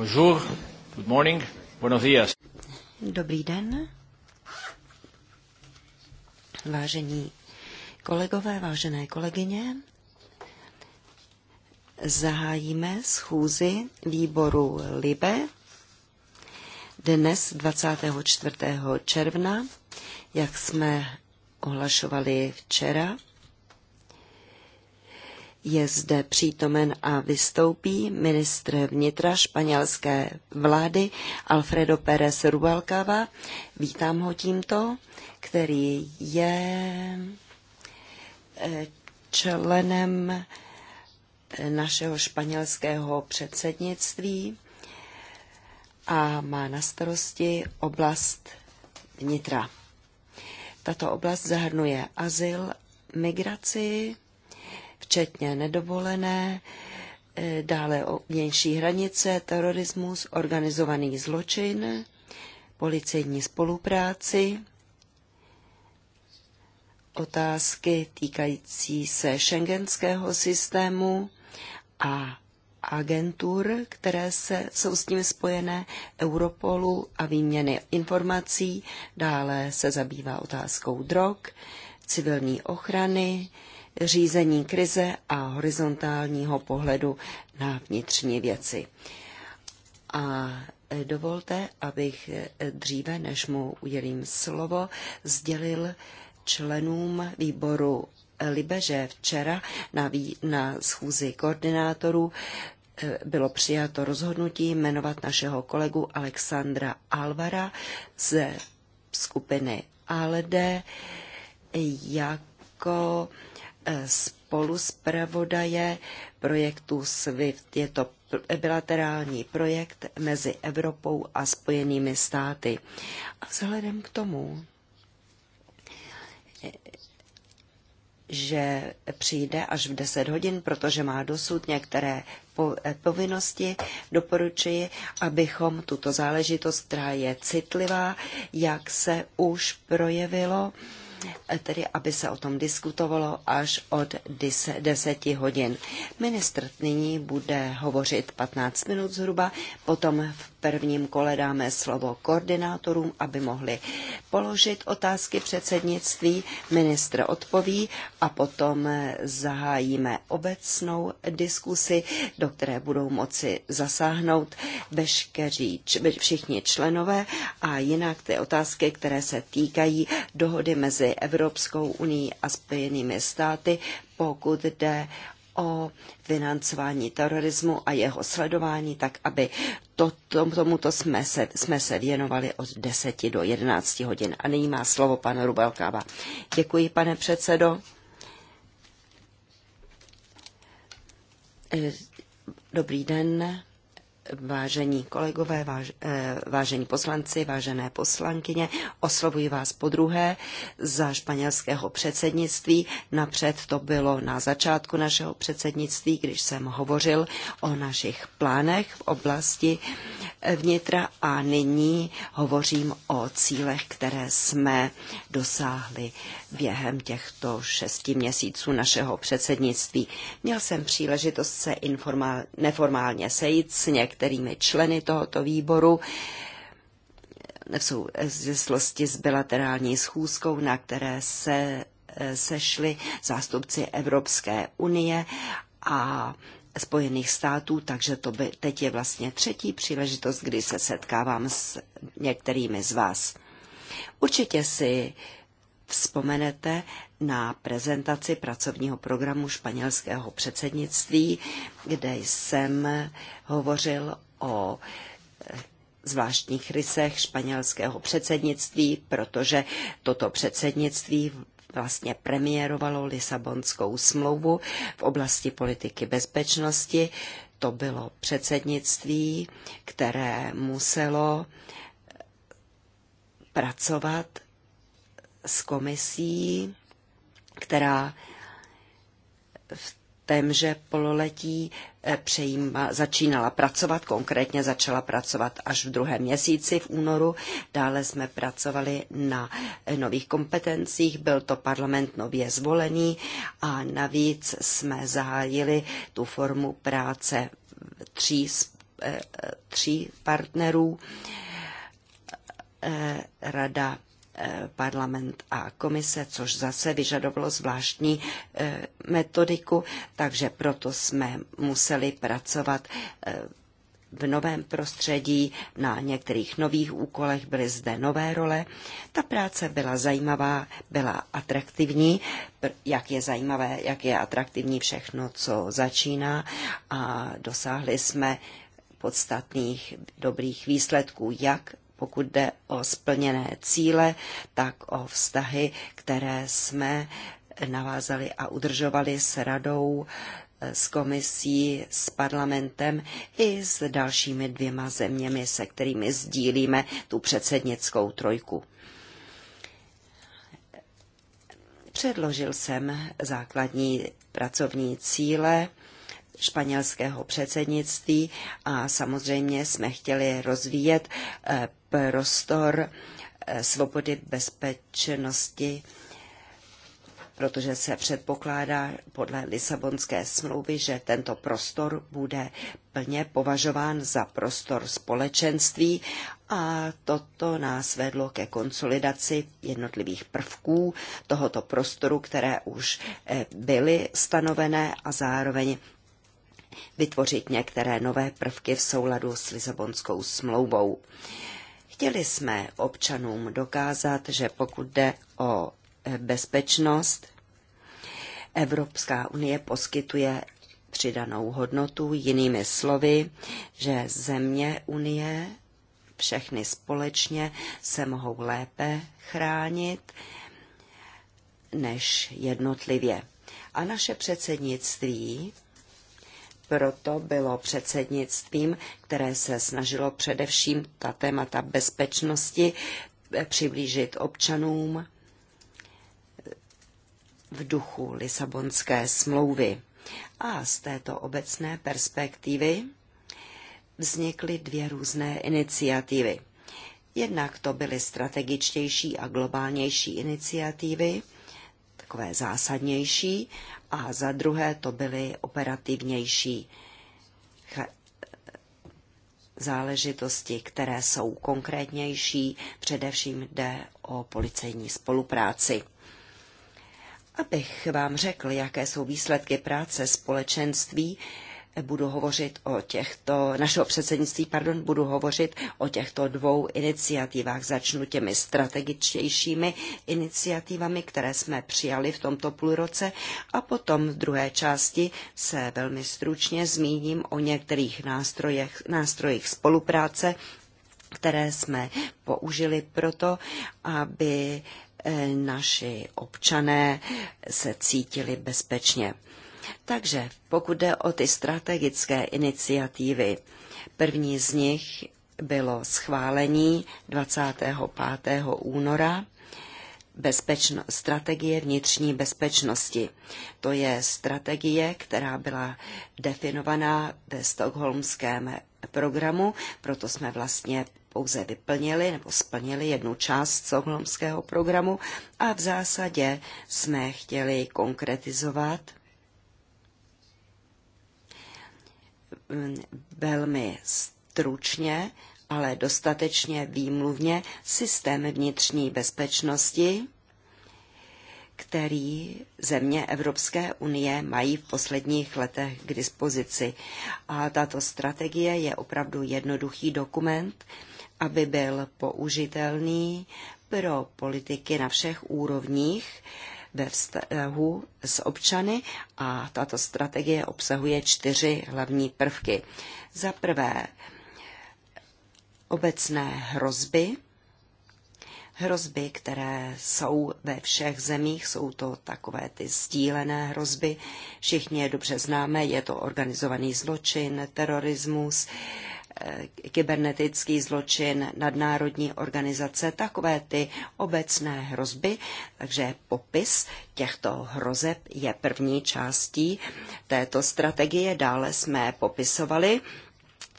Bonjour, good morning, buenos días. Dobrý den. Vážení kolegové, vážené kolegyně, zahájíme schůzi výboru LIBE dnes 24. června, jak jsme ohlašovali včera. Je zde přítomen a vystoupí ministr vnitra španělské vlády Alfredo Pérez Rubalcava Vítám ho tímto, který je eh, členem eh, našeho španělského předsednictví a má na starosti oblast vnitra. Tato oblast zahrnuje azyl, migraci, včetně nedovolené, eh, dále o vnější hranice, terorismus, organizovaný zločin, policejní spolupráci, otázky týkající se šengenského systému a agentur, které se, jsou s tím spojené, Europolu a výměny informací. Dále se zabývá otázkou drog, civilní ochrany, řízení krize a horizontálního pohledu na vnitřní věci. A e, dovolte, abych e, dříve, než mu udělím slovo, sdělil členům výboru e, Libe, že včera na, vý, na schůzi koordinátorů bylo přijato rozhodnutí jmenovat našeho kolegu Alexandra Alvara ze skupiny ALDE jako Eh, spoluspravodaje projektu SWIFT. Je to bilaterální projekt mezi Evropou a Spojenými státy. A vzhledem k tomu, že přijde až v 10 hodin, protože má dosud některé eh, povinnosti, doporučuji, abychom tuto záležitost, která je citlivá, jak se už projevilo, tedy aby se o tom diskutovalo až od 10 hodin. Ministr nyní bude hovořit 15 minut zhruba, potom v prvním kole dáme slovo koordinátorům, aby mohli položit otázky předsednictví, ministr odpoví a potom eh, zahájíme obecnou diskusi, do které budou moci zasáhnout veškerí všichni členové a jinak ty otázky, které se týkají dohody mezi Evropskou unii a Spojenými státy, pokud jde o financování terorismu a jeho sledování, tak aby to, tom, tomuto jsme se, jsme se věnovali od 10 do 11 hodin. A nyní má slovo pan Rubelkáva. Děkuji, pane předsedo. Eh, dobrý den. Vážení kolegové, váž, eh, vážení poslanci, vážené poslankyně, oslovuji vás po druhé za španělského předsednictví. Napřed to bylo na začátku našeho předsednictví, když jsem hovořil o našich plánech v oblasti eh, vnitra a nyní hovořím o cílech, které jsme dosáhli během těchto šesti měsíců našeho předsednictví. Měl jsem příležitost se informál, neformálně sejít s některými členy tohoto výboru v souvislosti s bilaterální schůzkou, na které se eh, sešli zástupci Evropské unie a Spojených států, takže to by teď je vlastně třetí příležitost, kdy se setkávám s některými z vás. Určitě si vzpomenete na prezentaci pracovního programu španělského předsednictví, kde jsem hovořil o zvláštních rysech španělského předsednictví, protože toto předsednictví vlastně premiérovalo Lisabonskou smlouvu v oblasti politiky bezpečnosti. To bylo předsednictví, které muselo pracovat s komisí, která v témže pololetí eh, přejíma, začínala pracovat, konkrétně začala pracovat až v druhém měsíci v únoru. Dále jsme pracovali na eh, nových kompetencích, byl to parlament nově zvolený a navíc jsme zahájili tu formu práce tří, eh, tří partnerů. Rada Eh, parlament a komise, což zase vyžadovalo zvláštní eh, metodiku, takže proto jsme museli pracovat eh, v novém prostředí, na některých nových úkolech byly zde nové role. Ta práce byla zajímavá, byla atraktivní, jak je zajímavé, jak je atraktivní všechno, co začíná a dosáhli jsme podstatných dobrých výsledků, jak pokud jde o splněné cíle, tak o vztahy, které jsme navázali a udržovali s radou, s komisí, s parlamentem i s dalšími dvěma zeměmi, se kterými sdílíme tu předsednickou trojku. Předložil jsem základní pracovní cíle španělského předsednictví a samozřejmě jsme chtěli rozvíjet eh, prostor eh, svobody, bezpečnosti, protože se předpokládá podle Lisabonské smlouvy, že tento prostor bude plně považován za prostor společenství a toto nás vedlo ke konsolidaci jednotlivých prvků tohoto prostoru, které už eh, byly stanovené a zároveň vytvořit některé nové prvky v souladu s Lisabonskou smlouvou. Chtěli jsme občanům dokázat, že pokud jde o eh, bezpečnost, Evropská unie poskytuje přidanou hodnotu, jinými slovy, že země unie všechny společně se mohou lépe chránit než jednotlivě. A naše předsednictví proto bylo předsednictvím, které se snažilo především ta témata bezpečnosti eh, přiblížit občanům v duchu Lisabonské smlouvy. A z této obecné perspektivy vznikly dvě různé iniciativy. Jednak to byly strategičtější a globálnější iniciativy, takové zásadnější, a za druhé to byly operativnější záležitosti, které jsou konkrétnější, především jde o policejní spolupráci. Abych vám řekl, jaké jsou výsledky práce společenství, budu hovořit o těchto, našeho předsednictví, pardon, budu hovořit o těchto dvou iniciativách. Začnu těmi strategičtějšími iniciativami, které jsme přijali v tomto půlroce a potom v druhé části se velmi stručně zmíním o některých nástrojech, nástrojích spolupráce, které jsme použili proto, aby eh, naši občané se cítili bezpečně. Takže pokud jde o ty strategické iniciativy, první z nich bylo schválení 25. února bezpečno, strategie vnitřní bezpečnosti. To je strategie, která byla definovaná ve stokholmském programu, proto jsme vlastně pouze vyplnili nebo splnili jednu část stokholmského programu a v zásadě jsme chtěli konkretizovat Mm, velmi stručně, ale dostatečně výmluvně systém vnitřní bezpečnosti, který země Evropské unie mají v posledních letech k dispozici. A tato strategie je opravdu jednoduchý dokument, aby byl použitelný pro politiky na všech úrovních, ve vztahu s občany a tato strategie obsahuje čtyři hlavní prvky. Za prvé obecné hrozby, hrozby, které jsou ve všech zemích, jsou to takové ty sdílené hrozby, všichni je dobře známe, je to organizovaný zločin, terorismus, Eh, kybernetický zločin, nadnárodní organizace, takové ty obecné hrozby. Takže popis těchto hrozeb je první částí této strategie. Dále jsme popisovali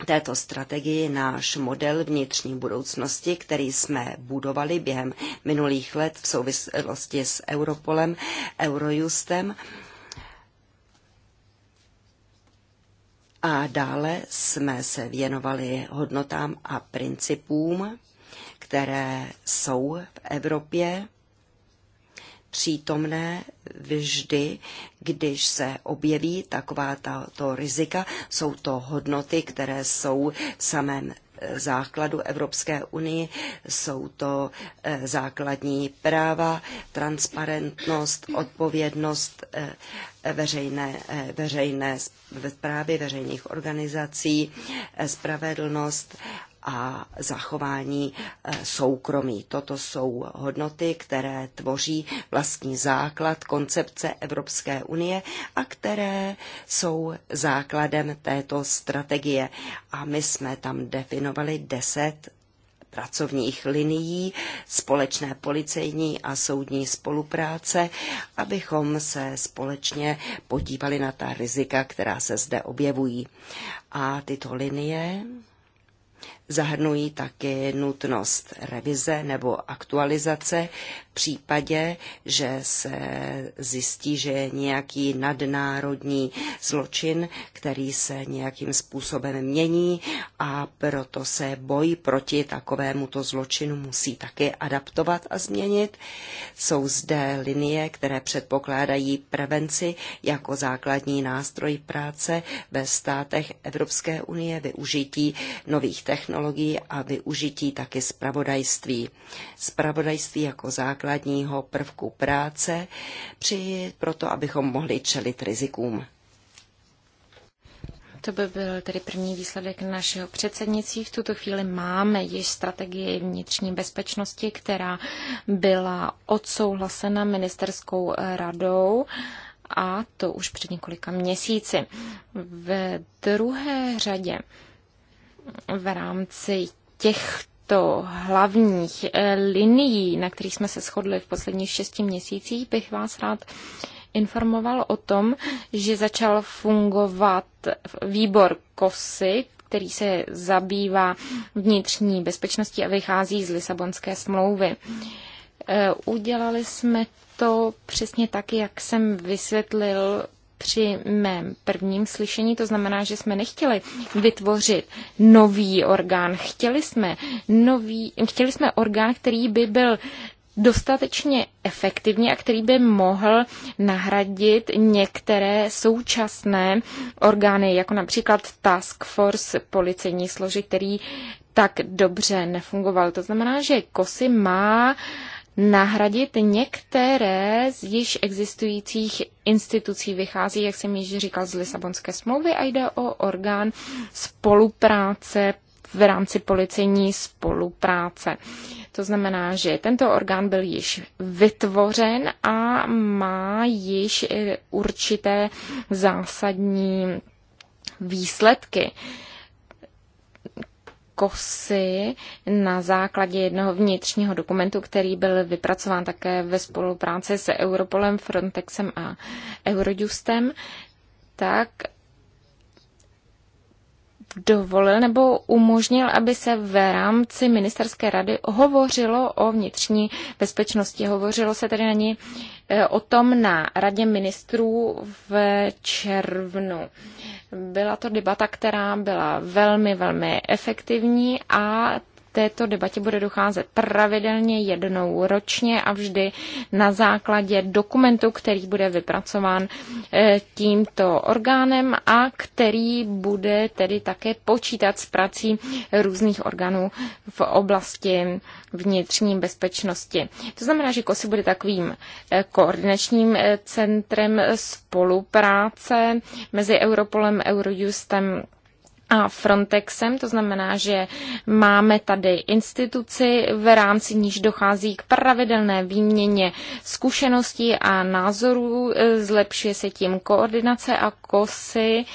této strategii náš model vnitřní budoucnosti, který jsme budovali během minulých let v souvislosti s Europolem, Eurojustem A dále jsme se věnovali hodnotám a principům, které jsou v Evropě přítomné vždy, když se objeví taková tato rizika. Jsou to hodnoty, které jsou v samém základu Evropské unii. Jsou to eh, základní práva, transparentnost, odpovědnost eh, veřejné, eh, veřejné zprávy, veřejných organizací, spravedlnost a zachování eh, soukromí. Toto jsou hodnoty, které tvoří vlastní základ koncepce Evropské unie a které jsou základem této strategie. A my jsme tam definovali deset pracovních linií, společné policejní a soudní spolupráce, abychom se společně podívali na ta rizika, která se zde objevují. A tyto linie zahrnují také nutnost revize nebo aktualizace případě, že se zjistí, že je nějaký nadnárodní zločin, který se nějakým způsobem mění a proto se boj proti takovémuto zločinu musí také adaptovat a změnit. Jsou zde linie, které předpokládají prevenci jako základní nástroj práce ve státech Evropské unie, využití nových technologií a využití taky spravodajství. Spravodajství jako základ základního prvku práce při, proto, abychom mohli čelit rizikům. To by byl tedy první výsledek našeho předsednictví. V tuto chvíli máme již strategii vnitřní bezpečnosti, která byla odsouhlasena ministerskou radou a to už před několika měsíci. V druhé řadě v rámci těch těchto hlavních eh, linií, na kterých jsme se shodli v posledních šesti měsících, bych vás rád informoval o tom, že začal fungovat výbor KOSY, který se zabývá vnitřní bezpečností a vychází z Lisabonské smlouvy. Eh, udělali jsme to přesně tak, jak jsem vysvětlil při mém prvním slyšení. To znamená, že jsme nechtěli vytvořit nový orgán. Chtěli jsme, nový, chtěli jsme orgán, který by byl dostatečně efektivní a který by mohl nahradit některé současné orgány, jako například Task Force policejní složek, který tak dobře nefungoval. To znamená, že KOSY má nahradit některé z již existujících institucí. Vychází, jak jsem již říkal, z Lisabonské smlouvy a jde o orgán spolupráce v rámci policejní spolupráce. To znamená, že tento orgán byl již vytvořen a má již eh, určité zásadní výsledky. KOSY na základě jednoho vnitřního dokumentu, který byl vypracován také ve spolupráci s Europolem, Frontexem a Eurojustem, tak dovolil nebo umožnil, aby se v rámci ministerské rady hovořilo o vnitřní bezpečnosti. Hovořilo se tedy na ní e, o tom na radě ministrů v červnu. Byla to debata, která byla velmi, velmi efektivní a této debatě bude docházet pravidelně jednou ročně a vždy na základě dokumentu, který bude vypracován eh, tímto orgánem a který bude tedy také počítat s prací různých orgánů v oblasti vnitřní bezpečnosti. To znamená, že KOSI bude takovým eh, koordinačním eh, centrem spolupráce mezi Europolem, Eurojustem, a Frontexem, to znamená, že máme tady instituci, v rámci níž dochází k pravidelné výměně zkušeností a názorů, zlepšuje se tím koordinace a kosy,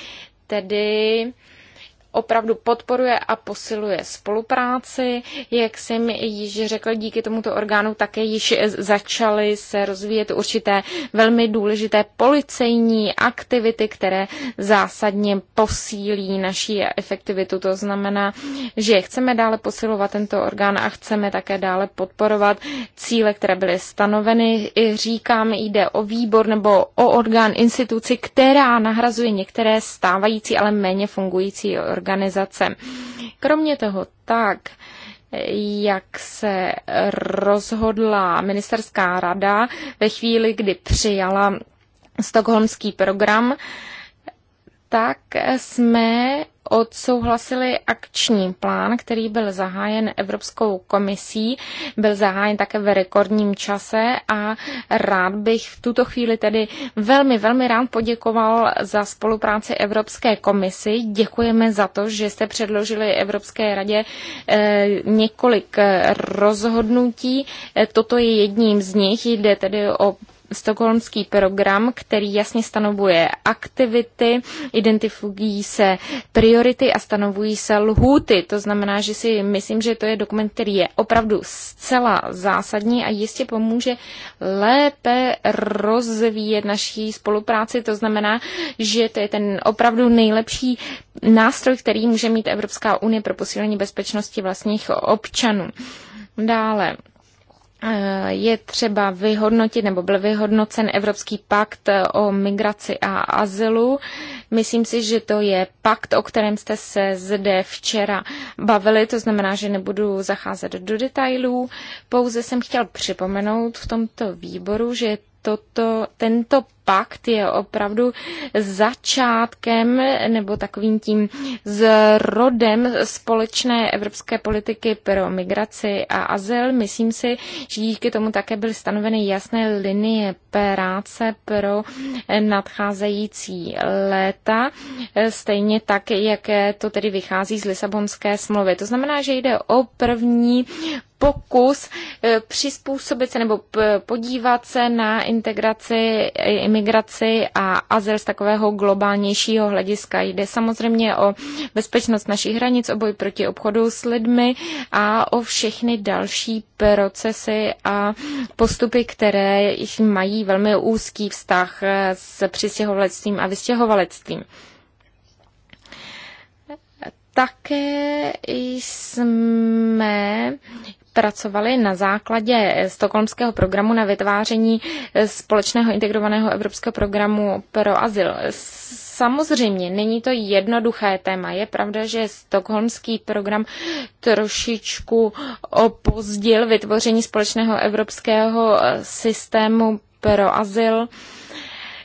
tedy opravdu podporuje a posiluje spolupráci. Jak jsem již řekl, díky tomuto orgánu také již začaly se rozvíjet určité velmi důležité policejní aktivity, které zásadně posílí naší efektivitu. To znamená, že chceme dále posilovat tento orgán a chceme také dále podporovat cíle, které byly stanoveny. I říkám, jde o výbor nebo o orgán instituci, která nahrazuje některé stávající, ale méně fungující orgány organizace. Kromě toho tak, jak se rozhodla ministerská rada ve chvíli, kdy přijala stokholmský program, tak jsme odsouhlasili akční plán, který byl zahájen Evropskou komisí, byl zahájen také ve rekordním čase a rád bych v tuto chvíli tedy velmi, velmi rád poděkoval za spolupráci Evropské komisi. Děkujeme za to, že jste předložili Evropské radě eh, několik rozhodnutí. Eh, toto je jedním z nich, jde tedy o stokholmský program, který jasně stanovuje aktivity, identifikují se priority a stanovují se lhůty. To znamená, že si myslím, že to je dokument, který je opravdu zcela zásadní a jistě pomůže lépe rozvíjet naší spolupráci. To znamená, že to je ten opravdu nejlepší nástroj, který může mít Evropská unie pro posílení bezpečnosti vlastních občanů. Dále, Eh, je třeba vyhodnotit, nebo byl vyhodnocen Evropský pakt eh, o migraci a azylu. Myslím si, že to je pakt, o kterém jste se zde včera bavili, to znamená, že nebudu zacházet do detailů. Pouze jsem chtěl připomenout v tomto výboru, že toto, tento pakt je opravdu začátkem nebo takovým tím zrodem společné evropské politiky pro migraci a azyl. Myslím si, že díky tomu také byly stanoveny jasné linie práce pro nadcházející léta, stejně tak, jak to tedy vychází z Lisabonské smlouvy. To znamená, že jde o první pokus eh, přizpůsobit se nebo podívat se na integraci, eh, imigraci a azyl z takového globálnějšího hlediska. Jde samozřejmě o bezpečnost našich hranic, o boj proti obchodu s lidmi a o všechny další procesy a postupy, které mají velmi úzký vztah eh, s přistěhovalectvím a vystěhovalectvím. Také jsme pracovali na základě stokholmského programu na vytváření společného integrovaného evropského programu pro azyl. Samozřejmě není to jednoduché téma. Je pravda, že stokholmský program trošičku opozdil vytvoření společného evropského systému pro azyl.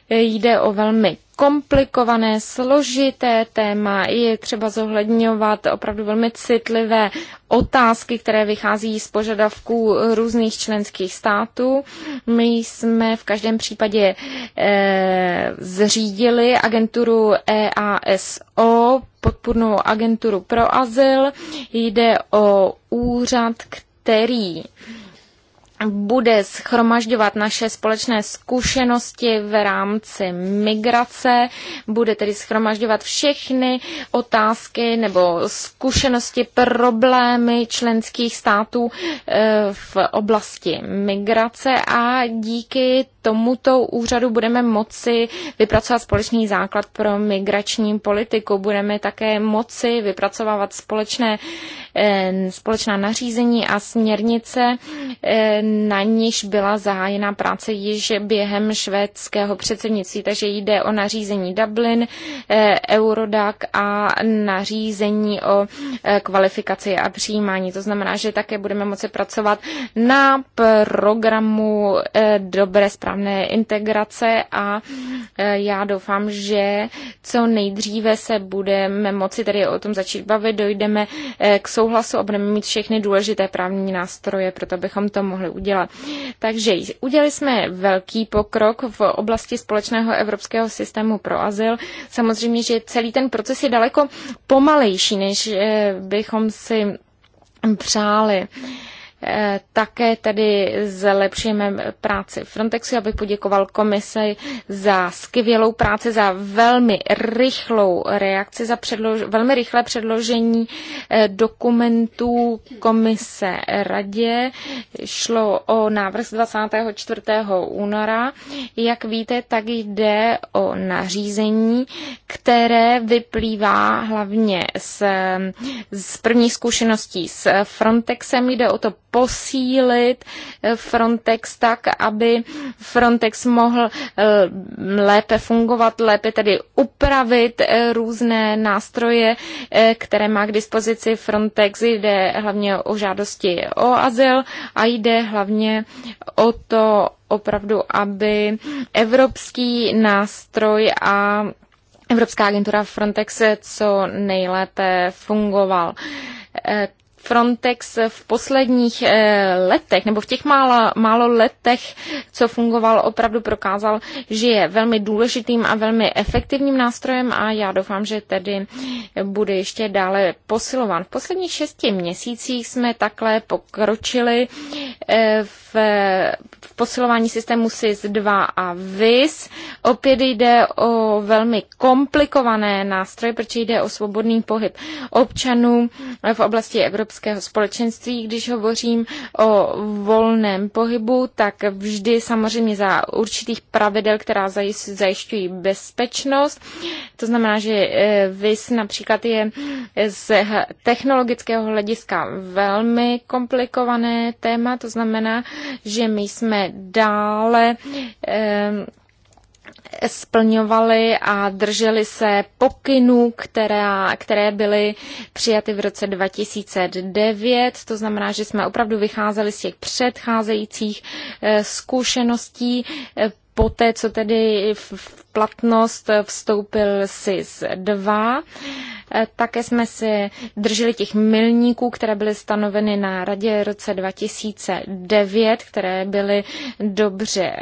Jde o velmi komplikované, složité téma. Je třeba zohledňovat opravdu velmi citlivé otázky, které vychází z požadavků různých členských států. My jsme v každém případě eh, zřídili agenturu EASO, podpůrnou agenturu pro azyl. Jde o úřad, který eh, bude schromažďovat naše společné zkušenosti v rámci migrace, bude tedy schromažďovat všechny otázky nebo zkušenosti, problémy členských států eh, v oblasti migrace a díky tomuto úřadu budeme moci vypracovat společný základ pro migrační politiku. Budeme také moci vypracovávat společné, eh, společná nařízení a směrnice, eh, na níž byla zahájena práce již během švédského předsednictví, takže jde o nařízení Dublin, eh, Eurodac a nařízení o kvalifikaci a přijímání. To znamená, že také budeme moci pracovat na programu dobré zprávy správné integrace a e, já doufám, že co nejdříve se budeme moci tedy o tom začít bavit, dojdeme e, k souhlasu a budeme mít všechny důležité právní nástroje, proto bychom to mohli udělat. Takže udělali jsme velký pokrok v oblasti společného evropského systému pro azyl. Samozřejmě, že celý ten proces je daleko pomalejší, než e, bychom si přáli. Eh, také tedy zlepšujeme práci Frontexu. Já bych poděkoval komisi za skvělou práci, za velmi rychlou reakci, za předlož- velmi rychlé předložení eh, dokumentů komise radě. Šlo o návrh z 24. února. Jak víte, tak jde o nařízení, které vyplývá hlavně z, z první zkušeností s Frontexem. Jde o to posílit eh, Frontex tak, aby Frontex mohl eh, lépe fungovat, lépe tedy upravit eh, různé nástroje, které má k dispozici Frontex. Jde hlavně o žádosti o azyl a jde hlavně o to opravdu, aby evropský nástroj a Evropská agentura Frontex co nejlépe fungoval. Frontex v posledních eh, letech, nebo v těch málo, málo letech, co fungoval, opravdu prokázal, že je velmi důležitým a velmi efektivním nástrojem a já doufám, že tedy bude ještě dále posilován. V posledních šesti měsících jsme takhle pokročili eh, v, v posilování systému SIS-2 a VIS. Opět jde o velmi komplikované nástroje, protože jde o svobodný pohyb občanů v oblasti Evropy Evropského společenství. Když hovořím o volném pohybu, tak vždy samozřejmě za určitých pravidel, která zajišťují bezpečnost. To znamená, že eh, VIS například je eh, z technologického hlediska velmi komplikované téma. To znamená, že my jsme dále eh, splňovali a drželi se pokynů, které, které byly přijaty v roce 2009. To znamená, že jsme opravdu vycházeli z těch předcházejících eh, zkušeností, eh, poté, co tedy v platnost vstoupil SIS 2. Eh, také jsme se drželi těch milníků, které byly stanoveny na radě roce 2009, které byly dobře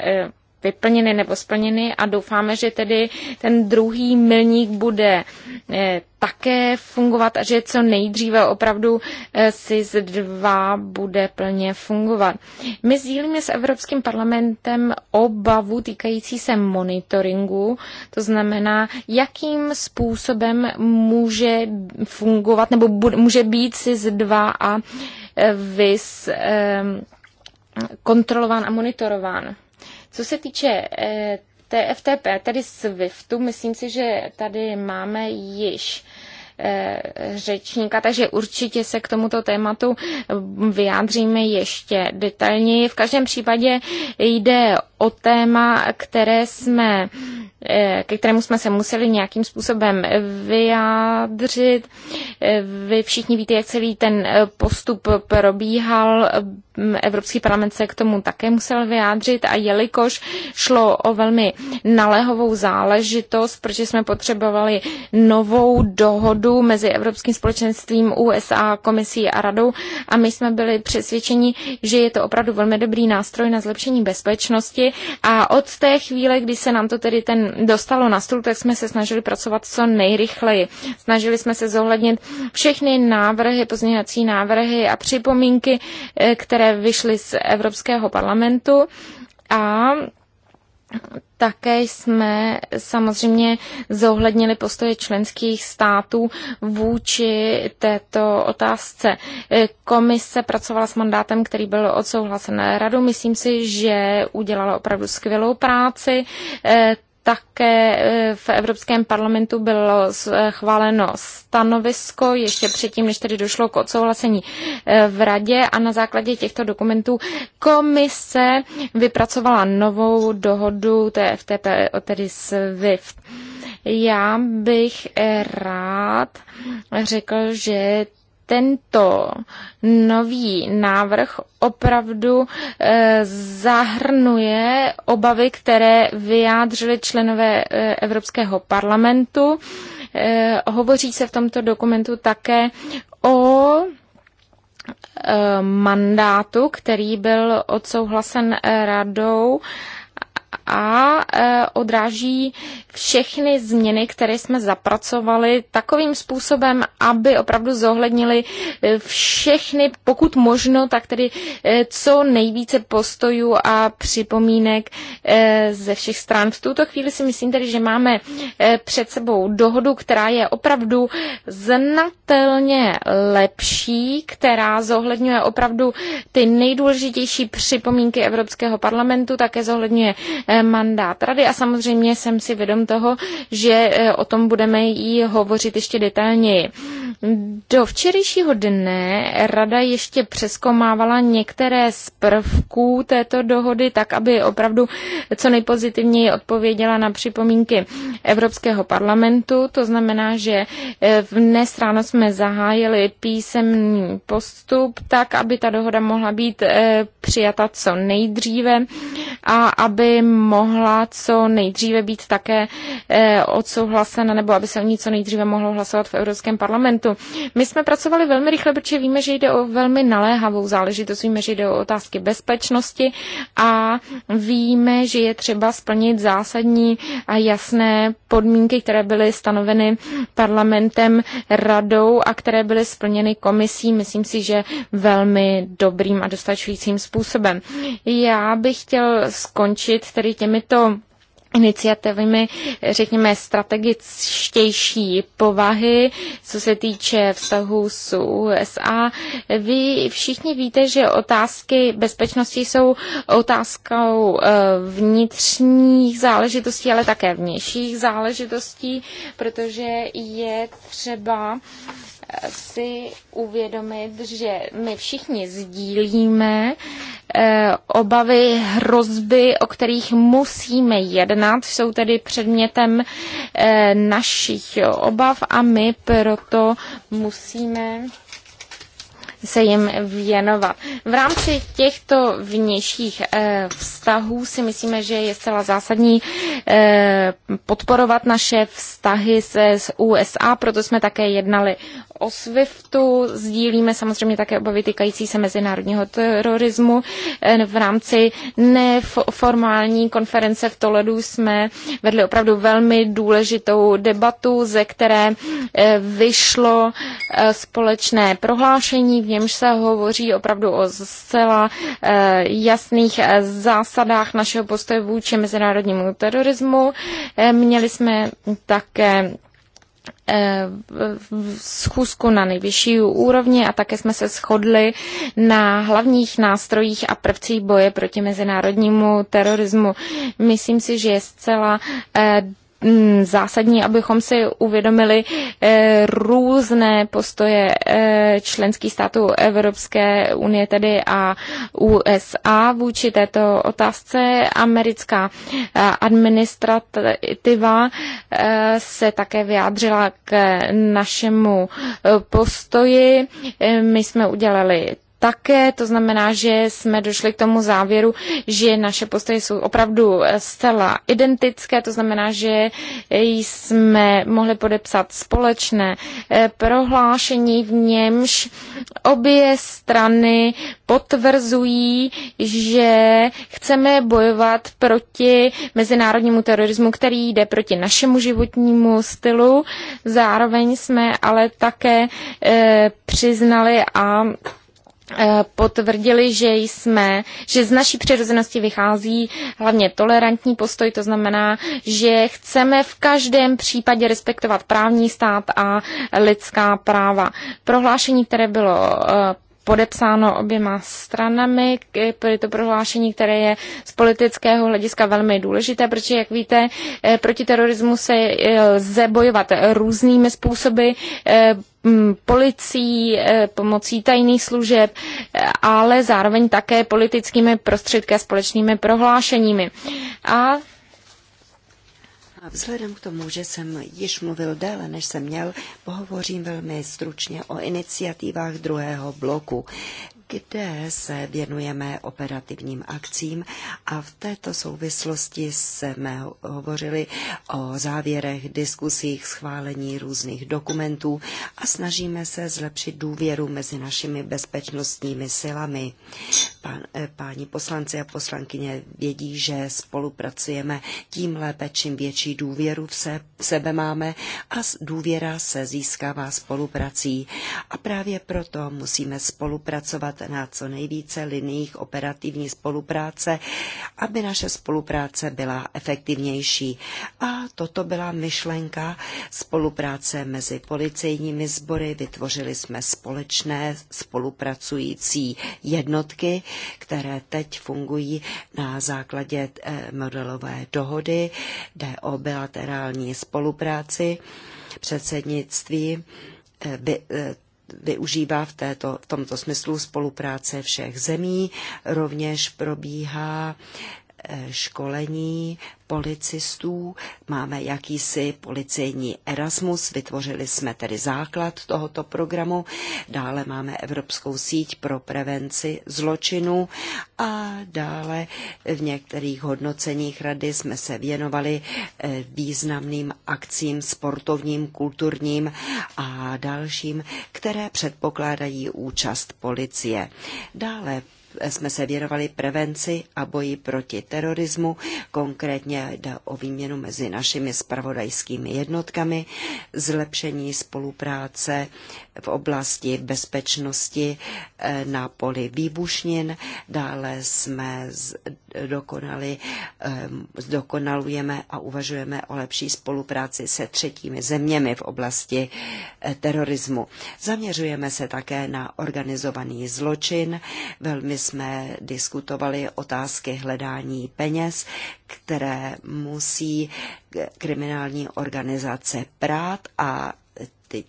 vyplněny nebo splněny a doufáme, že tedy ten druhý milník bude eh, také fungovat a že co nejdříve opravdu eh, SIS-2 bude plně fungovat. My sdílíme s Evropským parlamentem obavu týkající se monitoringu, to znamená, jakým způsobem může fungovat nebo může být SIS-2 a eh, VIS kontrolován a monitorován. Co se týče eh, TFTP, tedy SWIFTu, myslím si, že tady máme již eh, řečníka, takže určitě se k tomuto tématu hm, vyjádříme ještě detailněji. V každém případě jde o téma, které jsme Eh, ke kterému jsme se museli nějakým způsobem vyjádřit. Eh, vy všichni víte, jak celý ten eh, postup probíhal. Mm, Evropský parlament se k tomu také musel vyjádřit a jelikož šlo o velmi nalehovou záležitost, protože jsme potřebovali novou dohodu mezi Evropským společenstvím, USA, komisí a radou a my jsme byli přesvědčeni, že je to opravdu velmi dobrý nástroj na zlepšení bezpečnosti a od té chvíle, kdy se nám to tedy ten dostalo na stůl, tak jsme se snažili pracovat co nejrychleji. Snažili jsme se zohlednit všechny návrhy, pozměňovací návrhy a připomínky, eh, které vyšly z Evropského parlamentu. A také jsme samozřejmě zohlednili postoje členských států vůči této otázce. Eh, komise pracovala s mandátem, který byl odsouhlasen radu. Myslím si, že udělala opravdu skvělou práci. Eh, také e, v Evropském parlamentu bylo schváleno stanovisko ještě předtím, než tedy došlo k odsouhlasení e, v radě a na základě těchto dokumentů komise vypracovala novou dohodu TFTP, tedy SWIFT. Já bych e, rád řekl, že tento nový návrh opravdu eh, zahrnuje obavy, které vyjádřili členové eh, Evropského parlamentu. Eh, hovoří se v tomto dokumentu také o mandátu, který byl odsouhlasen radou a e, odráží všechny změny, které jsme zapracovali takovým způsobem, aby opravdu zohlednili e, všechny, pokud možno, tak tedy e, co nejvíce postojů a připomínek ze všech stran. V tuto chvíli si myslím tedy, že máme před sebou dohodu, která je opravdu znatelně lepší, která zohledňuje opravdu ty nejdůležitější připomínky Evropského parlamentu, také zohledňuje Eh, mandát rady a samozřejmě jsem si vědom toho, že eh, o tom budeme jí hovořit ještě detailněji. Do včerejšího dne rada ještě přeskomávala některé z prvků této dohody, tak aby opravdu co nejpozitivněji odpověděla na připomínky Evropského parlamentu. To znamená, že eh, v dnes ráno jsme zahájili písemný postup, tak aby ta dohoda mohla být přijata co nejdříve a aby mohla co nejdříve být také eh, odsouhlasena nebo aby se o ní co nejdříve mohlo hlasovat v Evropském parlamentu. My jsme pracovali velmi rychle, protože víme, že jde o velmi naléhavou záležitost, víme, že jde o otázky bezpečnosti a víme, že je třeba splnit zásadní a jasné podmínky, které byly stanoveny parlamentem, radou a které byly splněny komisí, myslím si, že velmi dobrým a dostačujícím způsobem. Já bych chtěl skončit tedy těmito iniciativami, řekněme, strategičtější povahy, co se týče vztahu s USA. Vy všichni víte, že otázky bezpečnosti jsou otázkou eh, vnitřních záležitostí, ale také vnějších záležitostí, protože je třeba si uvědomit, že my všichni sdílíme eh, obavy, hrozby, o kterých musíme jednat, jsou tedy předmětem eh, našich obav a my proto musíme se jim věnovat. V rámci těchto vnějších eh, vztahů si myslíme, že je zcela zásadní eh, podporovat naše vztahy se, s USA, proto jsme také jednali o SWIFTu, sdílíme samozřejmě také obavy týkající se mezinárodního terorismu. Eh, v rámci neformální konference v Toledu jsme vedli opravdu velmi důležitou debatu, ze které vyšlo společné prohlášení němž se hovoří opravdu o zcela eh, jasných eh, zásadách našeho postoje vůči mezinárodnímu terorismu. Eh, měli jsme také schůzku na nejvyšší úrovni a také jsme se shodli na hlavních nástrojích a prvcích boje proti mezinárodnímu terorismu. Myslím si, že je zcela Mm, zásadní, abychom si uvědomili eh, různé postoje eh, členských států Evropské unie, tedy a USA vůči této otázce. Americká eh, administrativa se také vyjádřila k našemu postoji. My jsme udělali také. To znamená, že jsme došli k tomu závěru, že naše postoje jsou opravdu eh, zcela identické. To znamená, že jsme mohli podepsat společné eh, prohlášení, v němž obě strany potvrzují, že chceme bojovat proti mezinárodnímu terorismu, který jde proti našemu životnímu stylu. Zároveň jsme ale také e, přiznali a Eh, potvrdili, že jsme, že z naší přirozenosti vychází hlavně tolerantní postoj, to znamená, že chceme v každém případě respektovat právní stát a lidská práva. Prohlášení, které bylo eh, podepsáno oběma stranami. Je to prohlášení, které je z politického hlediska velmi důležité, protože, jak víte, eh, proti terorismu se eh, lze bojovat různými způsoby eh, policií, pomocí tajných služeb, ale zároveň také politickými prostředky a společnými prohlášeními. A vzhledem k tomu, že jsem již mluvil déle, než jsem měl, pohovořím velmi stručně o iniciativách druhého bloku kde se věnujeme operativním akcím a v této souvislosti jsme hovořili o závěrech, diskusích, schválení různých dokumentů a snažíme se zlepšit důvěru mezi našimi bezpečnostními silami. Pán, eh, páni poslanci a poslankyně vědí, že spolupracujeme tím lépe, čím větší důvěru v, se, v sebe máme a důvěra se získává spoluprací. A právě proto musíme spolupracovat na co nejvíce liních operativní spolupráce, aby naše spolupráce byla efektivnější. A toto byla myšlenka spolupráce mezi policejními sbory. Vytvořili jsme společné spolupracující jednotky, které teď fungují na základě eh, modelové dohody. Jde o bilaterální spolupráci předsednictví eh, eh, využívá v, této, v tomto smyslu spolupráce všech zemí. Rovněž probíhá Eh, školení policistů, máme jakýsi policejní Erasmus, vytvořili jsme tedy základ tohoto programu, dále máme Evropskou síť pro prevenci zločinu a dále v některých hodnoceních rady jsme se věnovali eh, významným akcím sportovním, kulturním a dalším, které předpokládají účast policie. Dále jsme se věnovali prevenci a boji proti terorismu. Konkrétně jde o výměnu mezi našimi spravodajskými jednotkami, zlepšení spolupráce v oblasti bezpečnosti eh, na poli výbušnin. Dále jsme dokonali, ehm, dokonalujeme a uvažujeme o lepší spolupráci se třetími zeměmi v oblasti eh, terorismu. Zaměřujeme se také na organizovaný zločin. Velmi jsme diskutovali otázky hledání peněz, které musí kriminální organizace prát a ty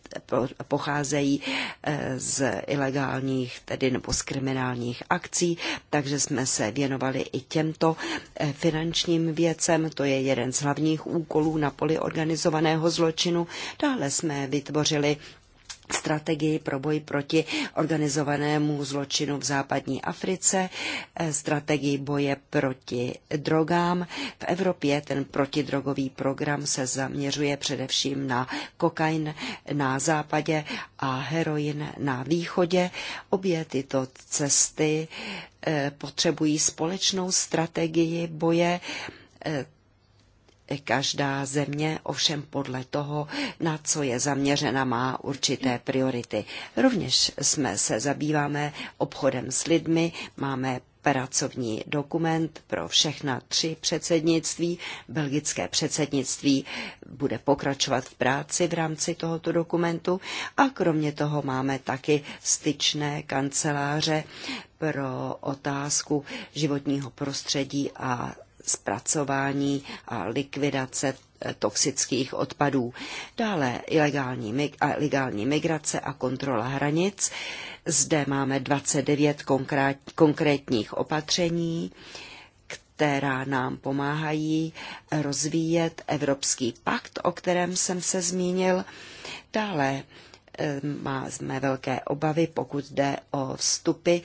pocházejí eh, z ilegálních, tedy nebo z kriminálních akcí, takže jsme se věnovali i těmto eh, finančním věcem, to je jeden z hlavních úkolů na poli organizovaného zločinu. Dále jsme vytvořili strategii pro boj proti organizovanému zločinu v západní Africe, eh, strategii boje proti drogám. V Evropě ten protidrogový program se zaměřuje především na kokain na západě a heroin na východě. Obě tyto cesty eh, potřebují společnou strategii boje eh, Každá země ovšem podle toho, na co je zaměřena, má určité priority. Rovněž jsme se zabýváme obchodem s lidmi, máme pracovní dokument pro všechna tři předsednictví. Belgické předsednictví bude pokračovat v práci v rámci tohoto dokumentu a kromě toho máme taky styčné kanceláře pro otázku životního prostředí a zpracování a likvidace eh, toxických odpadů. Dále ilegální, ilegální migrace a kontrola hranic. Zde máme 29 konkrétních opatření, která nám pomáhají rozvíjet Evropský pakt, o kterém jsem se zmínil. Dále Ehm, máme velké obavy, pokud jde o vstupy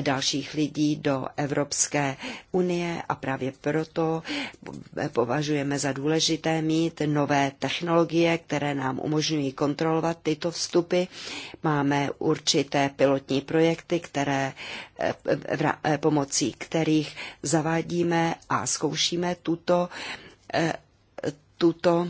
dalších lidí do Evropské unie a právě proto považujeme za důležité mít nové technologie, které nám umožňují kontrolovat tyto vstupy. Máme určité pilotní projekty, které eh, eh, pomocí kterých zavádíme a zkoušíme tuto, eh, tuto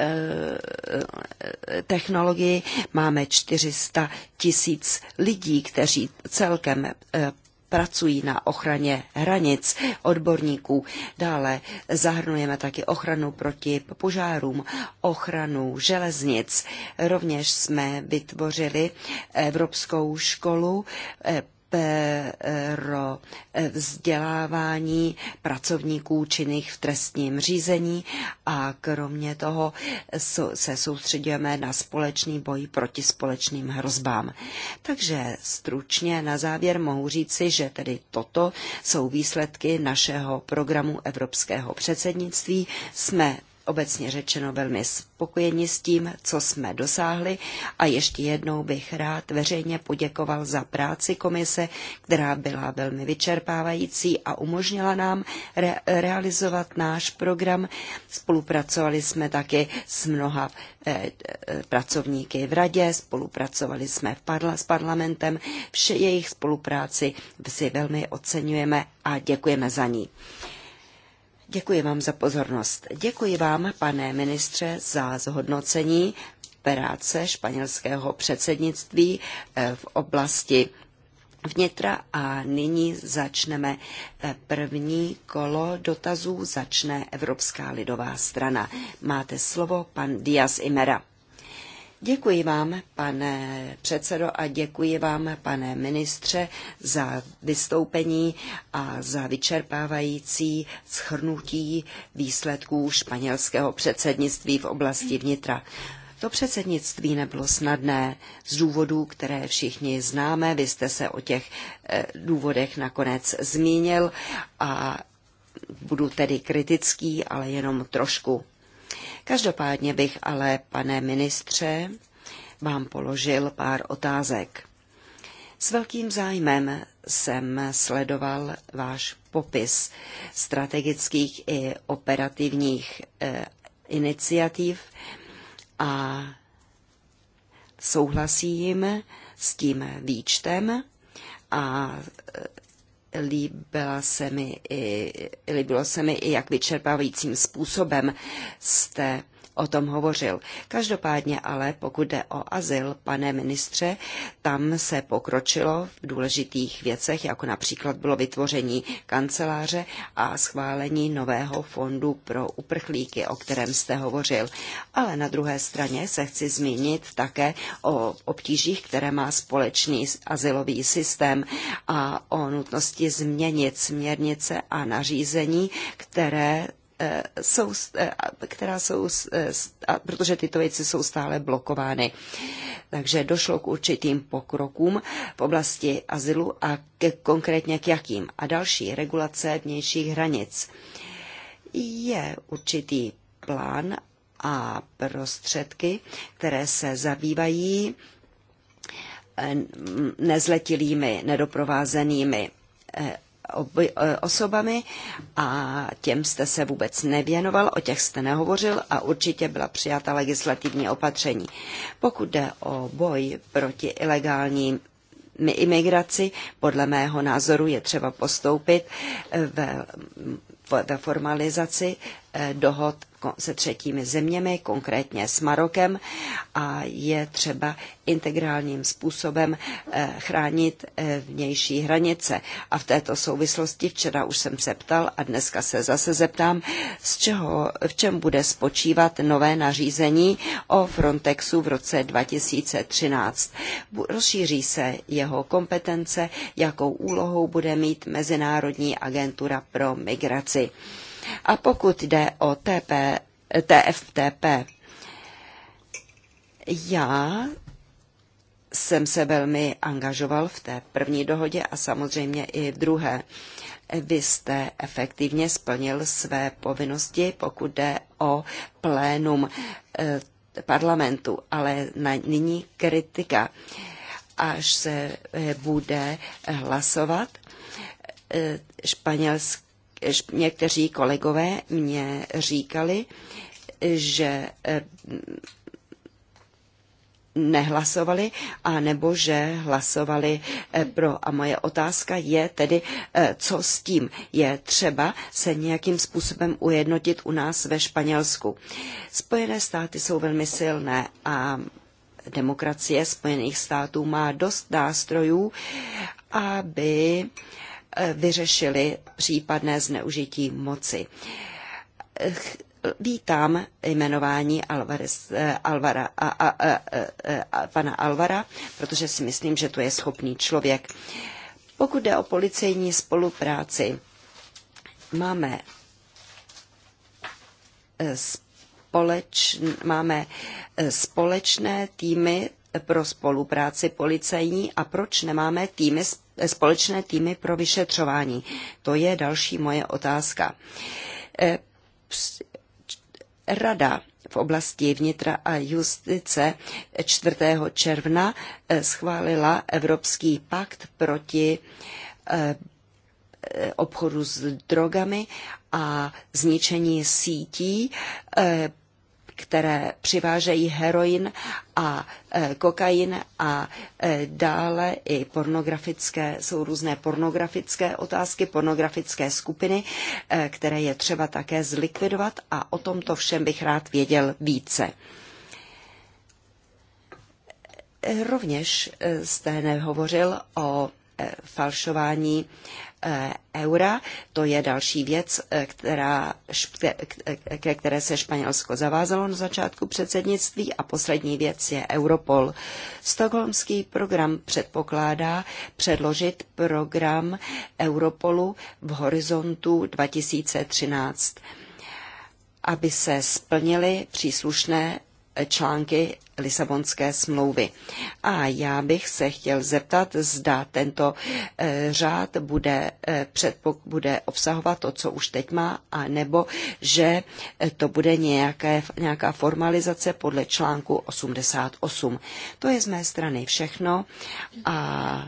Eh, technologii. Máme 400 tisíc lidí, kteří celkem eh, pracují na ochraně hranic odborníků. Dále zahrnujeme taky ochranu proti požárům, ochranu železnic. Rovněž jsme vytvořili Evropskou školu eh, pro eh, vzdělávání pracovníků činných v trestním řízení a kromě toho se soustředujeme na společný boj proti společným hrozbám. Takže stručně na závěr mohu říci, že tedy toto jsou výsledky našeho programu Evropského předsednictví. Jsme obecně řečeno velmi spokojeni s tím, co jsme dosáhli a ještě jednou bych rád veřejně poděkoval za práci komise, která byla velmi vyčerpávající a umožnila nám re- realizovat náš program. Spolupracovali jsme taky s mnoha eh, eh pracovníky v radě, spolupracovali jsme v parla- s parlamentem, vše jejich spolupráci si velmi oceňujeme a děkujeme za ní. Děkuji vám za pozornost. Děkuji vám, pane ministře, za zhodnocení práce španělského předsednictví eh, v oblasti vnitra a nyní začneme eh, první kolo dotazů, začne Evropská lidová strana. Máte slovo, pan díaz Imera. Děkuji vám, pane předsedo, a děkuji vám, pane ministře, za vystoupení a za vyčerpávající schrnutí výsledků španělského předsednictví v oblasti vnitra. To předsednictví nebylo snadné z důvodů, které všichni známe. Vy jste se o těch eh, důvodech nakonec zmínil a budu tedy kritický, ale jenom trošku. Každopádně bych ale, pane ministře, vám položil pár otázek. S velkým zájmem jsem sledoval váš popis strategických i operativních e, iniciativ a souhlasím s tím výčtem a e, líbila se mi i, líbilo se mi i, jak vyčerpávajícím způsobem jste o tom hovořil. Každopádně ale, pokud jde o azyl, pane ministře, tam se pokročilo v důležitých věcech, jako například bylo vytvoření kanceláře a schválení nového fondu pro uprchlíky, o kterém jste hovořil. Ale na druhé straně se chci zmínit také o obtížích, které má společný azylový systém a o nutnosti změnit směrnice a nařízení, které Eh, jsou, eh, která jsou, eh, protože tyto věci jsou stále blokovány. Takže došlo k určitým pokrokům v oblasti azylu a ke, konkrétně k jakým. A další regulace vnějších hranic. Je určitý plán a prostředky, které se zabývají nezletilými, nedoprovázenými Eh, osobami a těm jste se vůbec nevěnoval, o těch jste nehovořil a určitě byla přijata legislativní opatření. Pokud jde o boj proti ilegální imigraci, podle mého názoru je třeba postoupit eh, ve, ve formalizaci Eh, dohod se třetími zeměmi, konkrétně s Marokem, a je třeba integrálním způsobem eh, chránit eh, vnější hranice. A v této souvislosti včera už jsem se ptal a dneska se zase zeptám, z čeho, v čem bude spočívat nové nařízení o Frontexu v roce 2013. Rozšíří se jeho kompetence, jakou úlohou bude mít Mezinárodní agentura pro migraci. A pokud jde o TP, TFTP, já jsem se velmi angažoval v té první dohodě a samozřejmě i v druhé. Vy jste efektivně splnil své povinnosti, pokud jde o plénum eh, parlamentu, ale na, nyní kritika. Až se eh, bude hlasovat, eh, španělsk někteří kolegové mě říkali, že eh, nehlasovali, a nebo že hlasovali eh, pro. A moje otázka je tedy, eh, co s tím? Je třeba se nějakým způsobem ujednotit u nás ve Španělsku. Spojené státy jsou velmi silné a demokracie Spojených států má dost nástrojů, aby vyřešili případné zneužití moci. Vítám jmenování Alvarez, eh, Alvara, a, a, a, eh, a, pana Alvara, protože si myslím, že to je schopný člověk. Pokud jde o policejní spolupráci, máme eh, společné, máme společné týmy pro spolupráci policejní a proč nemáme týmy společné týmy pro vyšetřování. To je další moje otázka. E, rada v oblasti vnitra a justice 4. června e, schválila Evropský pakt proti e, obchodu s drogami a zničení sítí které přivážejí heroin a e, kokain a e, dále i pornografické, jsou různé pornografické otázky, pornografické skupiny, e, které je třeba také zlikvidovat a o tomto všem bych rád věděl více. Rovněž jste nehovořil o falšování E, eura. To je další věc, e, která, e, ke které se Španělsko zavázalo na začátku předsednictví. A poslední věc je Europol. stokholmský program předpokládá předložit program Europolu v horizontu 2013 aby se splnily příslušné články Lisabonské smlouvy. A já bych se chtěl zeptat, zda tento eh, řád bude, eh, předpok, bude obsahovat to, co už teď má, a nebo že eh, to bude nějaké, nějaká formalizace podle článku 88. To je z mé strany všechno a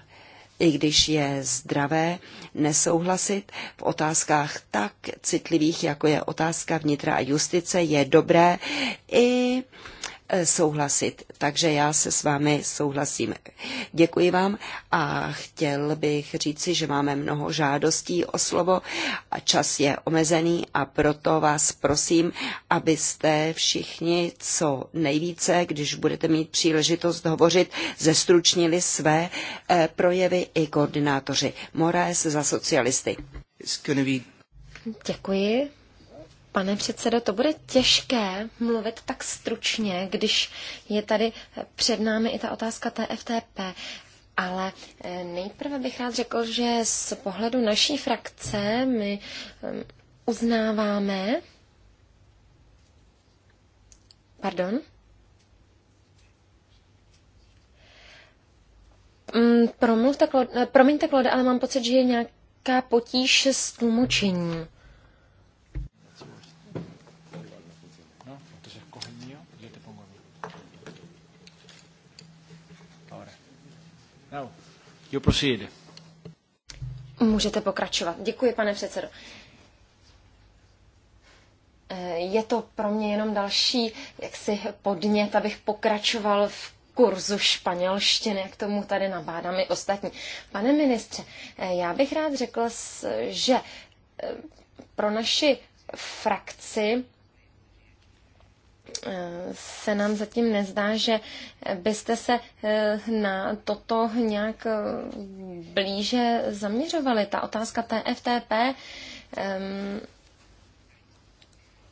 i když je zdravé nesouhlasit v otázkách tak citlivých, jako je otázka vnitra a justice, je dobré i Eh, souhlasit. Takže já se s vámi souhlasím. Děkuji vám a chtěl bych říci, že máme mnoho žádostí o slovo a čas je omezený a proto vás prosím, abyste všichni co nejvíce, když budete mít příležitost hovořit, zestručnili své eh, projevy i koordinátoři. Moraes za socialisty. Děkuji. Pane předsedo, to bude těžké mluvit tak stručně, když je tady před námi i ta otázka TFTP. Ale eh, nejprve bych rád řekl, že z pohledu naší frakce my ehm, uznáváme. Pardon? Mm, promluvte, Klo... Eh, promiňte, Klode, ale mám pocit, že je nějaká potíž s tlumočením. You proceed. Můžete pokračovat. Děkuji, pane předsedo. Eh, je to pro mě jenom další jaksi podnět, abych pokračoval v kurzu španělštiny, k tomu tady nabádám i ostatní. Pane ministře, eh, já bych rád řekl, že eh, pro naši frakci se nám zatím nezdá, že byste se eh, na toto nějak eh, blíže zaměřovali. Ta otázka TFTP, ehm,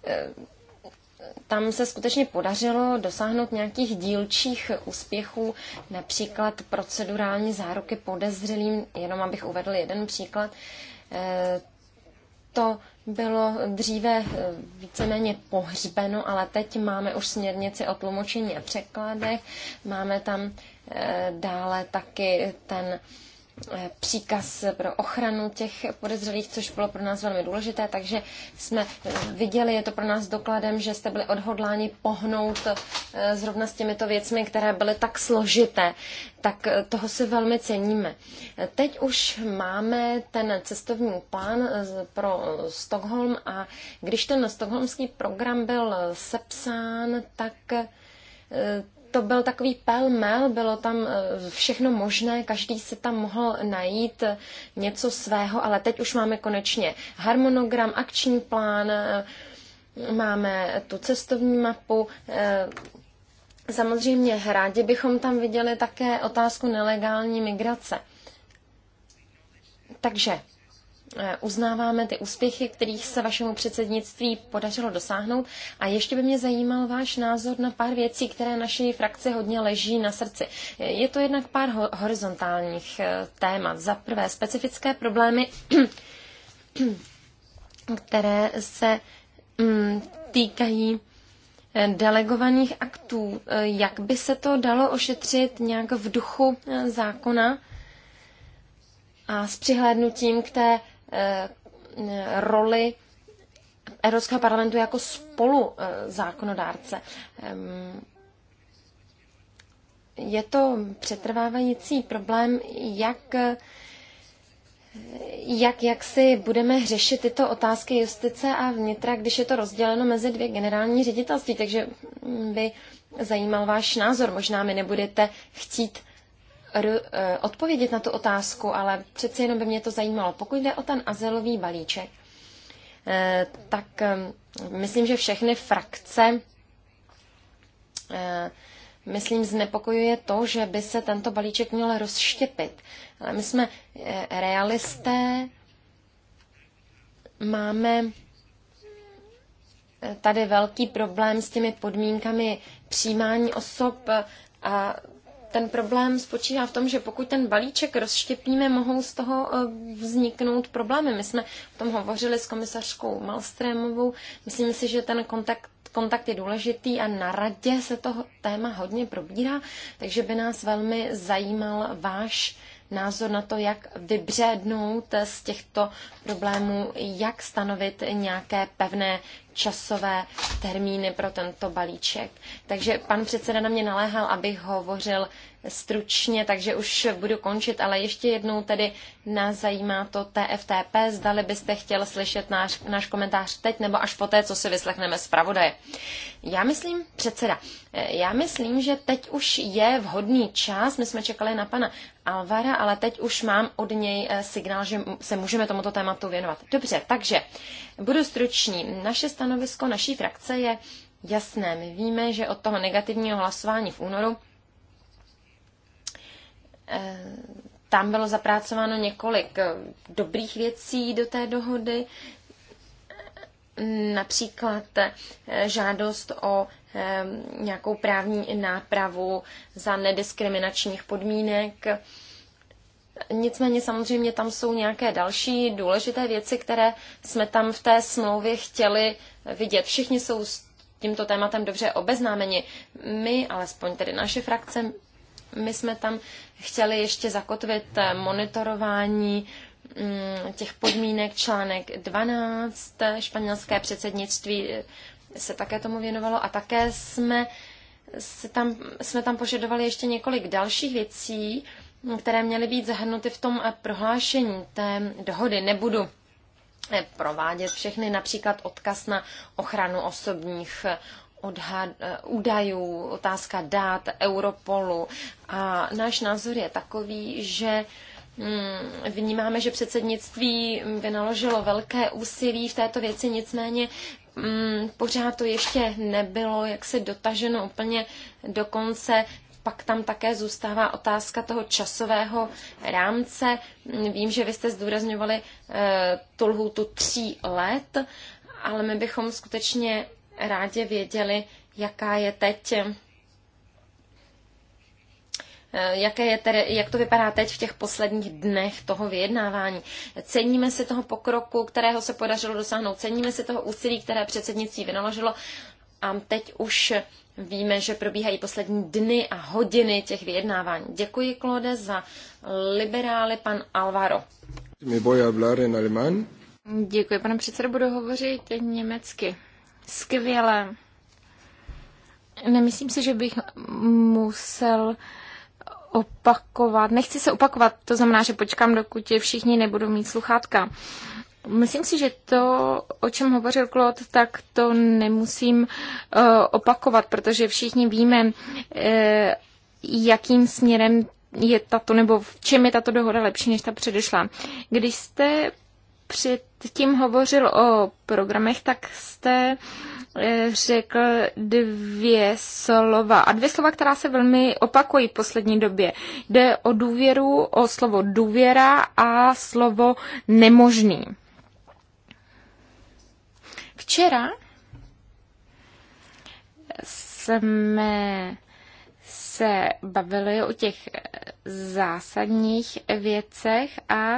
eh, tam se skutečně podařilo dosáhnout nějakých dílčích úspěchů, například procedurální záruky podezřelým, jenom abych uvedl jeden příklad. To bylo dříve eh, víceméně pohřbeno, ale teď máme už směrnici o tlumočení a překladech. Máme tam eh, dále taky ten Eh, příkaz pro ochranu těch podezřelých, což bylo pro nás velmi důležité, takže jsme viděli, je to pro nás dokladem, že jste byli odhodláni pohnout eh, zrovna s těmito věcmi, které byly tak složité, tak eh, toho si velmi ceníme. Teď už máme ten cestovní plán pro Stockholm a když ten stockholmský program byl sepsán, tak to byl takový pelmel, bylo tam eh, všechno možné, každý se tam mohl najít eh, něco svého, ale teď už máme konečně harmonogram, akční plán, eh, máme tu cestovní mapu, Samozřejmě rádi bychom tam viděli také otázku nelegální migrace. Takže Eh, uznáváme ty úspěchy, kterých se vašemu předsednictví podařilo dosáhnout. A ještě by mě zajímal váš názor na pár věcí, které naší frakci hodně leží na srdci. Eh, je to jednak pár horizontálních eh, témat. Za prvé specifické problémy, které se mm, týkají delegovaných aktů. Jak by se to dalo ošetřit nějak v duchu zákona? a s přihlédnutím k té Eh, roli Evropského parlamentu jako spolu eh, zákonodárce. Je to přetrvávající problém, jak jak, jak si budeme řešit tyto otázky justice a vnitra, když je to rozděleno mezi dvě generální ředitelství. Takže by zajímal váš názor. Možná mi nebudete chtít E, odpovědět na tu otázku, ale přeci jenom by mě to zajímalo. Pokud jde o ten azylový balíček, e, tak e, myslím, že všechny frakce myslím, znepokojuje to, že by se tento balíček měl rozštěpit. Ale my jsme realisté, máme tady velký problém s těmi podmínkami přijímání osob a ten problém spočívá v tom, že pokud ten balíček rozštěpíme, mohou z toho eh, vzniknout problémy. My jsme o tom hovořili s komisařkou Malstrémovou. Myslím si, že ten kontakt kontakt je důležitý a na radě se to téma hodně probírá, takže by nás velmi zajímal váš názor na to, jak vybřednout z těchto problémů, jak stanovit nějaké pevné časové termíny pro tento balíček. Takže pan předseda na mě naléhal, abych hovořil stručně, takže už budu končit, ale ještě jednou tedy nás zajímá to TFTP. Zdali byste chtěl slyšet náš, náš komentář teď nebo až poté, co si vyslechneme pravodaje. Já myslím, předseda, já myslím, že teď už je vhodný čas, my jsme čekali na pana Alvara, ale teď už mám od něj eh, signál, že se můžeme tomuto tématu věnovat. Dobře, takže Budu stručný. Naše stanovisko naší frakce je jasné. My víme, že od toho negativního hlasování v únoru eh, tam bylo zapracováno několik eh, dobrých věcí do té dohody, například eh, žádost o nějakou právní nápravu za nediskriminačních podmínek, Nicméně samozřejmě tam jsou nějaké další důležité věci, které jsme tam v té smlouvě chtěli vidět. Všichni jsou s tímto tématem dobře obeznámeni. My, alespoň tedy naše frakce, my jsme tam chtěli ještě zakotvit monitorování mm, těch podmínek článek 12. Španělské předsednictví se také tomu věnovalo a také jsme, se tam, jsme tam požadovali ještě několik dalších věcí, které měly být zahrnuty v tom eh, prohlášení té dohody. Nebudu eh, provádět všechny, například odkaz na ochranu osobních eh, odhad, údajů, otázka dát Europolu. A náš názor je takový, že mm, vnímáme, že předsednictví vynaložilo velké úsilí v této věci, nicméně mm, pořád to ještě nebylo, jak se dotaženo úplně do konce pak tam také zůstává otázka toho časového rámce. Vím, že vy jste zdůrazňovali eh, tu lhůtu tří let, ale my bychom skutečně rádi věděli, jaká je teď eh, Jaké je tedy, jak to vypadá teď v těch posledních dnech toho vyjednávání? Ceníme si toho pokroku, kterého se podařilo dosáhnout, ceníme si toho úsilí, které předsednictví vynaložilo a teď už víme, že probíhají poslední dny a hodiny těch vyjednávání. Děkuji, Claude, za liberály, pan Alvaro. Mi Děkuji, pane předsedo, budu hovořit německy. Skvěle. Nemyslím si, že bych musel opakovat. Nechci se opakovat, to znamená, že počkám, dokud je všichni nebudou mít sluchátka. Myslím si, že to, o čem hovořil Klot, tak to nemusím uh, opakovat, protože všichni víme, uh, jakým směrem je tato, nebo v čem je tato dohoda lepší než ta předešla. Když jste předtím hovořil o programech, tak jste eh, řekl dvě slova. A dvě slova, která se velmi opakují v poslední době. Jde o důvěru, o slovo důvěra a slovo nemožný. Včera jsme se bavili o těch zásadních věcech a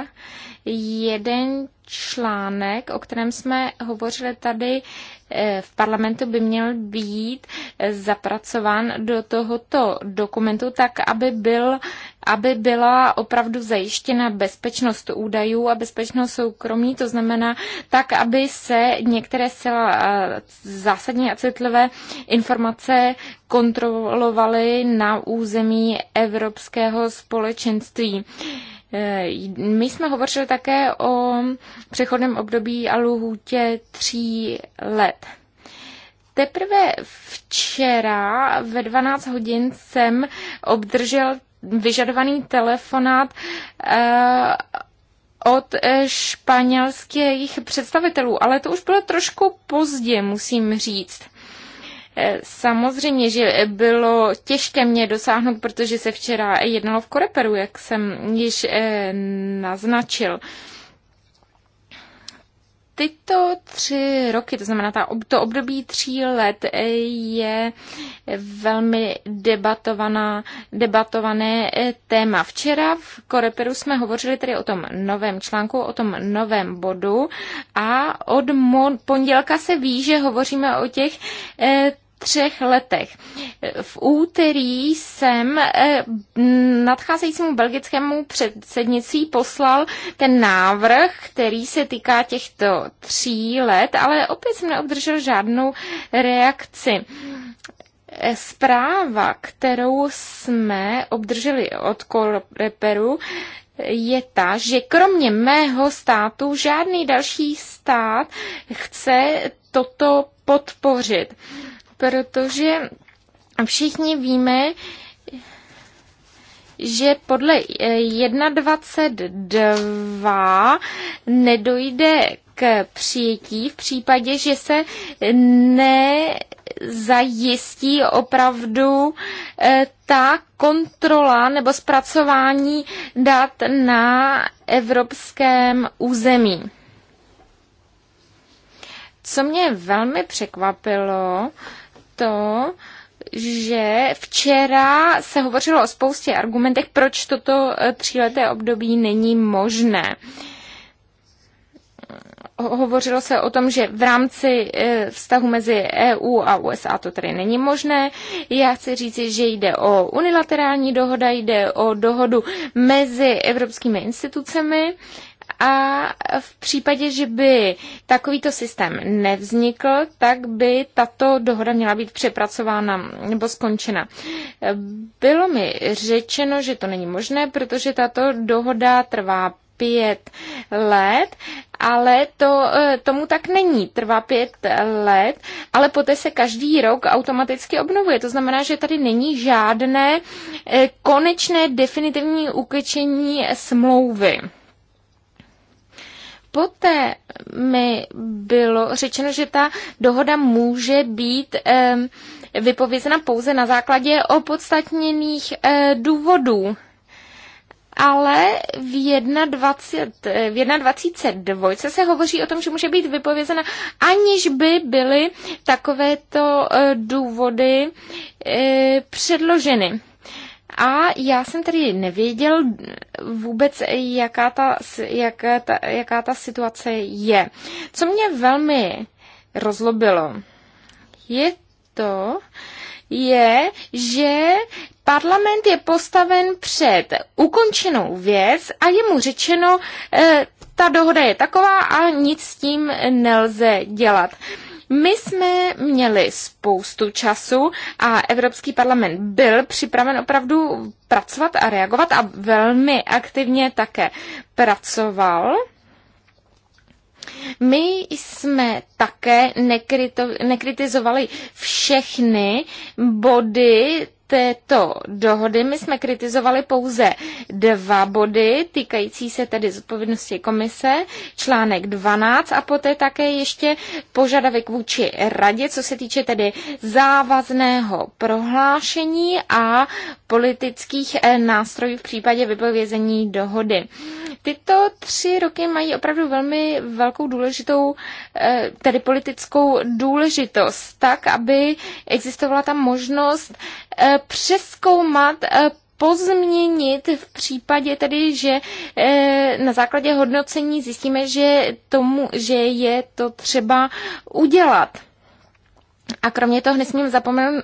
jeden článek, o kterém jsme hovořili tady eh, v parlamentu, by měl být zapracován do tohoto dokumentu tak, aby byl aby byla opravdu zajištěna bezpečnost údajů a bezpečnost soukromí, to znamená tak, aby se některé zcela eh, zásadní a citlivé informace kontrolovaly na území Evropského společenství. Eh, my jsme hovořili také o přechodném období a lhůtě tří let. Teprve včera ve 12 hodin jsem obdržel vyžadovaný telefonát eh, od eh, španělských představitelů, ale to už bylo trošku pozdě, musím říct. Eh, samozřejmě, že bylo těžké mě dosáhnout, protože se včera jednalo v Koreperu, jak jsem již naznačil tyto tři roky, to znamená to období tří let, je velmi debatovaná, debatované eh, téma. Včera v Koreperu jsme hovořili tedy o tom novém článku, o tom novém bodu a od pondělka se ví, že hovoříme o těch eh, třech letech. V úterý jsem eh, nadcházejícímu belgickému předsednictví poslal ten návrh, který se týká těchto tří let, ale opět jsem neobdržel žádnou reakci. Zpráva, kterou jsme obdrželi od Koreperu, je ta, že kromě mého státu žádný další stát chce toto podpořit protože všichni víme, že podle 1.22 eh, nedojde k přijetí v případě, že se nezajistí opravdu eh, ta kontrola nebo zpracování dat na evropském území. Co mě velmi překvapilo, to, že včera se hovořilo o spoustě argumentech, proč toto eh, tříleté období není možné hovořilo se o tom, že v rámci eh, vztahu mezi EU a USA to tedy není možné. Já chci říci, že jde o unilaterální dohoda, jde o dohodu mezi evropskými institucemi a v případě, že by takovýto systém nevznikl, tak by tato dohoda měla být přepracována nebo skončena. Bylo mi řečeno, že to není možné, protože tato dohoda trvá pět let, ale to, e, tomu tak není. Trvá pět let, ale poté se každý rok automaticky obnovuje. To znamená, že tady není žádné e, konečné definitivní ukečení smlouvy poté mi bylo řečeno, že ta dohoda může být vypovězena pouze na základě opodstatněných eh, důvodů. Ale v 21, eh, v 21. se hovoří o tom, že může být vypovězena, aniž by byly takovéto eh, důvody předloženy. A já jsem tedy nevěděl vůbec, jaká ta, jak ta, jaká ta situace je. Co mě velmi rozlobilo, je to, je, že parlament je postaven před ukončenou věc a je mu řečeno, eh, ta dohoda je taková a nic s tím nelze dělat. My jsme měli spoustu času a Evropský parlament byl připraven opravdu pracovat a reagovat a velmi aktivně také pracoval. My jsme také nekrito, nekritizovali všechny body této dohody my jsme kritizovali pouze dva body týkající se tedy zodpovědnosti komise, článek 12 a poté také ještě požadavek vůči radě, co se týče tedy závazného prohlášení a politických eh, nástrojů v případě vypovězení dohody. Tyto tři roky mají opravdu velmi velkou důležitou, eh, tedy politickou důležitost, tak, aby existovala ta možnost Eh, přeskoumat eh, pozměnit v případě tedy, že eh, na základě hodnocení zjistíme, že, tomu, že je to třeba udělat. A kromě toho nesmím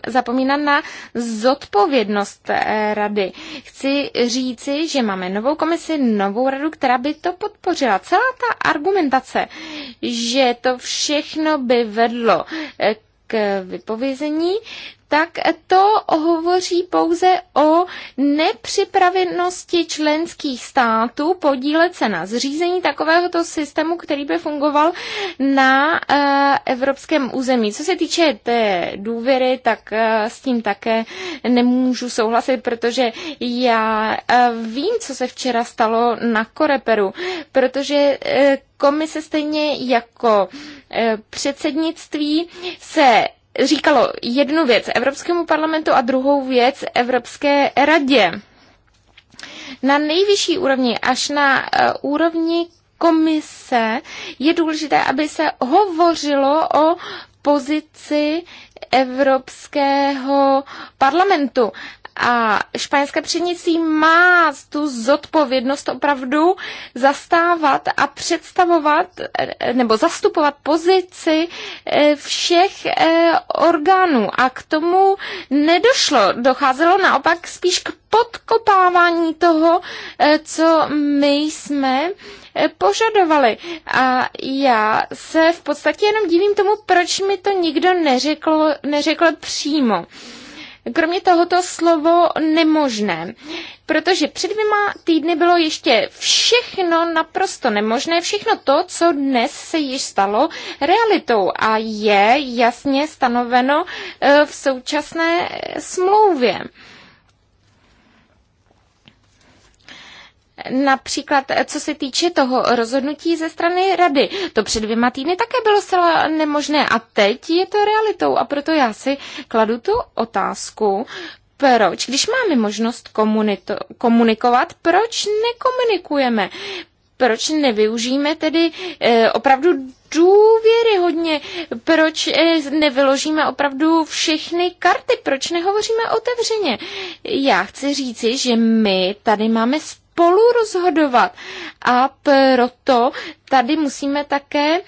zapomínat na zodpovědnost rady. Chci říci, že máme novou komisi, novou radu, která by to podpořila. Celá ta argumentace, že to všechno by vedlo k vypovězení, tak to hovoří pouze o nepřipravenosti členských států podílet se na zřízení takovéhoto systému, který by fungoval na eh, evropském území. Co se týče té důvěry, tak eh, s tím také nemůžu souhlasit, protože já eh, vím, co se včera stalo na Koreperu, protože komise stejně jako předsednictví se říkalo jednu věc Evropskému parlamentu a druhou věc Evropské radě. Na nejvyšší úrovni až na uh, úrovni komise je důležité, aby se hovořilo o pozici Evropského parlamentu a španělské předsednictví má tu zodpovědnost opravdu zastávat a představovat eh, nebo zastupovat pozici eh, všech eh, orgánů. A k tomu nedošlo. Docházelo naopak spíš k podkopávání toho, co my jsme požadovali. A já se v podstatě jenom divím tomu, proč mi to nikdo neřekl, neřekl přímo kromě tohoto slovo nemožné, protože před dvěma týdny bylo ještě všechno naprosto nemožné, všechno to, co dnes se již stalo realitou a je jasně stanoveno eh, v současné smlouvě. Například, co se týče toho rozhodnutí ze strany rady, to před dvěma týdny také bylo zcela nemožné a teď je to realitou a proto já si kladu tu otázku, proč, když máme možnost komunikovat, proč nekomunikujeme? proč nevyužijeme tedy e, opravdu důvěryhodně, proč e, nevyložíme opravdu všechny karty, proč nehovoříme otevřeně. Já chci říci, že my tady máme spolu rozhodovat. A proto tady musíme také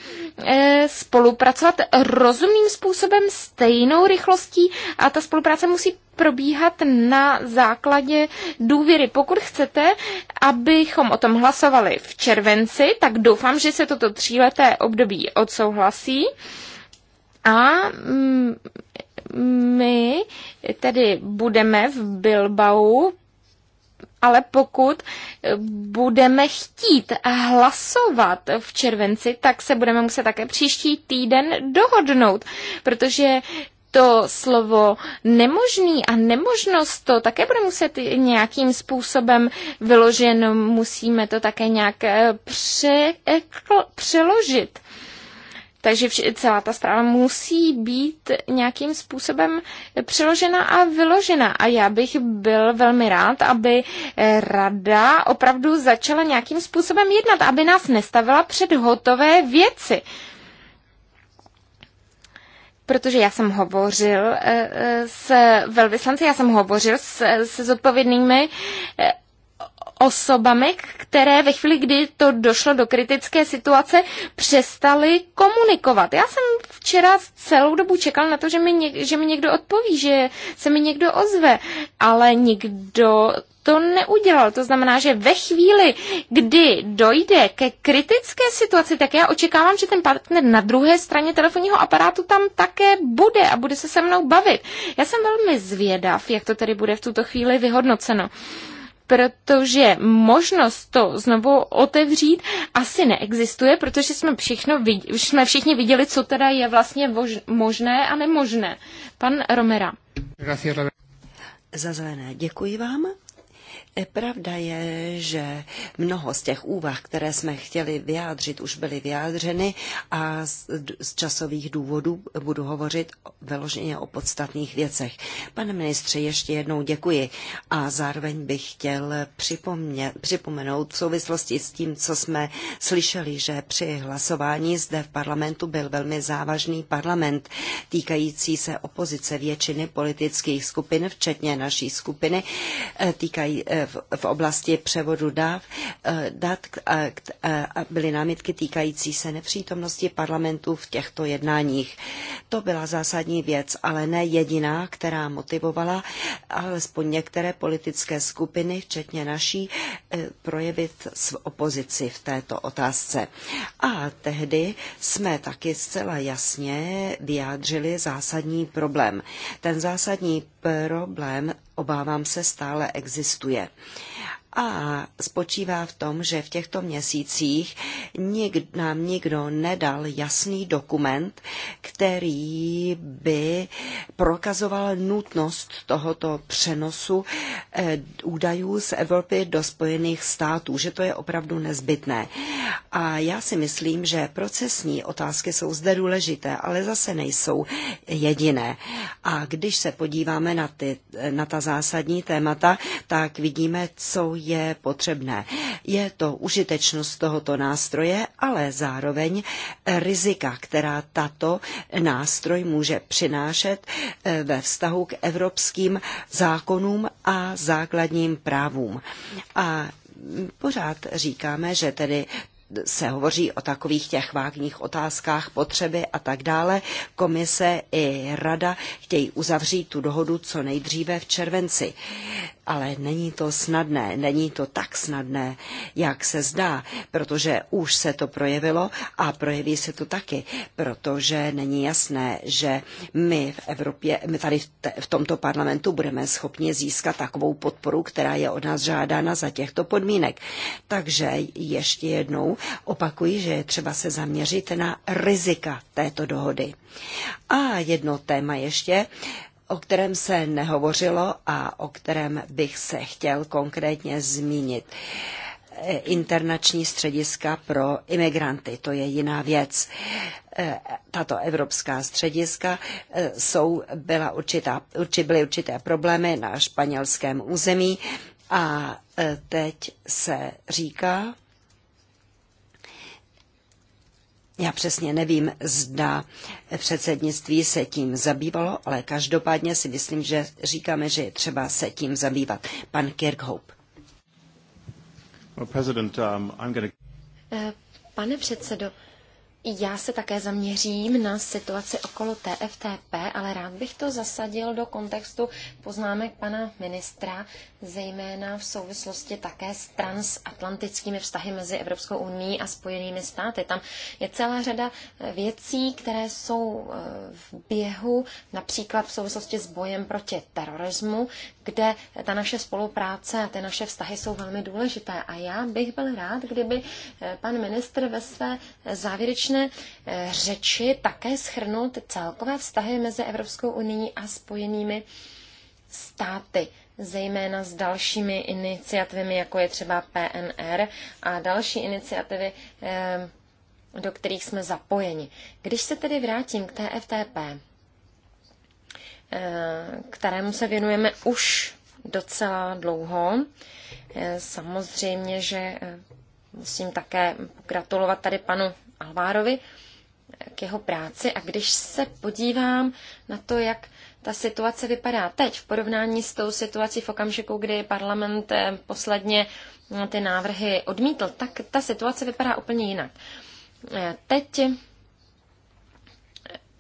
eh, spolupracovat rozumným způsobem, stejnou rychlostí a ta spolupráce musí probíhat na základě důvěry. Pokud chcete, abychom o tom hlasovali v červenci, tak doufám, že se toto tříleté období odsouhlasí. A mm, my tedy budeme v Bilbao ale pokud budeme chtít hlasovat v červenci, tak se budeme muset také příští týden dohodnout, protože to slovo nemožný a nemožnost to také bude muset nějakým způsobem vyložen, musíme to také nějak eh, pře- eh, přeložit. Takže celá ta zpráva musí být nějakým způsobem přeložena a vyložena. A já bych byl velmi rád, aby eh, rada opravdu začala nějakým způsobem jednat, aby nás nestavila před hotové věci protože já jsem hovořil eh, eh, s velvyslanci, já jsem hovořil se zodpovědnými osobami, které ve chvíli, kdy to došlo do kritické situace, přestali komunikovat. Já jsem včera celou dobu čekal na to, že mi, něk, že mi někdo odpoví, že se mi někdo ozve, ale nikdo to neudělal. To znamená, že ve chvíli, kdy dojde ke kritické situaci, tak já očekávám, že ten partner na druhé straně telefonního aparátu tam také bude a bude se se mnou bavit. Já jsem velmi zvědav, jak to tedy bude v tuto chvíli vyhodnoceno. Uh, protože možnost to znovu otevřít asi neexistuje, protože jsme, všechno, viděli, jsme všichni viděli, co teda je vlastně možné a nemožné. Pan Romera. Za zelené, děkuji vám. E, pravda je, že mnoho z těch úvah, které jsme chtěli vyjádřit, už byly vyjádřeny a z, z časových důvodů budu hovořit vyloženě o podstatných věcech. Pane ministře, ještě jednou děkuji a zároveň bych chtěl připomně, připomenout v souvislosti s tím, co jsme slyšeli, že při hlasování zde v parlamentu byl velmi závažný parlament týkající se opozice většiny politických skupin, včetně naší skupiny, e, týkají e, v oblasti převodu dáv, dat eh, eh, eh, byly námitky týkající se nepřítomnosti parlamentu v těchto jednáních. To byla zásadní věc, ale ne jediná, která motivovala alespoň některé politické skupiny, včetně naší, projevit s opozici v této otázce. A tehdy jsme taky zcela jasně vyjádřili zásadní problém. Ten zásadní problém, obávám se, stále existuje a spočívá v tom, že v těchto měsících nik, nám nikdo nedal jasný dokument, který by prokazoval nutnost tohoto přenosu e, údajů z Evropy do Spojených států, že to je opravdu nezbytné. A já si myslím, že procesní otázky jsou zde důležité, ale zase nejsou jediné. A když se podíváme na, ty, na ta zásadní témata, tak vidíme, co je potřebné. Je to užitečnost tohoto nástroje, ale zároveň rizika, která tato nástroj může přinášet eh, ve vztahu k evropským zákonům a základním právům. A pořád říkáme, že tedy se hovoří o takových těch vágních otázkách, potřeby a tak dále. Komise i rada chtějí uzavřít tu dohodu co nejdříve v červenci ale není to snadné, není to tak snadné, jak se zdá, protože už se to projevilo a projeví se to taky, protože není jasné, že my v Evropě, my tady v, te, v tomto parlamentu budeme schopni získat takovou podporu, která je od nás žádána za těchto podmínek. Takže ještě jednou opakuji, že je třeba se zaměřit na rizika této dohody. A jedno téma ještě, o kterém se nehovořilo a o kterém bych se chtěl konkrétně zmínit. E, internační střediska pro imigranty, to je jiná věc. E, tato evropská střediska e, jsou, byla určitá, urči, byly určité problémy na španělském území a teď se říká, Já přesně nevím, zda předsednictví se tím zabývalo, ale každopádně si myslím, že říkáme, že je třeba se tím zabývat. Pan Kirkhope. Well, um, eh, Pane předsedo, já se také zaměřím na situaci okolo TFTP, ale rád bych to zasadil do kontextu poznámek pana ministra, zejména v souvislosti také s transatlantickými vztahy mezi Evropskou unii a Spojenými státy. Tam je celá řada eh, věcí, které jsou eh, v běhu, například v souvislosti s bojem proti terorismu, kde ta naše spolupráce a ty naše vztahy jsou velmi důležité. A já bych byl rád, kdyby eh, pan ministr ve své závěrečné závěrečné eh, řeči také schrnout celkové vztahy mezi Evropskou unii a spojenými státy, zejména s dalšími iniciativami, jako je třeba PNR a další iniciativy, eh, do kterých jsme zapojeni. Když se tedy vrátím k TFTP, eh, kterému se věnujeme už docela dlouho, samozřejmě, že musím také gratulovat tady panu Alvárovi k jeho práci a když se podívám na to, jak ta situace vypadá teď v porovnání s tou situací v okamžiku, kdy parlament eh, posledně eh, ty návrhy odmítl, tak ta situace vypadá úplně jinak. Eh, teď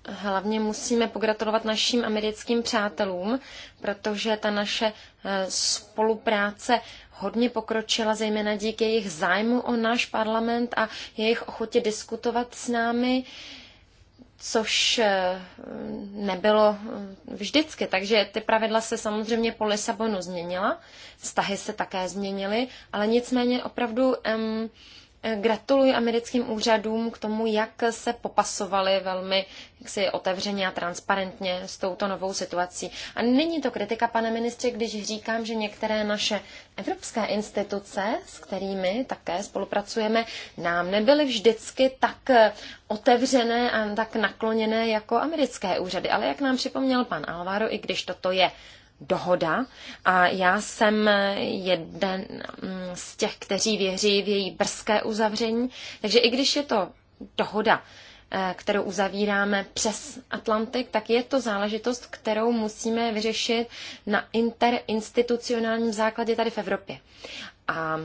hlavně musíme pogratulovat našim americkým přátelům, protože ta naše eh, spolupráce hodně pokročila, zejména díky jejich zájmu o náš parlament a jejich ochotě diskutovat s námi, což eh, nebylo eh, vždycky. Takže ty pravidla se samozřejmě po Lisabonu změnila, vztahy se také změnily, ale nicméně opravdu. Um, Gratuluji americkým úřadům k tomu, jak se popasovali velmi jaksi otevřeně a transparentně s touto novou situací. A není to kritika, pane ministře, když říkám, že některé naše evropské instituce, s kterými také spolupracujeme, nám nebyly vždycky tak otevřené a tak nakloněné jako americké úřady. Ale jak nám připomněl pan Alvaro, i když toto je dohoda a já jsem jeden mm, z těch, kteří věří v její brzké uzavření. Takže i když je to dohoda, eh, kterou uzavíráme přes Atlantik, tak je to záležitost, kterou musíme vyřešit na interinstitucionálním základě tady v Evropě. A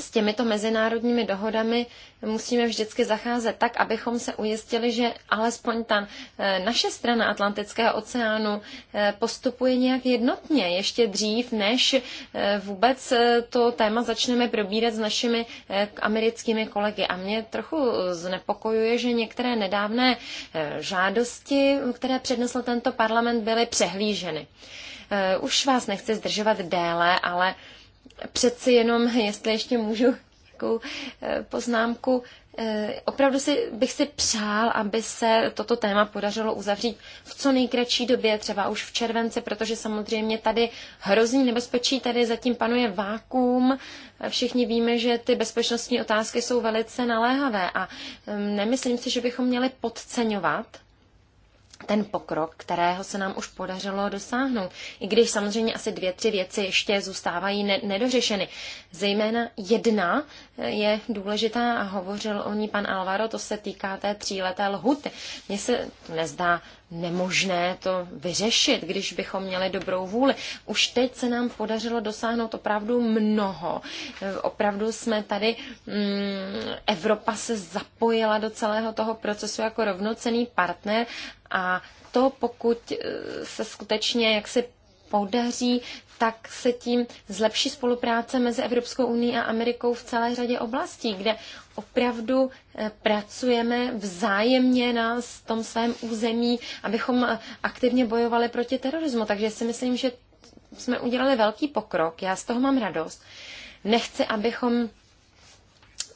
s těmito mezinárodními dohodami musíme vždycky zacházet tak, abychom se ujistili, že alespoň ta eh, naše strana Atlantického oceánu eh, postupuje nějak jednotně, ještě dřív, než eh, vůbec to téma začneme probírat s našimi americkými kolegy. A mě trochu znepokojuje, že některé nedávné žádosti, které přednesl tento parlament, byly přehlíženy. Už vás nechci zdržovat déle, ale přeci jenom, jestli ještě můžu takovou eh, poznámku, eh, opravdu si, bych si přál, aby se toto téma podařilo uzavřít v co nejkratší době, třeba už v červenci, protože samozřejmě tady hrozí nebezpečí, tady zatím panuje vákuum. Eh, všichni víme, že ty bezpečnostní otázky jsou velice naléhavé a nemyslím si, že bychom měli podceňovat ten pokrok, kterého se nám už podařilo dosáhnout. I když samozřejmě asi dvě, tři věci ještě zůstávají ne- nedořešeny. Zejména jedna eh, je důležitá a hovořil o ní pan Alvaro, to se týká té tříleté lhuty. Mně se nezdá nemožné to vyřešit, když bychom měli dobrou vůli. Už teď se nám podařilo dosáhnout opravdu mnoho. Eh, opravdu jsme tady, mm, Evropa se zapojila do celého toho procesu jako rovnocený partner a to, pokud eh, se skutečně jaksi podaří, tak se tím zlepší spolupráce mezi Evropskou unii a Amerikou v celé řadě oblastí, kde opravdu eh, pracujeme vzájemně na tom svém území, abychom eh, aktivně bojovali proti terorismu. Takže si myslím, že jsme udělali velký pokrok. Já z toho mám radost. Nechci, abychom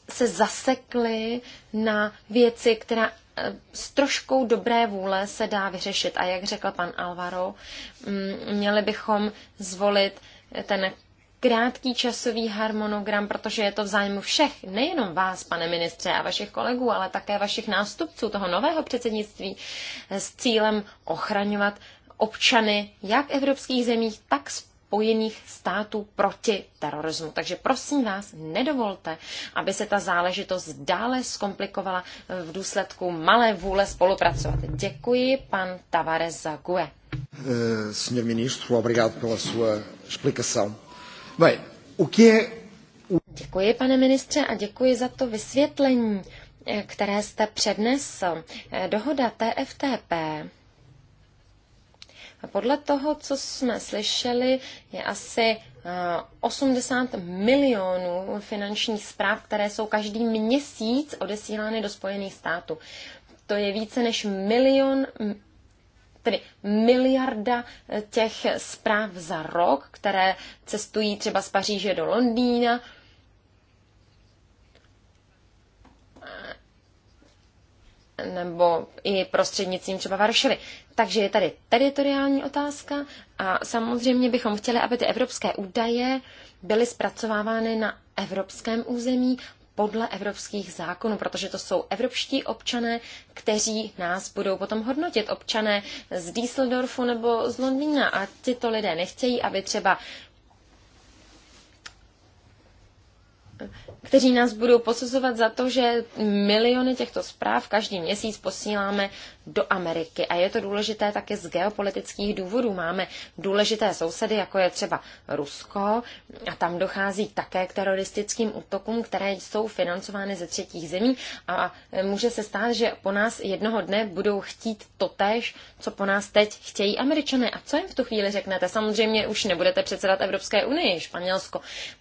se zasekli na věci, která s troškou dobré vůle se dá vyřešit. A jak řekl pan Alvaro, mm, měli bychom zvolit ten krátký časový harmonogram, protože je to v zájmu všech, nejenom vás, pane ministře, a vašich kolegů, ale také vašich nástupců toho nového předsednictví s cílem ochraňovat občany jak evropských zemích, tak spojených států proti terorismu. Takže prosím vás, nedovolte, aby se ta záležitost dále zkomplikovala eh, v důsledku malé vůle spolupracovat. Děkuji, pan Tavares Zague. GUE. Eh, senhor Ministro, obrigado pela sua explicação. Bem, o que é... Děkuji, pane ministře, a děkuji za to vysvětlení, eh, které jste přednesl. Dohoda TFTP a podle toho, co jsme slyšeli, je asi 80 eh, milionů finančních zpráv, které jsou každý měsíc odesílány do Spojených států. To je více než milion tedy miliarda eh, těch zpráv za rok, které cestují třeba z Paříže do Londýna, nebo i prostřednictvím třeba Varšavy. Takže je tady teritoriální otázka a samozřejmě bychom chtěli, aby ty evropské údaje byly zpracovávány na evropském území podle evropských zákonů, protože to jsou evropští občané, kteří nás budou potom hodnotit. Občané z Düsseldorfu nebo z Londýna a tyto lidé nechtějí, aby třeba kteří nás budou posuzovat za to, že miliony těchto zpráv každý měsíc posíláme do Ameriky. A je to důležité také z geopolitických důvodů. Máme důležité sousedy, jako je třeba Rusko, a tam dochází také k teroristickým útokům, které jsou financovány ze třetích zemí a může se stát, že po nás jednoho dne budou chtít totéž, co po nás teď chtějí američané. A co jim v tu chvíli řeknete? Samozřejmě už nebudete předsedat Evropské unii. Španělsko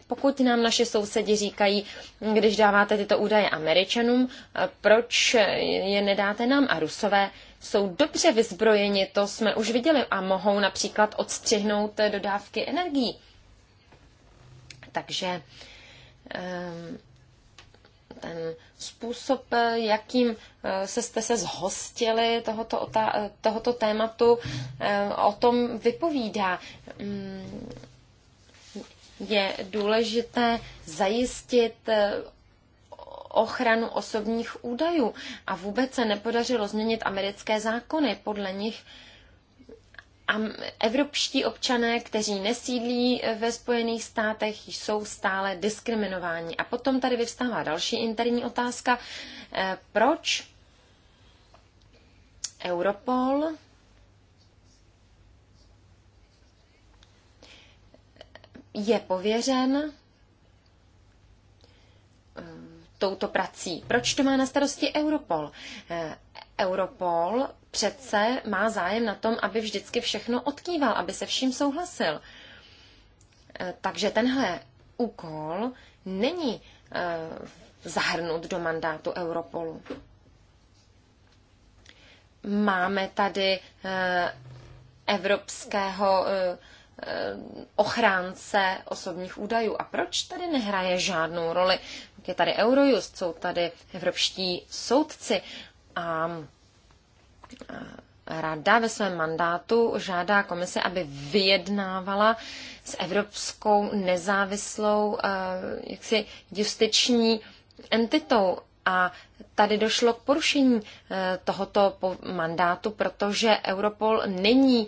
pokud nám naše sousedi říkají, když dáváte tyto údaje Američanům, eh, proč je nedáte nám a Rusové, jsou dobře vyzbrojeni, to jsme už viděli, a mohou například odstřihnout eh, dodávky energií. Takže ehm, ten způsob, eh, jakým se jste se zhostili tohoto, tohoto tématu, o tom vypovídá. Mm, je důležité zajistit eh, ochranu osobních údajů. A vůbec se nepodařilo změnit americké zákony. Podle nich evropští občané, kteří nesídlí eh, ve Spojených státech, jsou stále diskriminováni. A potom tady vyvstává další interní otázka. Eh, proč Europol je pověřen eh, touto prací. Proč to má na starosti Europol? Eh, Europol přece má zájem na tom, aby vždycky všechno odkýval, aby se vším souhlasil. Eh, takže tenhle úkol není zahrnut do mandátu Europolu. Máme tady evropského Eh, ochránce osobních údajů. A proč tady nehraje žádnou roli? Je tady Eurojust, jsou tady evropští soudci a eh, Rada ve svém mandátu žádá komise, aby vyjednávala s Evropskou nezávislou eh, jaksi justiční entitou. A tady došlo k porušení tohoto mandátu, protože Europol není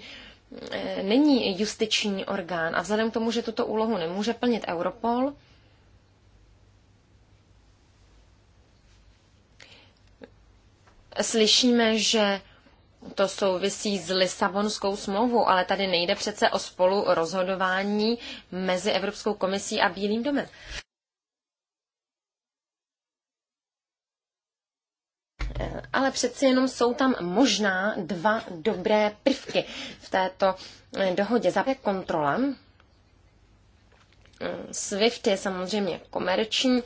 Eh, není justiční orgán a vzhledem k tomu, že tuto úlohu nemůže plnit Europol, slyšíme, že to souvisí s Lisabonskou smlouvou, ale tady nejde přece o spolu rozhodování mezi Evropskou komisí a Bílým domem. ale přeci jenom jsou tam možná dva dobré prvky v této eh, dohodě. Za kontrola. Eh, SWIFT je samozřejmě komerční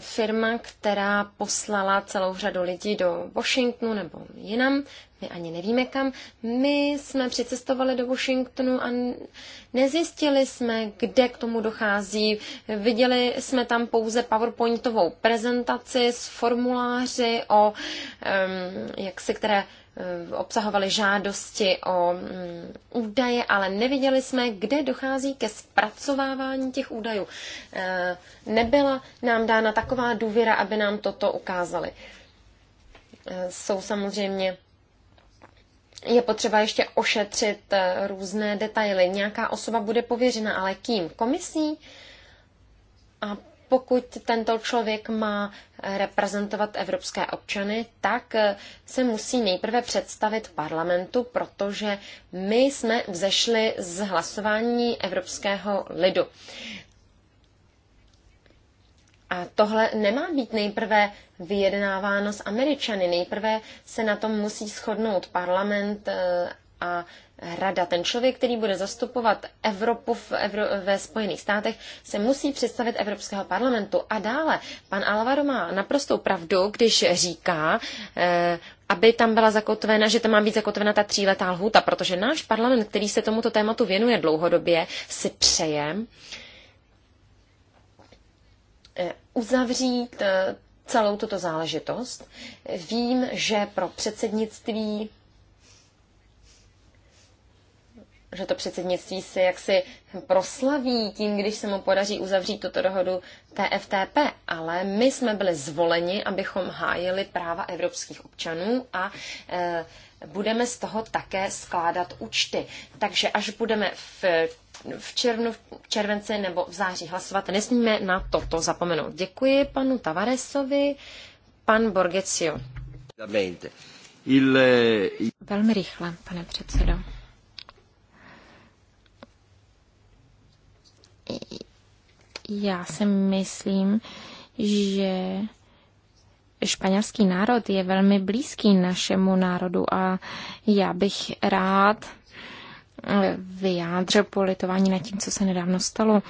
firma, která poslala celou řadu lidí do Washingtonu nebo jinam, my ani nevíme kam. My jsme přicestovali do Washingtonu a nezjistili jsme, kde k tomu dochází. Viděli jsme tam pouze PowerPointovou prezentaci s formuláři o, um, jak se které Eh, obsahovaly žádosti o mm, údaje, ale neviděli jsme, kde dochází ke zpracovávání těch údajů. Eh, nebyla nám dána taková důvěra, aby nám toto ukázali. Eh, jsou samozřejmě je potřeba ještě ošetřit různé detaily. Nějaká osoba bude pověřena, ale kým? Komisí? A pokud tento člověk má eh, reprezentovat evropské občany, tak eh, se musí nejprve představit parlamentu, protože my jsme vzešli z hlasování evropského lidu. A tohle nemá být nejprve vyjednáváno s Američany. Nejprve se na tom musí shodnout parlament eh, a rada. Ten člověk, který bude zastupovat Evropu v Evro- ve Spojených státech, se musí představit Evropského parlamentu. A dále, pan Alvaro má naprostou pravdu, když říká, eh, aby tam byla zakotvena, že tam má být zakotvena ta tříletá lhůta, protože náš parlament, který se tomuto tématu věnuje dlouhodobě, si přeje eh, uzavřít eh, celou tuto záležitost. Vím, že pro předsednictví že to předsednictví se jaksi proslaví tím, když se mu podaří uzavřít tuto dohodu TFTP, ale my jsme byli zvoleni, abychom hájili práva evropských občanů a e, budeme z toho také skládat účty. Takže až budeme v, v červnu, v červenci nebo v září hlasovat, nesmíme na toto zapomenout. Děkuji panu Tavaresovi, pan Borgecio. Eh, Velmi rychle, pane předsedo. já si myslím, že španělský národ je velmi blízký našemu národu a já bych rád eh, vyjádřil politování nad tím, co se nedávno stalo.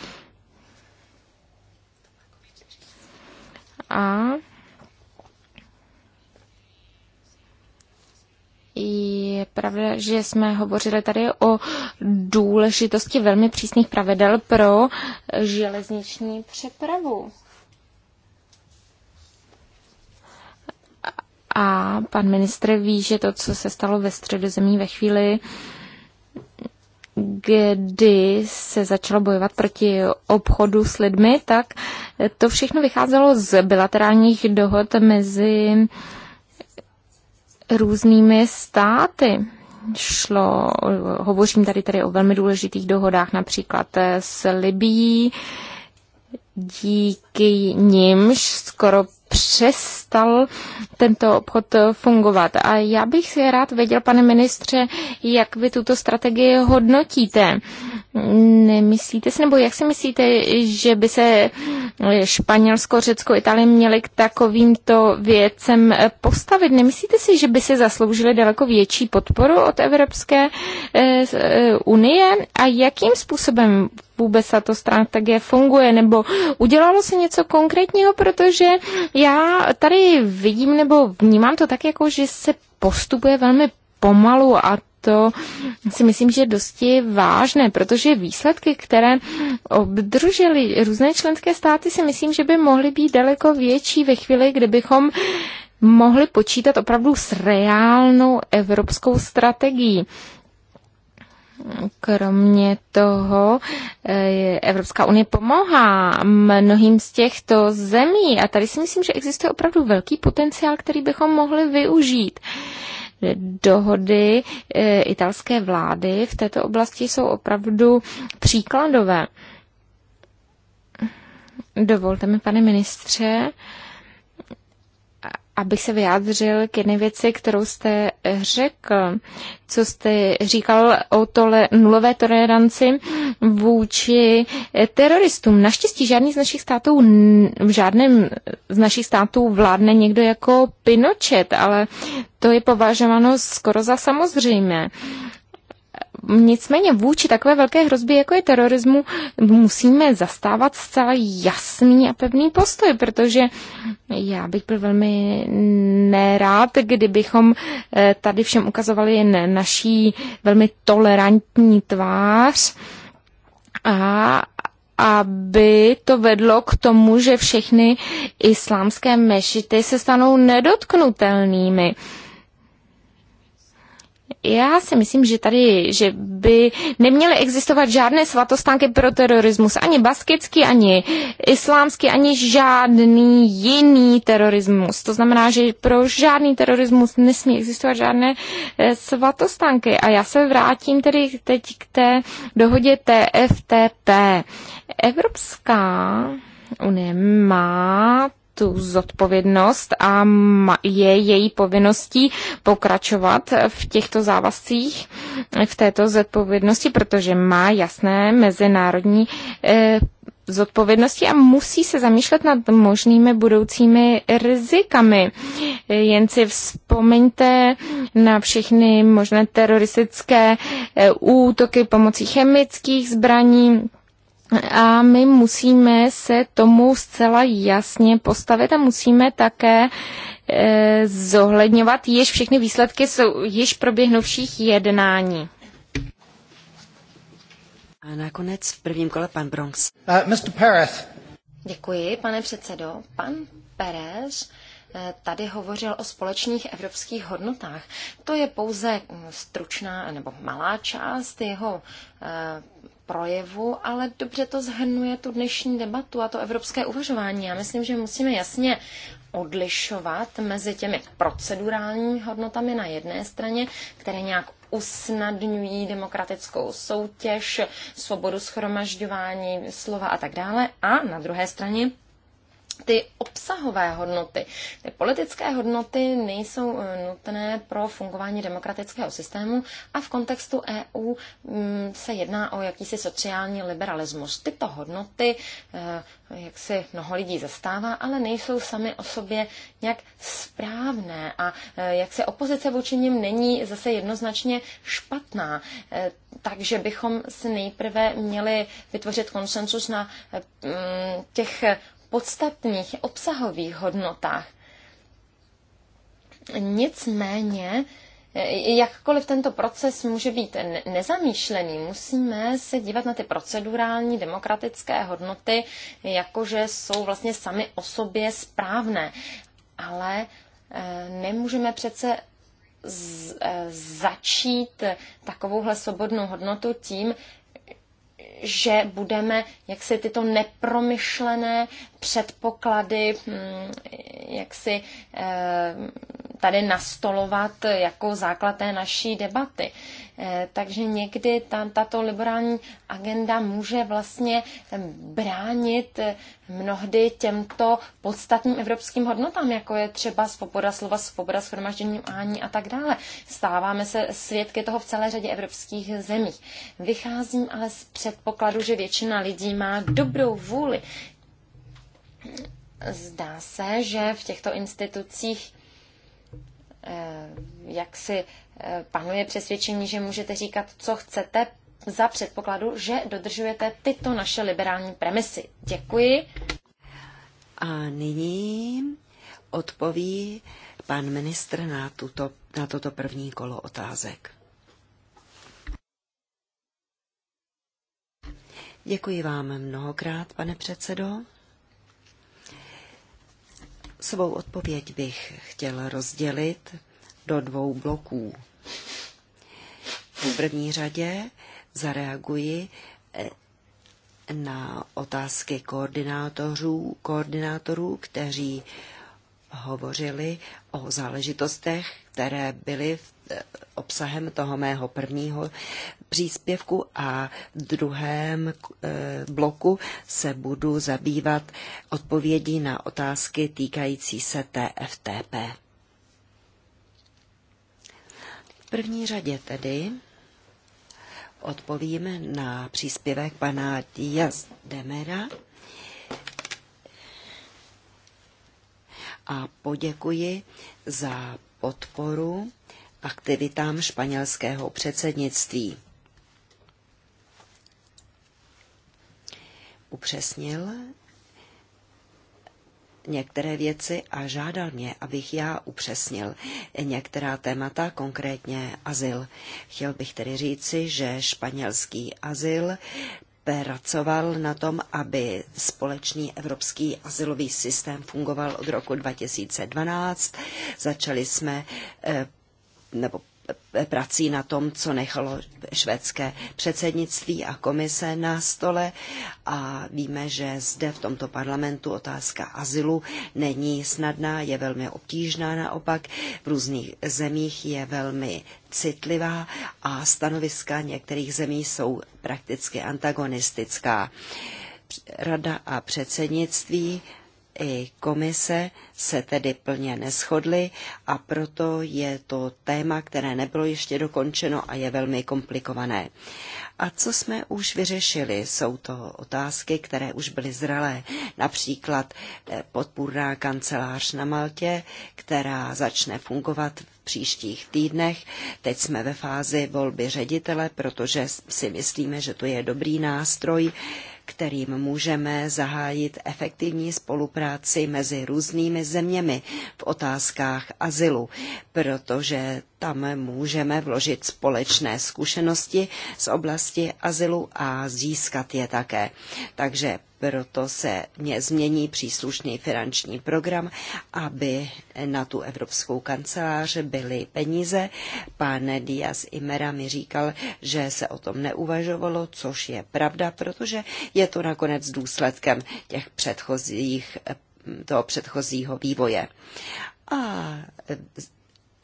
A Je pravda, že jsme hovořili tady o důležitosti velmi přísných pravidel pro železniční přepravu. A pan ministr ví, že to, co se stalo ve středozemí ve chvíli, kdy se začalo bojovat proti obchodu s lidmi, tak to všechno vycházelo z bilaterálních dohod mezi různými státy šlo, hovořím tady tady o velmi důležitých dohodách, například eh, s Libií, díky nimž skoro přestal tento obchod fungovat. A já bych si rád věděl, pane ministře, jak vy tuto strategii hodnotíte. Nemyslíte si, nebo jak si myslíte, že by se Španělsko, Řecko, Itálie měly k takovýmto věcem postavit? Nemyslíte si, že by se zasloužili daleko větší podporu od Evropské eh, eh, unie? A jakým způsobem vůbec tato strategie funguje, nebo udělalo se něco konkrétního, protože já tady vidím nebo vnímám to tak, jako že se postupuje velmi pomalu a to si myslím, že je dosti vážné, protože výsledky, které obdržely různé členské státy, si myslím, že by mohly být daleko větší ve chvíli, kdybychom mohli počítat opravdu s reálnou evropskou strategií. Kromě toho eh, Evropská unie pomáhá mnohým z těchto zemí a tady si myslím, že existuje opravdu velký potenciál, který bychom mohli využít. Dohody eh, italské vlády v této oblasti jsou opravdu příkladové. Dovolte mi, pane ministře, abych se vyjádřil k jedné věci, kterou jste řekl, co jste říkal o tole nulové toleranci vůči eh, teroristům. Naštěstí žádný z našich států, v žádném z našich států vládne někdo jako Pinochet, ale to je považováno skoro za samozřejmé. Nicméně vůči takové velké hrozbě, jako je terorismu, musíme zastávat zcela jasný a pevný postoj, protože já bych byl velmi nerád, kdybychom eh, tady všem ukazovali jen naší velmi tolerantní tvář a aby to vedlo k tomu, že všechny islámské mešity se stanou nedotknutelnými. Uh, já si myslím, že tady, že by neměly existovat žádné svatostánky pro terorismus, ani baskický, ani islámský, ani žádný jiný terorismus. To znamená, že pro žádný terorismus nesmí existovat žádné eh, svatostánky. A já se vrátím tedy teď k té dohodě TFTP. Evropská unie má tu zodpovědnost a je její povinností pokračovat v těchto závazcích, v této zodpovědnosti, protože má jasné mezinárodní eh, zodpovědnosti a musí se zamýšlet nad možnými budoucími rizikami. Jen si vzpomeňte na všechny možné teroristické eh, útoky pomocí chemických zbraní, a my musíme se tomu zcela jasně postavit a musíme také e, zohledňovat již všechny výsledky jsou již proběhnuvších jednání. A nakonec v prvním kole pan Bronx. Uh, Mr. Perez. Děkuji, pane předsedo. Pan Perez eh, tady hovořil o společných evropských hodnotách. To je pouze mm, stručná nebo malá část jeho eh, projevu, ale dobře to zhrnuje tu dnešní debatu a to evropské uvažování. Já myslím, že musíme jasně odlišovat mezi těmi procedurálními hodnotami na jedné straně, které nějak usnadňují demokratickou soutěž, svobodu schromažďování, slova a tak dále, a na druhé straně ty obsahové hodnoty. Ty politické hodnoty nejsou eh, nutné pro fungování demokratického systému a v kontextu EU mm, se jedná o jakýsi sociální liberalismus. Tyto hodnoty, eh, jak si mnoho lidí zastává, ale nejsou sami o sobě nějak správné a eh, jak se opozice vůči nim není zase jednoznačně špatná. Takže bychom si nejprve měli vytvořit konsensus na mm, těch podstatných obsahových hodnotách. Nicméně, eh, jakkoliv tento proces může být nezamýšlený, musíme se dívat na ty procedurální demokratické hodnoty, jakože jsou vlastně sami o sobě správné. Ale eh, nemůžeme přece z, eh, začít takovouhle svobodnou hodnotu tím, že budeme jaksi tyto nepromyšlené předpoklady hm, jaksi eh, tady nastolovat jako základ té naší debaty. Eh, takže někdy ta, tato liberální agenda může vlastně bránit eh, mnohdy těmto podstatným evropským hodnotám, jako je třeba svoboda slova, svoboda shromaždění ání a tak dále. Stáváme se svědky toho v celé řadě evropských zemích. Vycházím ale z předpokladu, že většina lidí má dobrou vůli. Zdá se, že v těchto institucích Eh, jak si eh, panuje přesvědčení, že můžete říkat, co chcete, za předpokladu, že dodržujete tyto naše liberální premisy. Děkuji. A nyní odpoví pan ministr na, tuto, na toto první kolo otázek. Děkuji vám mnohokrát, pane předsedo. Svou odpověď bych chtěl rozdělit do dvou bloků. V první řadě zareaguji eh, na otázky koordinátorů, koordinátorů, kteří hovořili o záležitostech, které byly eh, obsahem toho mého prvního příspěvku a v druhém eh, bloku se budu zabývat odpovědí na otázky týkající se TFTP. V první řadě tedy odpovím na příspěvek pana Díaz Demera a poděkuji za podporu aktivitám španělského předsednictví. upřesnil některé věci a žádal mě, abych já upřesnil některá témata, konkrétně azyl. Chtěl bych tedy říci, že španělský azyl pracoval na tom, aby společný evropský asilový systém fungoval od roku 2012. Začali jsme eh, nebo prací na tom, co nechalo švédské předsednictví a komise na stole a víme, že zde v tomto parlamentu otázka azylu není snadná, je velmi obtížná naopak, v různých zemích je velmi citlivá a stanoviska některých zemí jsou prakticky antagonistická. Rada a předsednictví i komise se tedy plně neschodly a proto je to téma, které nebylo ještě dokončeno a je velmi komplikované. A co jsme už vyřešili, jsou to otázky, které už byly zralé. Například eh, podpůrná kancelář na Maltě, která začne fungovat v příštích týdnech. Teď jsme ve fázi volby ředitele, protože si myslíme, že to je dobrý nástroj, kterým můžeme zahájit efektivní spolupráci mezi různými zeměmi v otázkách azylu, protože tam můžeme vložit společné zkušenosti z oblasti azylu a získat je také. Takže proto se mě změní příslušný finanční program, aby na tu Evropskou kancelář byly peníze. Pán Díaz Imera mi říkal, že se o tom neuvažovalo, což je pravda, protože je to nakonec důsledkem těch předchozích, toho předchozího vývoje. A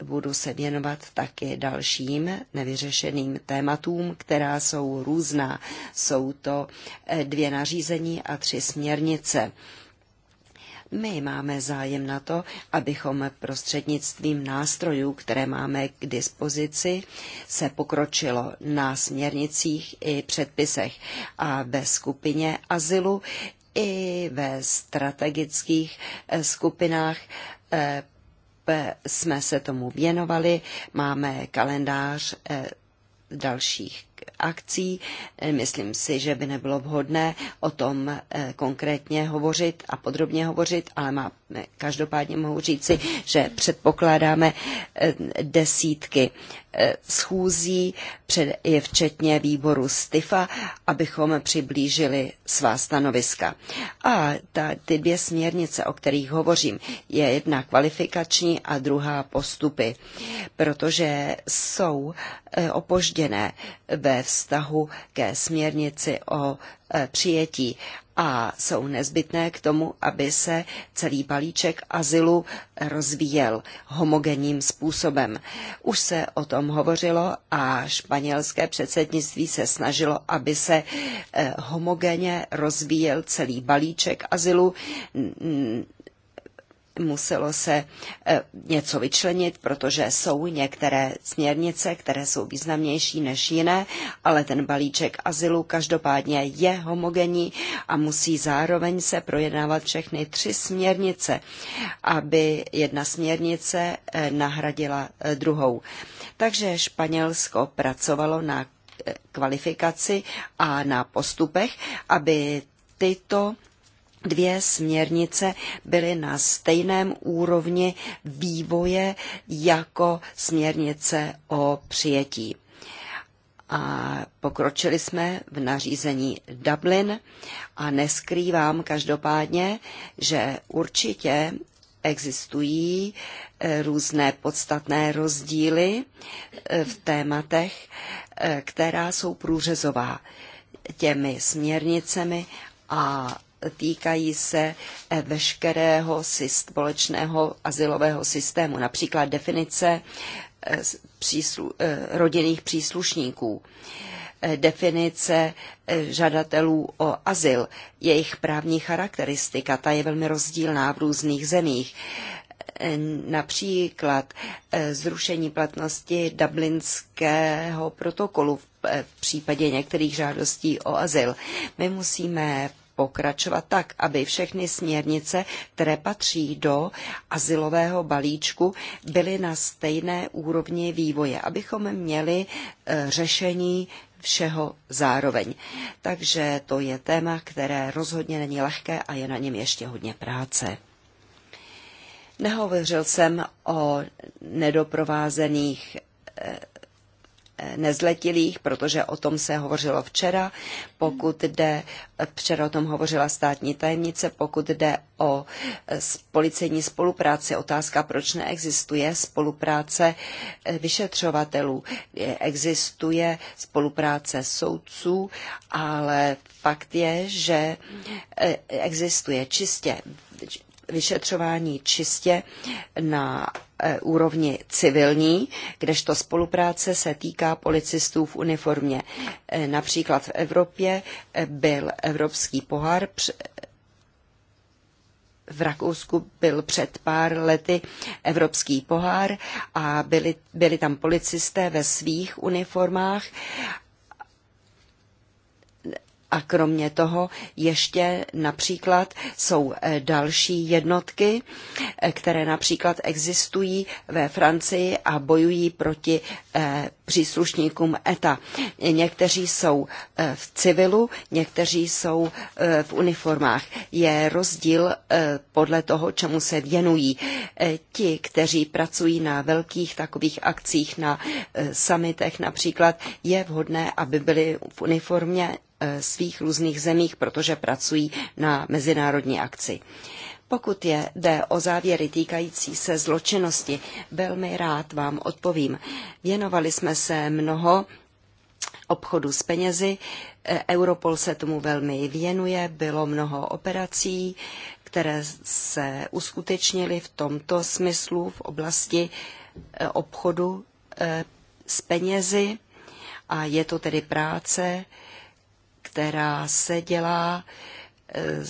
budu se věnovat také dalším nevyřešeným tématům, která jsou různá. Jsou to eh, dvě nařízení a tři směrnice. My máme zájem na to, abychom prostřednictvím nástrojů, které máme k dispozici, se pokročilo na směrnicích i předpisech a ve skupině azylu i ve strategických eh, skupinách eh, jsme se tomu věnovali, máme kalendář eh, dalších akcí. Eh, myslím si, že by nebylo vhodné o tom eh, konkrétně hovořit a podrobně hovořit, ale má, eh, každopádně mohu říci, že předpokládáme desítky schůzí, je včetně výboru STIFA, abychom přiblížili svá stanoviska. A ta, ty dvě směrnice, o kterých hovořím, je jedna kvalifikační a druhá postupy, protože jsou opožděné v ve vztahu ke směrnici o e, přijetí a jsou nezbytné k tomu, aby se celý balíček azylu rozvíjel homogenním způsobem. Už se o tom hovořilo a španělské předsednictví se snažilo, aby se e, homogenně rozvíjel celý balíček azylu muselo se eh, něco vyčlenit, protože jsou některé směrnice, které jsou významnější než jiné, ale ten balíček azylu každopádně je homogenní a musí zároveň se projednávat všechny tři směrnice, aby jedna směrnice eh, nahradila eh, druhou. Takže Španělsko pracovalo na kvalifikaci a na postupech, aby tyto dvě směrnice byly na stejném úrovni vývoje jako směrnice o přijetí. A pokročili jsme v nařízení Dublin a neskrývám každopádně, že určitě existují eh, různé podstatné rozdíly eh, v tématech, eh, která jsou průřezová těmi směrnicemi a týkají se eh, veškerého společného asilového systému, například definice eh, příslu, eh, rodinných příslušníků, definice žadatelů o azyl, jejich právní charakteristika, ta je velmi rozdílná v různých zemích například zrušení platnosti Dublinského protokolu v případě některých žádostí o azyl. My musíme pokračovat tak, aby všechny směrnice, které patří do asilového balíčku, byly na stejné úrovni vývoje, abychom měli eh, řešení všeho zároveň. Takže to je téma, které rozhodně není lehké a je na něm ještě hodně práce. Nehovořil jsem o nedoprovázených eh, nezletilých, protože o tom se hovořilo včera, pokud jde, včera o tom hovořila státní tajemnice, pokud jde o eh, policejní spolupráci, otázka, proč neexistuje spolupráce eh, vyšetřovatelů. Existuje spolupráce soudců, ale fakt je, že eh, existuje čistě vyšetřování čistě na e, úrovni civilní, kdežto spolupráce se týká policistů v uniformě. E, například v Evropě e, byl Evropský pohár v Rakousku byl před pár lety Evropský pohár a byli, byli tam policisté ve svých uniformách a kromě toho ještě například jsou eh, další jednotky, eh, které například existují ve Francii a bojují proti eh, příslušníkům ETA. Někteří jsou v civilu, někteří jsou v uniformách. Je rozdíl podle toho, čemu se věnují. Ti, kteří pracují na velkých takových akcích, na samitech například, je vhodné, aby byli v uniformě Eh, svých různých zemích, protože pracují na mezinárodní akci. Pokud je jde o závěry týkající se zločinnosti, velmi rád vám odpovím. Věnovali jsme se mnoho obchodu s penězi, eh, Europol se tomu velmi věnuje, bylo mnoho operací, které se uskutečnily v tomto smyslu v oblasti eh, obchodu s penězi a je to tedy práce, která se dělá, eh,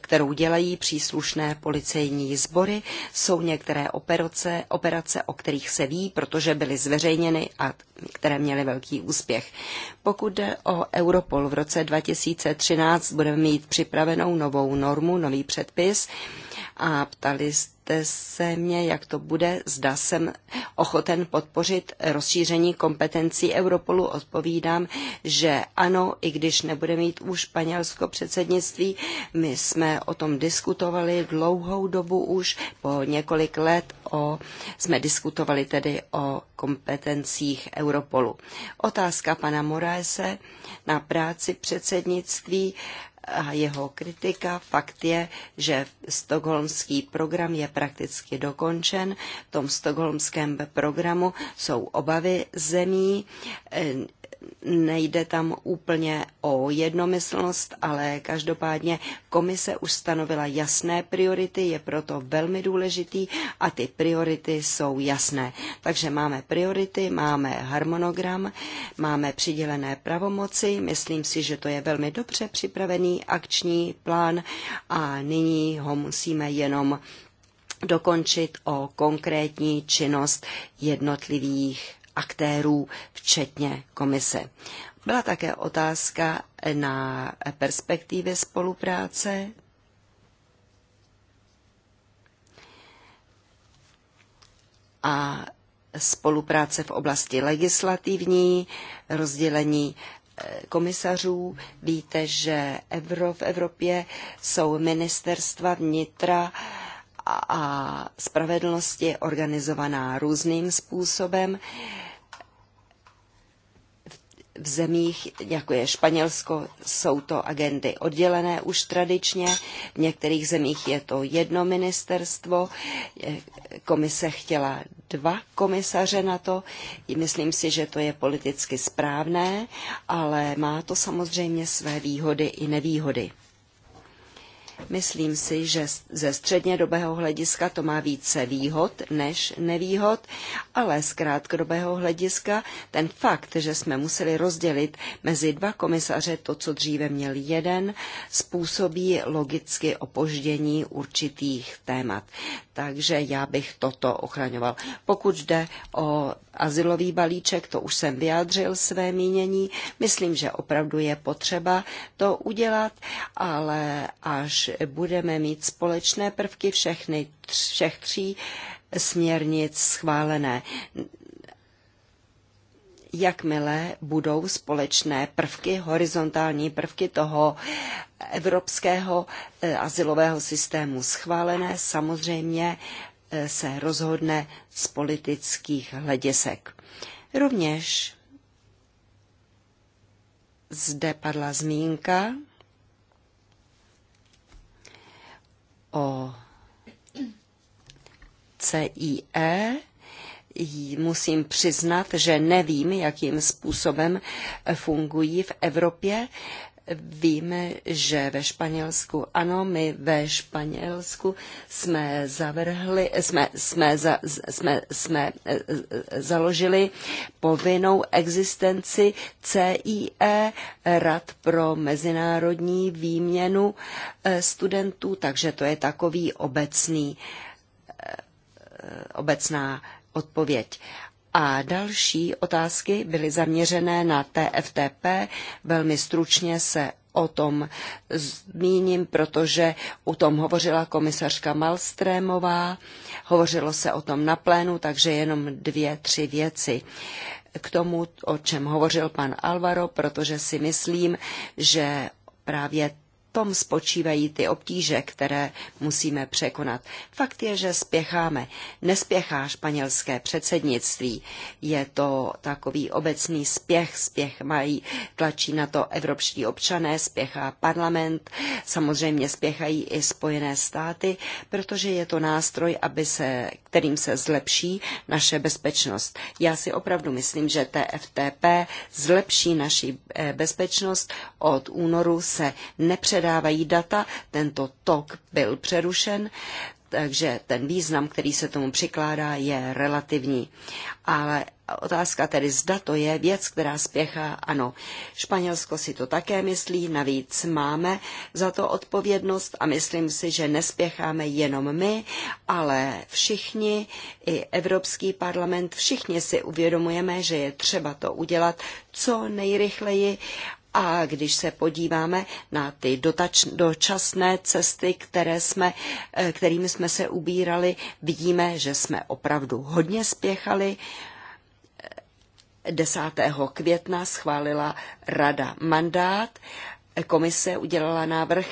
kterou dělají příslušné policejní sbory. Jsou některé operace, operace, o kterých se ví, protože byly zveřejněny a které měly velký úspěch. Pokud jde o Europol v roce 2013, budeme mít připravenou novou normu, nový předpis a ptali jste Ptáte se mě, jak to bude, zda jsem ochoten podpořit rozšíření kompetencí Europolu. Odpovídám, že ano, i když nebude mít už španělsko předsednictví, my jsme o tom diskutovali dlouhou dobu už, po několik let o, jsme diskutovali tedy o kompetencích Europolu. Otázka pana Moraese na práci předsednictví a jeho kritika. Fakt je, že stokholmský program je prakticky dokončen. V tom stokholmském programu jsou obavy zemí, e, nejde tam úplně o jednomyslnost, ale každopádně komise už stanovila jasné priority, je proto velmi důležitý a ty priority jsou jasné. Takže máme priority, máme harmonogram, máme přidělené pravomoci, myslím si, že to je velmi dobře připravený akční plán a nyní ho musíme jenom dokončit o konkrétní činnost jednotlivých aktérů, včetně komise. Byla také otázka na perspektivy spolupráce. A spolupráce v oblasti legislativní, rozdělení Eh, komisařů. Víte, že Evro v Evropě jsou ministerstva vnitra a spravedlnosti organizovaná různým způsobem v zemích, jako je Španělsko, jsou to agendy oddělené už tradičně. V některých zemích je to jedno ministerstvo. Komise chtěla dva komisaře na to. Myslím si, že to je politicky správné, ale má to samozřejmě své výhody i nevýhody. Myslím si, že ze střednědobého hlediska to má více výhod než nevýhod, ale z krátkodobého hlediska ten fakt, že jsme museli rozdělit mezi dva komisaře to, co dříve měl jeden, způsobí logicky opoždění určitých témat. Takže já bych toto ochraňoval. Pokud jde o azylový balíček, to už jsem vyjádřil své mínění. Myslím, že opravdu je potřeba to udělat, ale až budeme mít společné prvky všechny, všech tří směrnic schválené, jakmile budou společné prvky, horizontální prvky toho evropského eh, azylového systému schválené, samozřejmě se rozhodne z politických hledisek. Rovněž zde padla zmínka o CIE. Musím přiznat, že nevím, jakým způsobem fungují v Evropě. Víme, že ve Španělsku, ano, my ve Španělsku jsme zavrhli, jsme, jsme, za, jsme, jsme eh, založili povinnou existenci CIE, Rad pro mezinárodní výměnu eh, studentů, takže to je takový obecný, eh, obecná odpověď. A další otázky byly zaměřené na TFTP. Velmi stručně se o tom zmíním, protože u tom hovořila komisařka Malstrémová, hovořilo se o tom na plénu, takže jenom dvě, tři věci k tomu, o čem hovořil pan Alvaro, protože si myslím, že právě tom spočívají ty obtíže, které musíme překonat. Fakt je, že spěcháme. Nespěchá španělské předsednictví. Je to takový obecný spěch. Spěch mají, tlačí na to evropští občané, spěchá parlament, samozřejmě spěchají i spojené státy, protože je to nástroj, aby se, kterým se zlepší naše bezpečnost. Já si opravdu myslím, že TFTP zlepší naši eh, bezpečnost. Od únoru se nepředává předávají data. Tento tok byl přerušen, takže ten význam, který se tomu přikládá, je relativní. Ale otázka tedy zda to je věc, která spěchá, ano. Španělsko si to také myslí, navíc máme za to odpovědnost a myslím si, že nespěcháme jenom my, ale všichni, i Evropský parlament, všichni si uvědomujeme, že je třeba to udělat co nejrychleji a když se podíváme na ty dotač, dočasné cesty, které jsme, eh, kterými jsme se ubírali, vidíme, že jsme opravdu hodně spěchali. 10. Eh, května schválila rada mandát Komise udělala návrh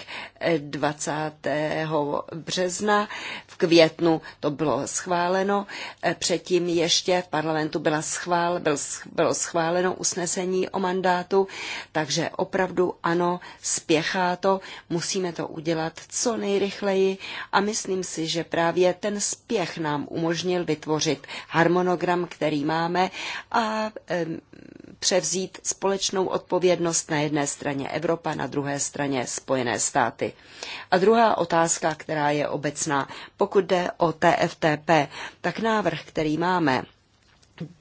20. Eh, března, v květnu to bylo schváleno, eh, předtím ještě v parlamentu byla schvál, byl, bylo schváleno usnesení o mandátu, takže opravdu ano, spěchá to, musíme to udělat co nejrychleji a myslím si, že právě ten spěch nám umožnil vytvořit harmonogram, který máme a e, převzít společnou odpovědnost na jedné straně Evropa, na druhé straně Spojené státy. A druhá otázka, která je obecná, pokud jde o TFTP, tak návrh, který máme,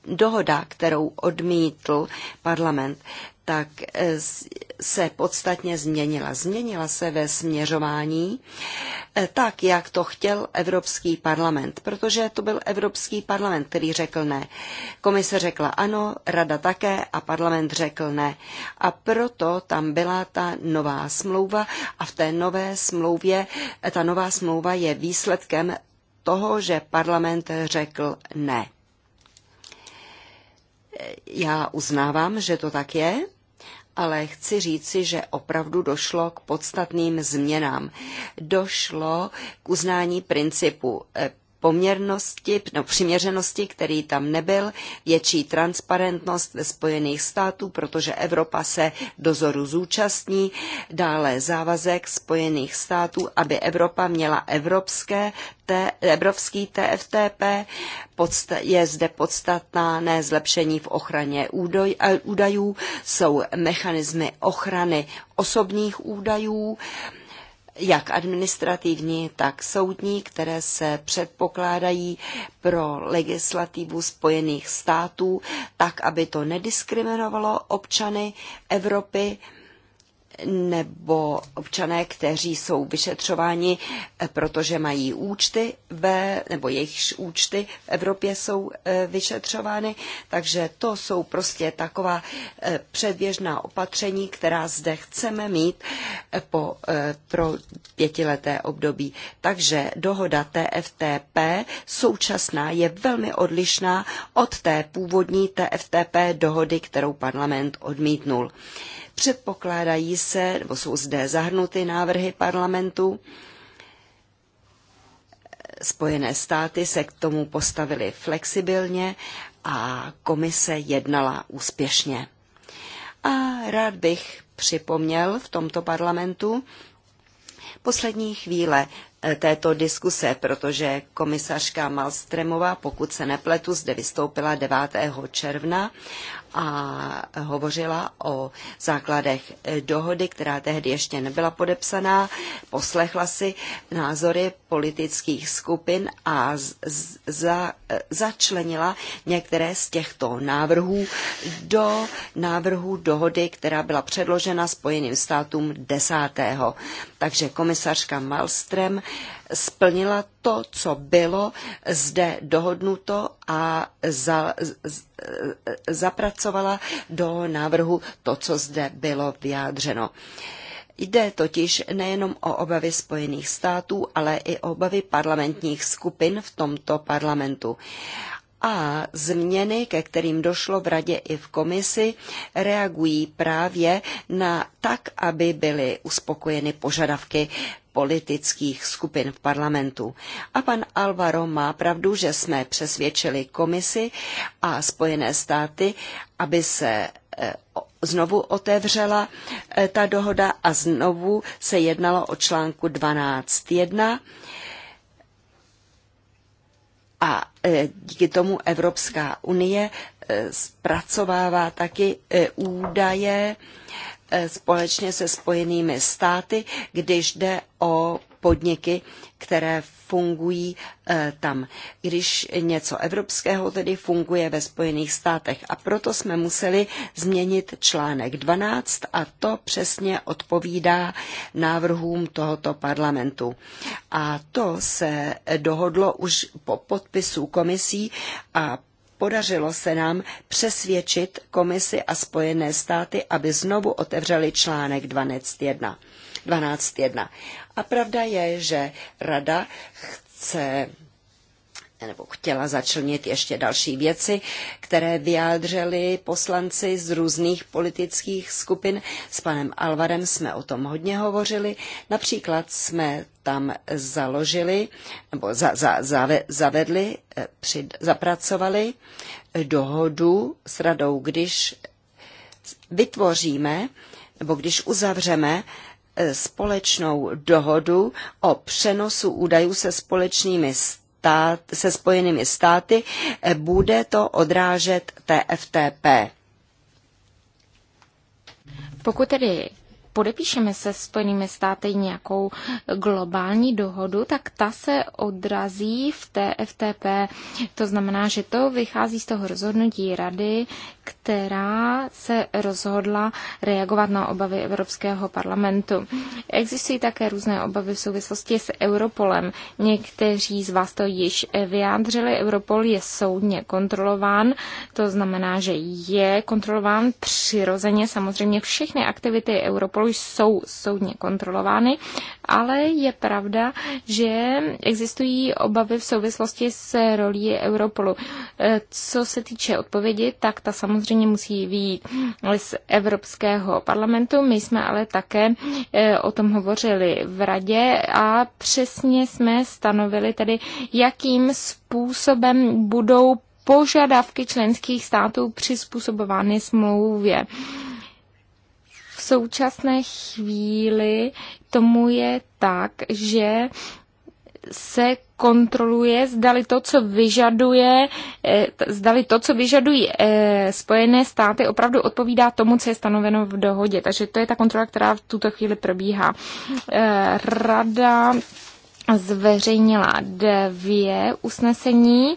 dohoda, kterou odmítl parlament, tak eh, se podstatně změnila. Změnila se ve směřování eh, tak, jak to chtěl Evropský parlament, protože to byl Evropský parlament, který řekl ne. Komise řekla ano, rada také a parlament řekl ne. A proto tam byla ta nová smlouva a v té nové smlouvě, eh, ta nová smlouva je výsledkem toho, že parlament řekl ne. Já uznávám, že to tak je, ale chci říci, že opravdu došlo k podstatným změnám. Došlo k uznání principu eh, poměrnosti, no, přiměřenosti, který tam nebyl, větší transparentnost ve Spojených států, protože Evropa se dozoru zúčastní, dále závazek Spojených států, aby Evropa měla evropské evropský TFTP, je zde podstatná zlepšení v ochraně údoj, údajů, jsou mechanismy ochrany osobních údajů, jak administrativní, tak soudní, které se předpokládají pro legislativu Spojených států, tak aby to nediskriminovalo občany Evropy nebo občané, kteří jsou vyšetřováni, eh, protože mají účty ve, nebo jejichž účty v Evropě jsou eh, vyšetřovány. Takže to jsou prostě taková eh, předběžná opatření, která zde chceme mít po, pro pětileté období. Takže dohoda TFTP současná je velmi odlišná od té původní TFTP dohody, kterou parlament odmítnul. Předpokládají se, nebo jsou zde zahrnuty návrhy parlamentu. Spojené státy se k tomu postavily flexibilně a komise jednala úspěšně. A rád bych připomněl v tomto parlamentu poslední chvíle této diskuse, protože komisařka Malstremová, pokud se nepletu, zde vystoupila 9. června a hovořila o základech eh, dohody, která tehdy ještě nebyla podepsaná. Poslechla si názory politických skupin a za, eh, začlenila některé z těchto návrhů do návrhu dohody, která byla předložena Spojeným státům 10. Takže komisařka Malstrem splnila to, co bylo zde dohodnuto a za, zapracovala do návrhu to, co zde bylo vyjádřeno. Jde totiž nejenom o obavy Spojených států, ale i obavy parlamentních skupin v tomto parlamentu a změny, ke kterým došlo v radě i v komisi, reagují právě na tak, aby byly uspokojeny požadavky politických skupin v parlamentu. A pan Alvaro má pravdu, že jsme přesvědčili komisi a Spojené státy, aby se eh, znovu otevřela eh, ta dohoda a znovu se jednalo o článku 12.1. A eh, díky tomu Evropská unie zpracovává taky údaje, E, společně se spojenými státy, když jde o podniky, které fungují e, tam. Když něco evropského tedy funguje ve Spojených státech. A proto jsme museli změnit článek 12 a to přesně odpovídá návrhům tohoto parlamentu. A to se dohodlo už po podpisu komisí a podařilo se nám přesvědčit komisi a Spojené státy, aby znovu otevřeli článek 12.1. 12.1. A pravda je, že rada chce nebo chtěla začlnit ještě další věci, které vyjádřili poslanci z různých politických skupin. S panem Alvarem jsme o tom hodně hovořili. Například jsme tam založili nebo za, za, zave, zavedli, eh, při, zapracovali dohodu s radou, když vytvoříme nebo když uzavřeme eh, společnou dohodu o přenosu údajů se společnými stát, se spojenými státy, eh, bude to odrážet TFTP. Pokud tedy podepíšeme se Spojenými státy nějakou globální dohodu, tak ta se odrazí v té FTP. To znamená, že to vychází z toho rozhodnutí rady, která se rozhodla reagovat na obavy Evropského parlamentu. Existují také různé obavy v souvislosti s Europolem. Někteří z vás to již vyjádřili. Europol je soudně kontrolován, to znamená, že je kontrolován přirozeně. Samozřejmě všechny aktivity Europol kontrolu, jsou soudně kontrolovány, ale je pravda, že existují obavy v souvislosti s rolí Europolu. E, co se týče odpovědi, tak ta samozřejmě musí výjít z Evropského parlamentu. My jsme ale také e, o tom hovořili v radě a přesně jsme stanovili tedy, jakým způsobem budou požadavky členských států přizpůsobovány smlouvě. V současné chvíli tomu je tak, že se kontroluje, zdali to, co vyžaduje, eh, zdali to, co vyžadují eh, Spojené státy, opravdu odpovídá tomu, co je stanoveno v dohodě. Takže to je ta kontrola, která v tuto chvíli probíhá. Eh, Rada zveřejnila dvě usnesení,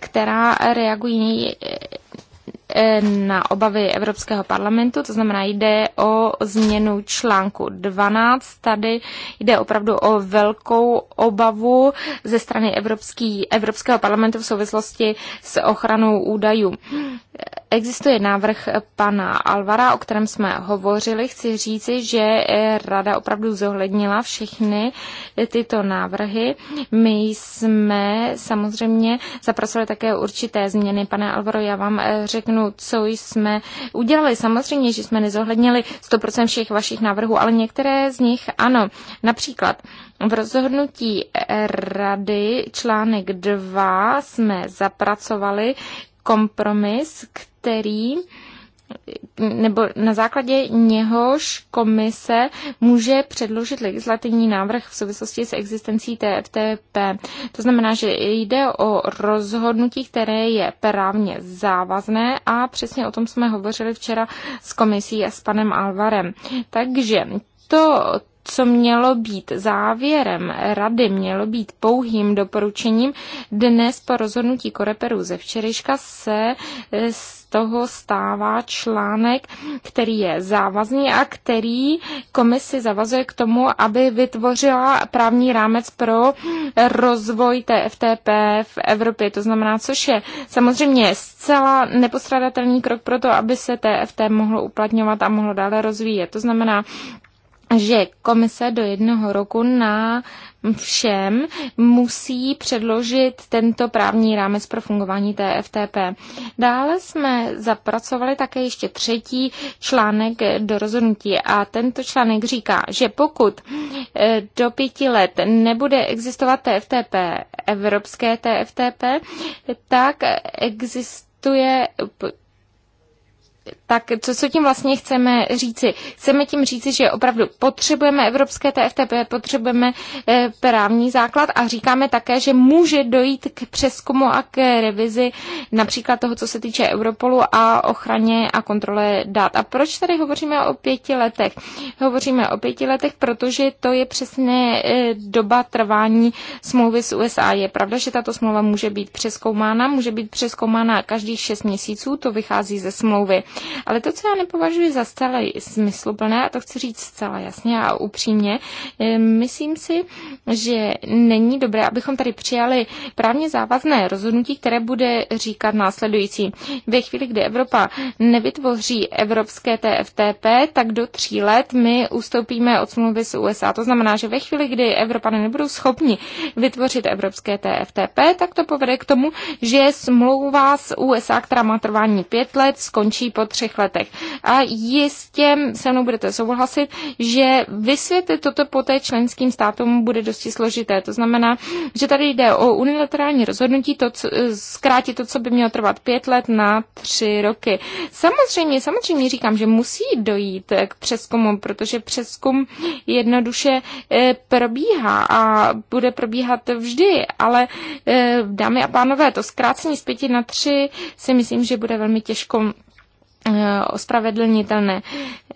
která reagují Eh, na obavy Evropského parlamentu, to znamená jde o změnu článku 12. Tady jde opravdu o velkou obavu ze strany Evropský, Evropského parlamentu v souvislosti s ochranou údajů. Existuje návrh pana Alvara, o kterém jsme hovořili. Chci říci, že eh, rada opravdu zohlednila všechny eh, tyto návrhy. My jsme samozřejmě zapracovali také určité změny. Pane Alvaro, já vám řeknu, tomu, co jsme udělali. Samozřejmě, že jsme nezohlednili 100% všech vašich návrhů, ale některé z nich ano. Například v rozhodnutí rady článek 2 jsme zapracovali kompromis, který nebo na základě něhož komise může předložit legislativní návrh v souvislosti s existencí TFTP. To znamená, že jde o rozhodnutí, které je právně závazné a přesně o tom jsme hovořili včera s komisí a s panem Alvarem. Takže to, co mělo být závěrem rady, mělo být pouhým doporučením, dnes po rozhodnutí Koreperu ze včerejška se e, z toho stává článek, který je závazný a který komisi zavazuje k tomu, aby vytvořila právní rámec pro rozvoj TFTP v Evropě. To znamená, což je samozřejmě zcela nepostradatelný krok pro to, aby se TFT mohlo uplatňovat a mohlo dále rozvíjet. To znamená, že komise do jednoho roku na všem musí předložit tento právní rámec pro fungování TFTP. Dále jsme zapracovali také ještě třetí článek do rozhodnutí a tento článek říká, že pokud eh, do pěti let nebude existovat TFTP, evropské TFTP, tak existuje existuje tak co, co tím vlastně chceme říci? Chceme tím říci, že opravdu potřebujeme evropské TFTP, potřebujeme e, právní základ a říkáme také, že může dojít k přeskumu a k revizi například toho, co se týče Europolu a ochraně a kontrole dát. A proč tady hovoříme o pěti letech? Hovoříme o pěti letech, protože to je přesně e, doba trvání smlouvy s USA. Je pravda, že tato smlouva může být přeskoumána, může být přeskoumána každých šest měsíců, to vychází ze smlouvy. Ale to, co já nepovažuji za zcela smysluplné, a to chci říct zcela jasně a upřímně, eh, myslím si, že není dobré, abychom tady přijali právně závazné rozhodnutí, které bude říkat následující. Ve chvíli, kdy Evropa nevytvoří evropské TFTP, tak do tří let my ustoupíme od smlouvy s USA. To znamená, že ve chvíli, kdy Evropa nebudou schopni vytvořit evropské TFTP, tak to povede k tomu, že smlouva s USA, která má trvání pět let, skončí po po třech letech. A jistě se mnou budete souhlasit, že vysvětlit toto poté členským státům bude dosti složité. To znamená, že tady jde o unilaterální rozhodnutí, to, co, zkrátit to, co by mělo trvat pět let na tři roky. Samozřejmě, samozřejmě říkám, že musí dojít k přeskumu, protože přeskum jednoduše e, probíhá a bude probíhat vždy, ale e, dámy a pánové, to zkrácení z pěti na tři si myslím, že bude velmi těžko Eh, ospravedlnitelné.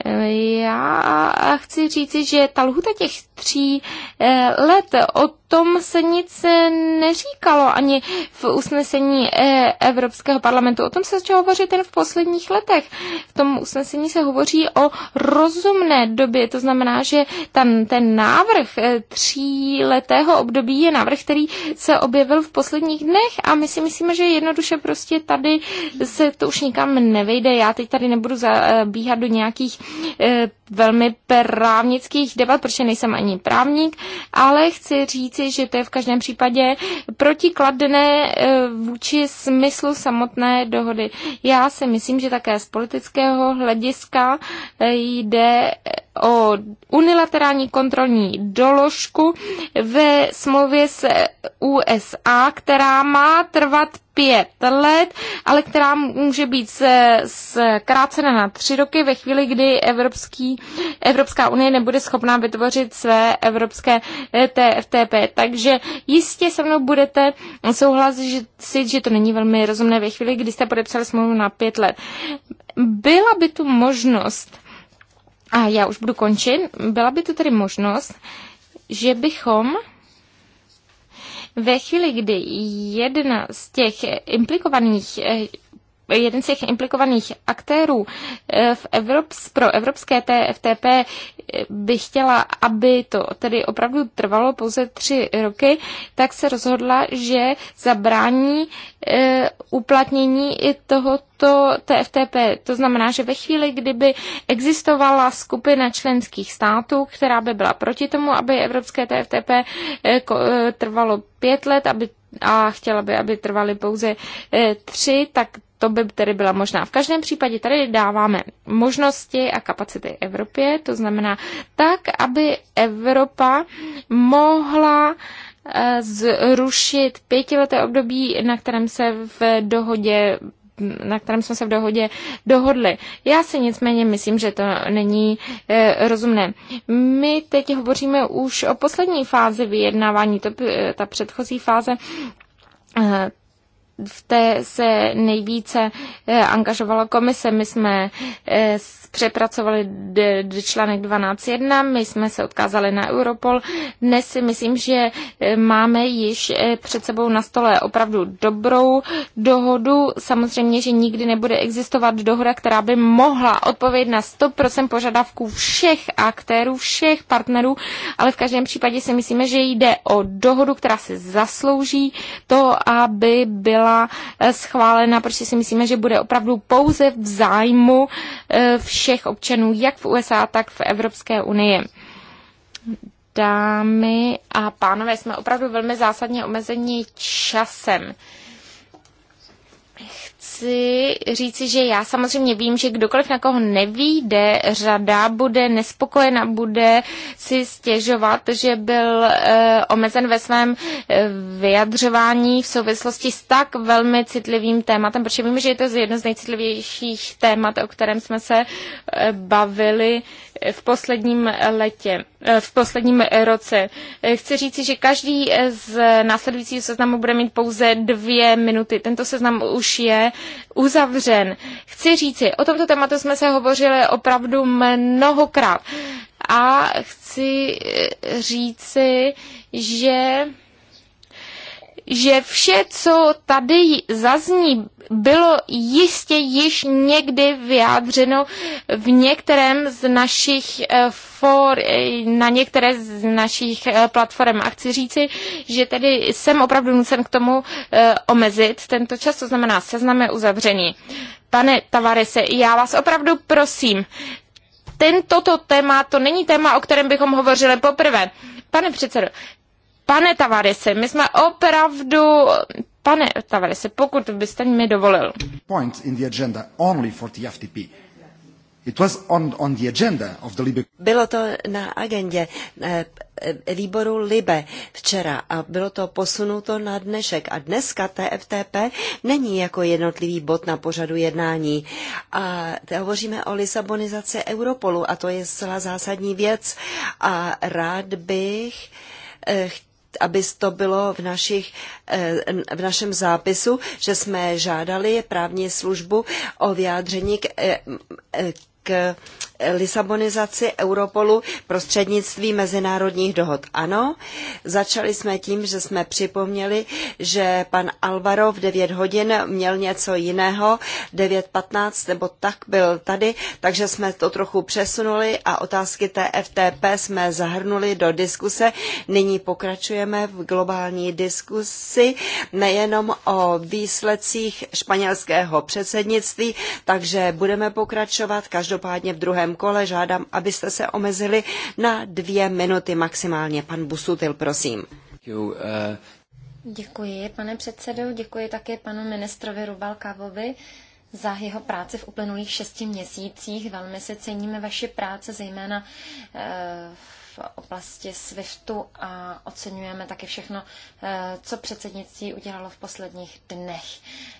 Eh, já chci říci, že ta lhuta těch tří eh, let od tom se nic eh, neříkalo ani v usnesení eh, Evropského parlamentu. O tom se začalo hovořit jen v posledních letech. V tom usnesení se hovoří o rozumné době, to znamená, že tam ten návrh eh, tříletého období je návrh, který se objevil v posledních dnech a my si myslíme, že jednoduše prostě tady se to už nikam nevejde. Já teď tady nebudu zabíhat do nějakých velmi právnických debat, protože nejsem ani právník, ale chci říci, že to je v každém případě protikladné eh, vůči smyslu samotné dohody. Já si myslím, že také z politického hlediska eh, jde eh, o unilaterální kontrolní doložku ve smlouvě s USA, která má trvat pět let, ale která může být zkrácena na tři roky ve chvíli, kdy Evropský, Evropská unie nebude schopná vytvořit své evropské eh, TFTP. Takže jistě se mnou budete souhlasit, že to není velmi rozumné ve chvíli, kdy jste podepsali smlouvu na pět let. Byla by tu možnost, a já už budu končit, byla by tu tedy možnost, že bychom ve chvíli, kdy jedna z těch implikovaných eh, jeden z těch implikovaných aktérů eh, v Evrops, pro evropské TFTP eh, by chtěla, aby to tedy opravdu trvalo pouze tři roky, tak se rozhodla, že zabrání eh, uplatnění i tohoto TFTP. To znamená, že ve chvíli, kdyby existovala skupina členských států, která by byla proti tomu, aby evropské TFTP trvalo pět let, aby a chtěla by, aby trvaly pouze tři, tak to by tedy byla možná. V každém případě tady dáváme možnosti a kapacity Evropě, to znamená tak, aby Evropa mohla eh, zrušit pětileté období, na kterém se v dohodě na kterém jsme se v dohodě dohodli. Já si nicméně myslím, že to není e, rozumné. My teď hovoříme už o poslední fázi vyjednávání, to, eh, ta předchozí fáze v té se nejvíce eh, angažovala komise. My jsme eh, přepracovali článek 12.1, my jsme se odkázali na Europol. Dnes si myslím, že eh, máme již před sebou na stole opravdu dobrou dohodu. Samozřejmě, že nikdy nebude existovat dohoda, která by mohla odpovědět na 100% požadavků všech aktérů, všech partnerů, ale v každém případě si myslíme, že jde o dohodu, která se zaslouží to, aby byla byla eh, schválena, protože si myslíme, že bude opravdu pouze v zájmu eh, všech občanů, jak v USA, tak v Evropské unii. Dámy a pánové, jsme opravdu velmi zásadně omezeni časem chci říci, že já samozřejmě vím, že kdokoliv na koho nevíde řada, bude nespokojena, bude si stěžovat, že byl uh, omezen ve svém uh, vyjadřování v souvislosti s tak velmi citlivým tématem, protože víme, že je to jedno z nejcitlivějších témat, o kterém jsme se uh, bavili v posledním letě. Eh, v posledním roce. Eh, chci říci, že každý eh, z následujícího seznamu bude mít pouze dvě minuty. Tento seznam už je uzavřen. Chci říci, o tomto tématu jsme se hovořili opravdu mnohokrát. A chci říci, že že vše, co tady zazní, bylo jistě již někdy vyjádřeno v některém z našich eh, for, eh, na některé z našich eh, platform. A chci říci, že tedy jsem opravdu nucen k tomu omezit tento čas, to znamená seznam je uzavřený. Pane Tavarese, já vás opravdu prosím, tento téma, to není téma, o kterém bychom hovořili poprvé. Pane předsedo, Pane Tavarisi, my jsme opravdu... Pane Tavarisi, pokud byste mi dovolil. Bylo to na agendě eh, výboru Libe včera a bylo to posunuto na dnešek. A dneska TFTP není jako jednotlivý bod na pořadu jednání. A hovoříme o lisabonizaci Europolu a to je zcela zásadní věc. A rád bych chtěl eh, aby to bylo v, našich, eh, v našem zápisu, že jsme žádali právní službu o vyjádření k, eh, eh, k lisabonizaci Europolu prostřednictvím mezinárodních dohod. Ano, začali jsme tím, že jsme připomněli, že pan Alvaro v 9 hodin měl něco jiného, 9.15 nebo tak byl tady, takže jsme to trochu přesunuli a otázky TFTP jsme zahrnuli do diskuse. Nyní pokračujeme v globální diskusi nejenom o výsledcích španělského předsednictví, takže budeme pokračovat každopádně v druhém druhém kole. Žádám, abyste se omezili na dvě minuty maximálně. Pan Busutil, prosím. Eh. Děkuji, pane předsedo. Děkuji také panu ministrovi Rubalkavovi za jeho práci v uplynulých šesti měsících. Velmi si ceníme vaši práce, zejména eh, oblasti SWIFTu a oceňujeme taky všechno, eh, co předsednictví udělalo v posledních dnech.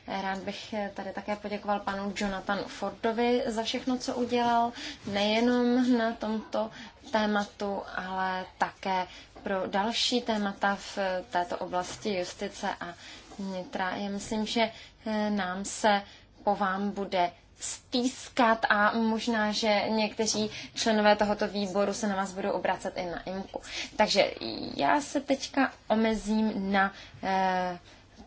Rád bych eh, tady také poděkoval panu Jonathanu Fordovi za všechno, co udělal, nejenom na tomto tématu, ale také pro další témata v eh, této oblasti justice a vnitra. Já myslím, že nám se po vám bude stýskat a možná, že někteří členové tohoto výboru se na vás budou obracet i na IMKU. Takže já se teďka omezím na e, eh,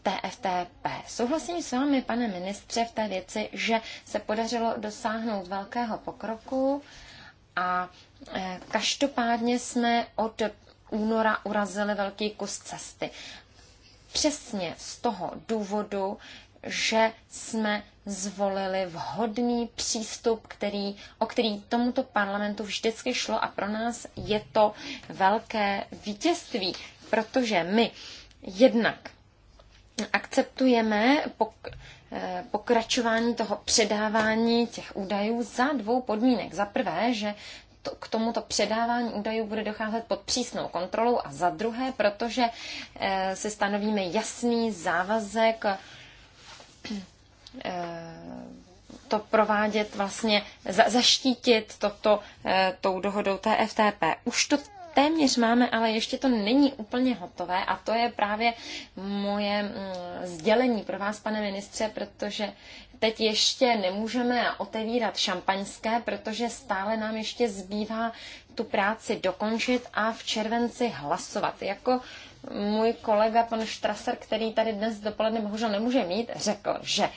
TFTP. Souhlasím s vámi, pane ministře, v té věci, že se podařilo dosáhnout velkého pokroku a e, každopádně jsme od února urazili velký kus cesty. Přesně z toho důvodu, že jsme zvolili vhodný přístup, který, o který tomuto parlamentu vždycky šlo a pro nás je to velké vítězství, protože my jednak akceptujeme pok- eh, pokračování toho předávání těch údajů za dvou podmínek. Za prvé, že to, k tomuto předávání údajů bude docházet pod přísnou kontrolou a za druhé, protože e, si stanovíme jasný závazek Eh, to provádět vlastně, za, zaštítit toto eh, tou dohodou TFTP. Už to téměř máme, ale ještě to není úplně hotové a to je právě moje mm, sdělení pro vás, pane ministře, protože teď ještě nemůžeme otevírat šampaňské, protože stále nám ještě zbývá tu práci dokončit a v červenci hlasovat. Jako můj kolega pan Štraser, který tady dnes dopoledne bohužel nemůže mít, řekl, že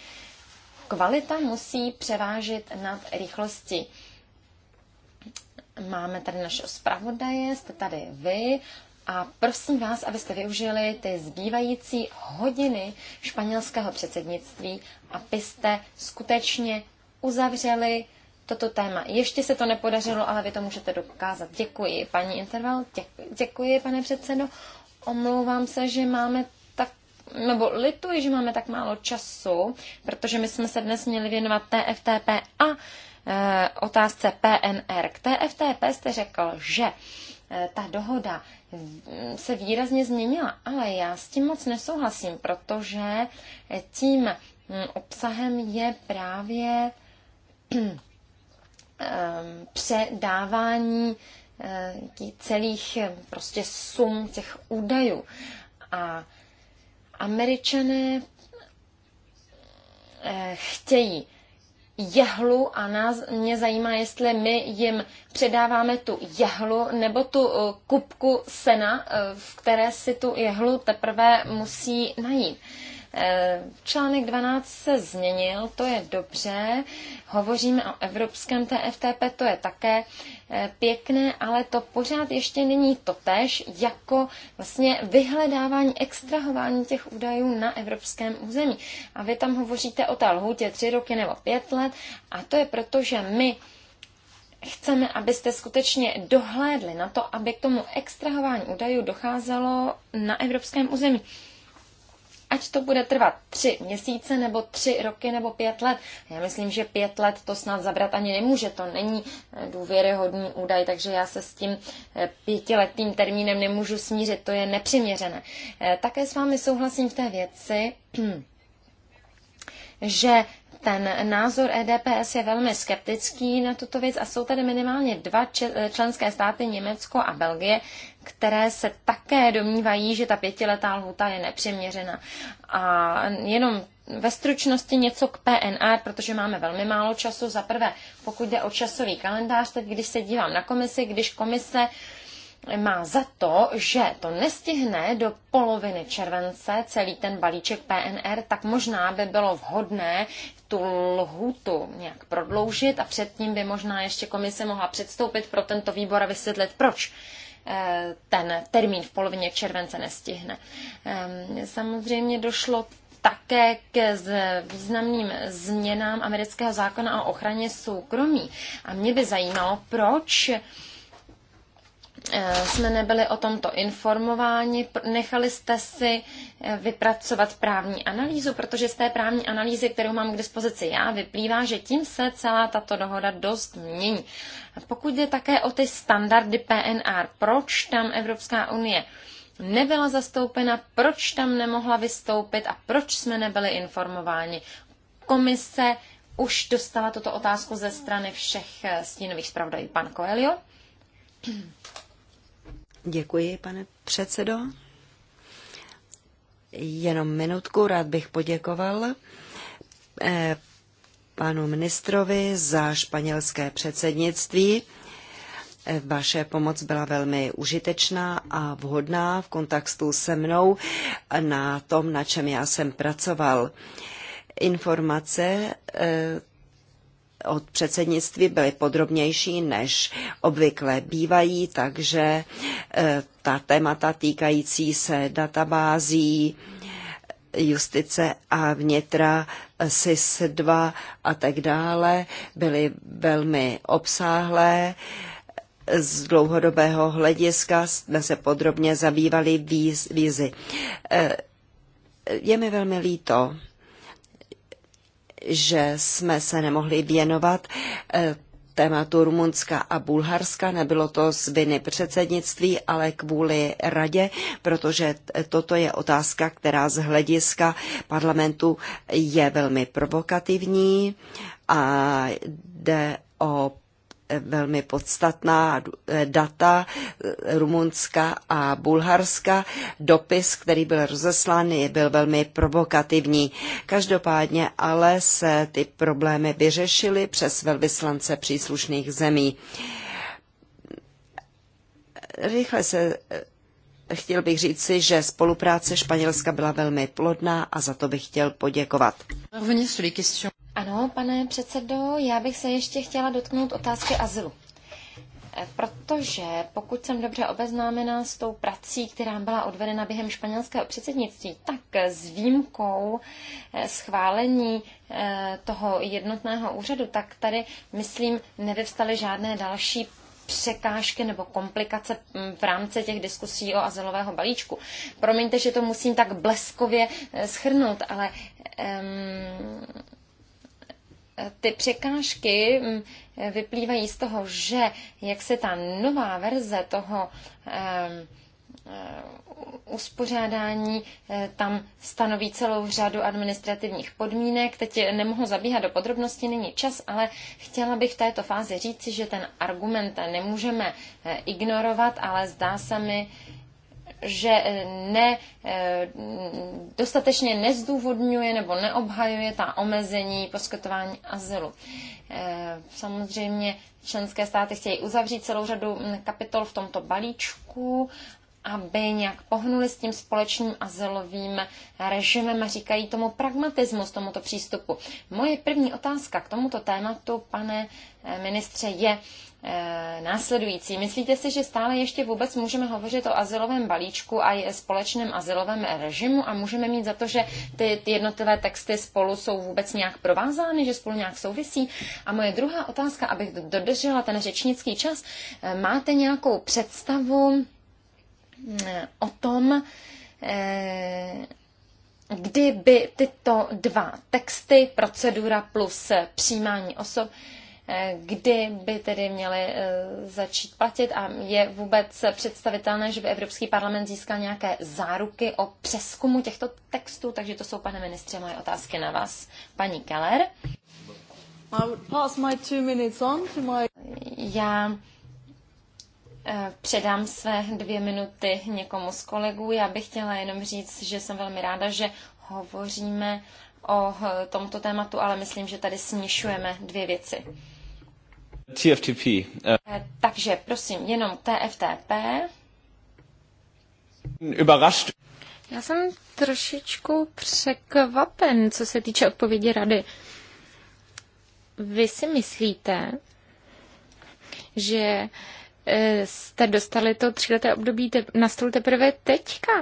kvalita musí převážit nad rychlostí. Máme tady našeho zpravodaje, jste tady vy a prosím vás, abyste využili ty zbývající hodiny španělského předsednictví, abyste skutečně uzavřeli toto téma. Ještě se to nepodařilo, ale vy to můžete dokázat. Děkuji, paní Interval, děkuji, pane předsedo omlouvám se, že máme tak, nebo lituji, že máme tak málo času, protože my jsme se dnes měli věnovat TFTP a e, otázce PNR. K TFTP jste řekl, že e, ta dohoda se výrazně změnila, ale já s tím moc nesouhlasím, protože tím hm, obsahem je právě hm, e, předávání Eh, celých eh, prostě sum těch údajů. A američané eh, chtějí jehlu a nás, mě zajímá, jestli my jim předáváme tu jehlu nebo tu kupku sena, v které si tu jehlu teprve musí najít. Eh, článek 12 se změnil, to je dobře. Hovoříme o evropském TFTP, to je také eh, pěkné, ale to pořád ještě není totež jako vlastně vyhledávání, extrahování těch údajů na evropském území. A vy tam hovoříte o té lhůtě tři roky nebo pět let a to je proto, že my chceme, abyste skutečně dohlédli na to, aby k tomu extrahování údajů docházelo na evropském území ať to bude trvat tři měsíce, nebo tři roky, nebo pět let. Já myslím, že pět let to snad zabrat ani nemůže, to není eh, důvěryhodný údaj, takže já se s tím eh, pětiletým termínem nemůžu smířit, to je nepřiměřené. Eh, také s vámi souhlasím v té věci, že ten názor EDPS je velmi skeptický na tuto věc a jsou tady minimálně dva členské státy, Německo a Belgie, které se také domnívají, že ta pětiletá lhuta je nepřiměřena. A jenom ve stručnosti něco k PNR, protože máme velmi málo času. Za prvé, pokud jde o časový kalendář, teď když se dívám na komisi, když komise má za to, že to nestihne do poloviny července celý ten balíček PNR, tak možná by bylo vhodné tu lhutu nějak prodloužit a předtím by možná ještě komise mohla předstoupit pro tento výbor a vysvětlit, proč eh, ten termín v polovině července nestihne. Ehm, samozřejmě došlo také k významným změnám amerického zákona o ochraně soukromí. A mě by zajímalo, proč Eh, jsme nebyli o tomto informováni, nechali jste si eh, vypracovat právní analýzu, protože z té právní analýzy, kterou mám k dispozici já, vyplývá, že tím se celá tato dohoda dost mění. Pokud jde také o ty standardy PNR, proč tam Evropská unie nebyla zastoupena, proč tam nemohla vystoupit a proč jsme nebyli informováni. Komise už dostala tuto otázku ze strany všech eh, stínových zpravodajů. Pan Coelho. Děkuji, pane předsedo. Jenom minutku, rád bych poděkoval eh, panu ministrovi za španělské předsednictví. Eh, vaše pomoc byla velmi užitečná a vhodná v kontaktu se mnou na tom, na čem já jsem pracoval. Informace eh, od předsednictví byly podrobnější, než obvykle bývají, takže eh, ta témata týkající se databází, eh, justice a vnitra eh, SIS-2 a tak dále byly velmi obsáhlé. Z dlouhodobého hlediska jsme se podrobně zabývali vízy. Je mi velmi líto, že jsme se nemohli věnovat eh, tématu Rumunska a Bulharska. Nebylo to z viny předsednictví, ale kvůli radě, protože toto je otázka, která z hlediska parlamentu je velmi provokativní a jde o velmi podstatná data Rumunska a Bulharska. Dopis, který byl rozeslán, byl velmi provokativní. Každopádně ale se ty problémy vyřešily přes velvyslance příslušných zemí. Rychle se eh, chtěl bych si, že spolupráce Španělska byla velmi plodná a za to bych chtěl poděkovat. Ano, pane předsedo, já bych se ještě chtěla dotknout otázky azylu. Eh, protože pokud jsem dobře obeznámena s tou prací, která byla odvedena během španělského předsednictví, tak s výjimkou eh, schválení eh, toho jednotného úřadu, tak tady, myslím, nevyvstaly žádné další překážky nebo komplikace mm, v rámci těch diskusí o azylového balíčku. Promiňte, že to musím tak bleskově schrnout, ale um, ty překážky mm, vyplývají z toho, že jak se ta nová verze toho eh, uspořádání eh, tam stanoví celou řadu administrativních podmínek. Teď nemohu zabíhat do podrobností, není čas, ale chtěla bych v této fázi říci, že ten argument nemůžeme eh, ignorovat, ale zdá se mi, že eh, ne, eh, dostatečně nezdůvodňuje nebo neobhajuje ta omezení poskytování azylu. Eh, samozřejmě členské státy chtějí uzavřít celou řadu hm, kapitol v tomto balíčku aby nějak pohnuli s tím společným azylovým režimem a říkají tomu pragmatismus, tomuto přístupu. Moje první otázka k tomuto tématu, pane eh, ministře, je eh, následující. Myslíte si, že stále ještě vůbec můžeme hovořit o azylovém balíčku a společném azylovém režimu a můžeme mít za to, že ty, ty jednotlivé texty spolu jsou vůbec nějak provázány, že spolu nějak souvisí? A moje druhá otázka, abych dodržela ten řečnický čas, eh, máte nějakou představu, o tom, eh, kdyby tyto dva texty, procedura plus přijímání osob, eh, kdy by tedy měly eh, začít platit a je vůbec představitelné, že by Evropský parlament získal nějaké záruky o přeskumu těchto textů, takže to jsou, pane ministře, moje otázky na vás. Paní Keller. Já Eh, předám své dvě minuty někomu z kolegů. Já bych chtěla jenom říct, že jsem velmi ráda, že hovoříme o eh, tomto tématu, ale myslím, že tady snišujeme dvě věci. TFTP. Uh... Eh. Takže prosím, jenom TFTP. Überrascht. Já jsem trošičku překvapen, co se týče odpovědi rady. Vy si myslíte, že uh, jste dostali to tříleté období te- na stůl teprve teďka.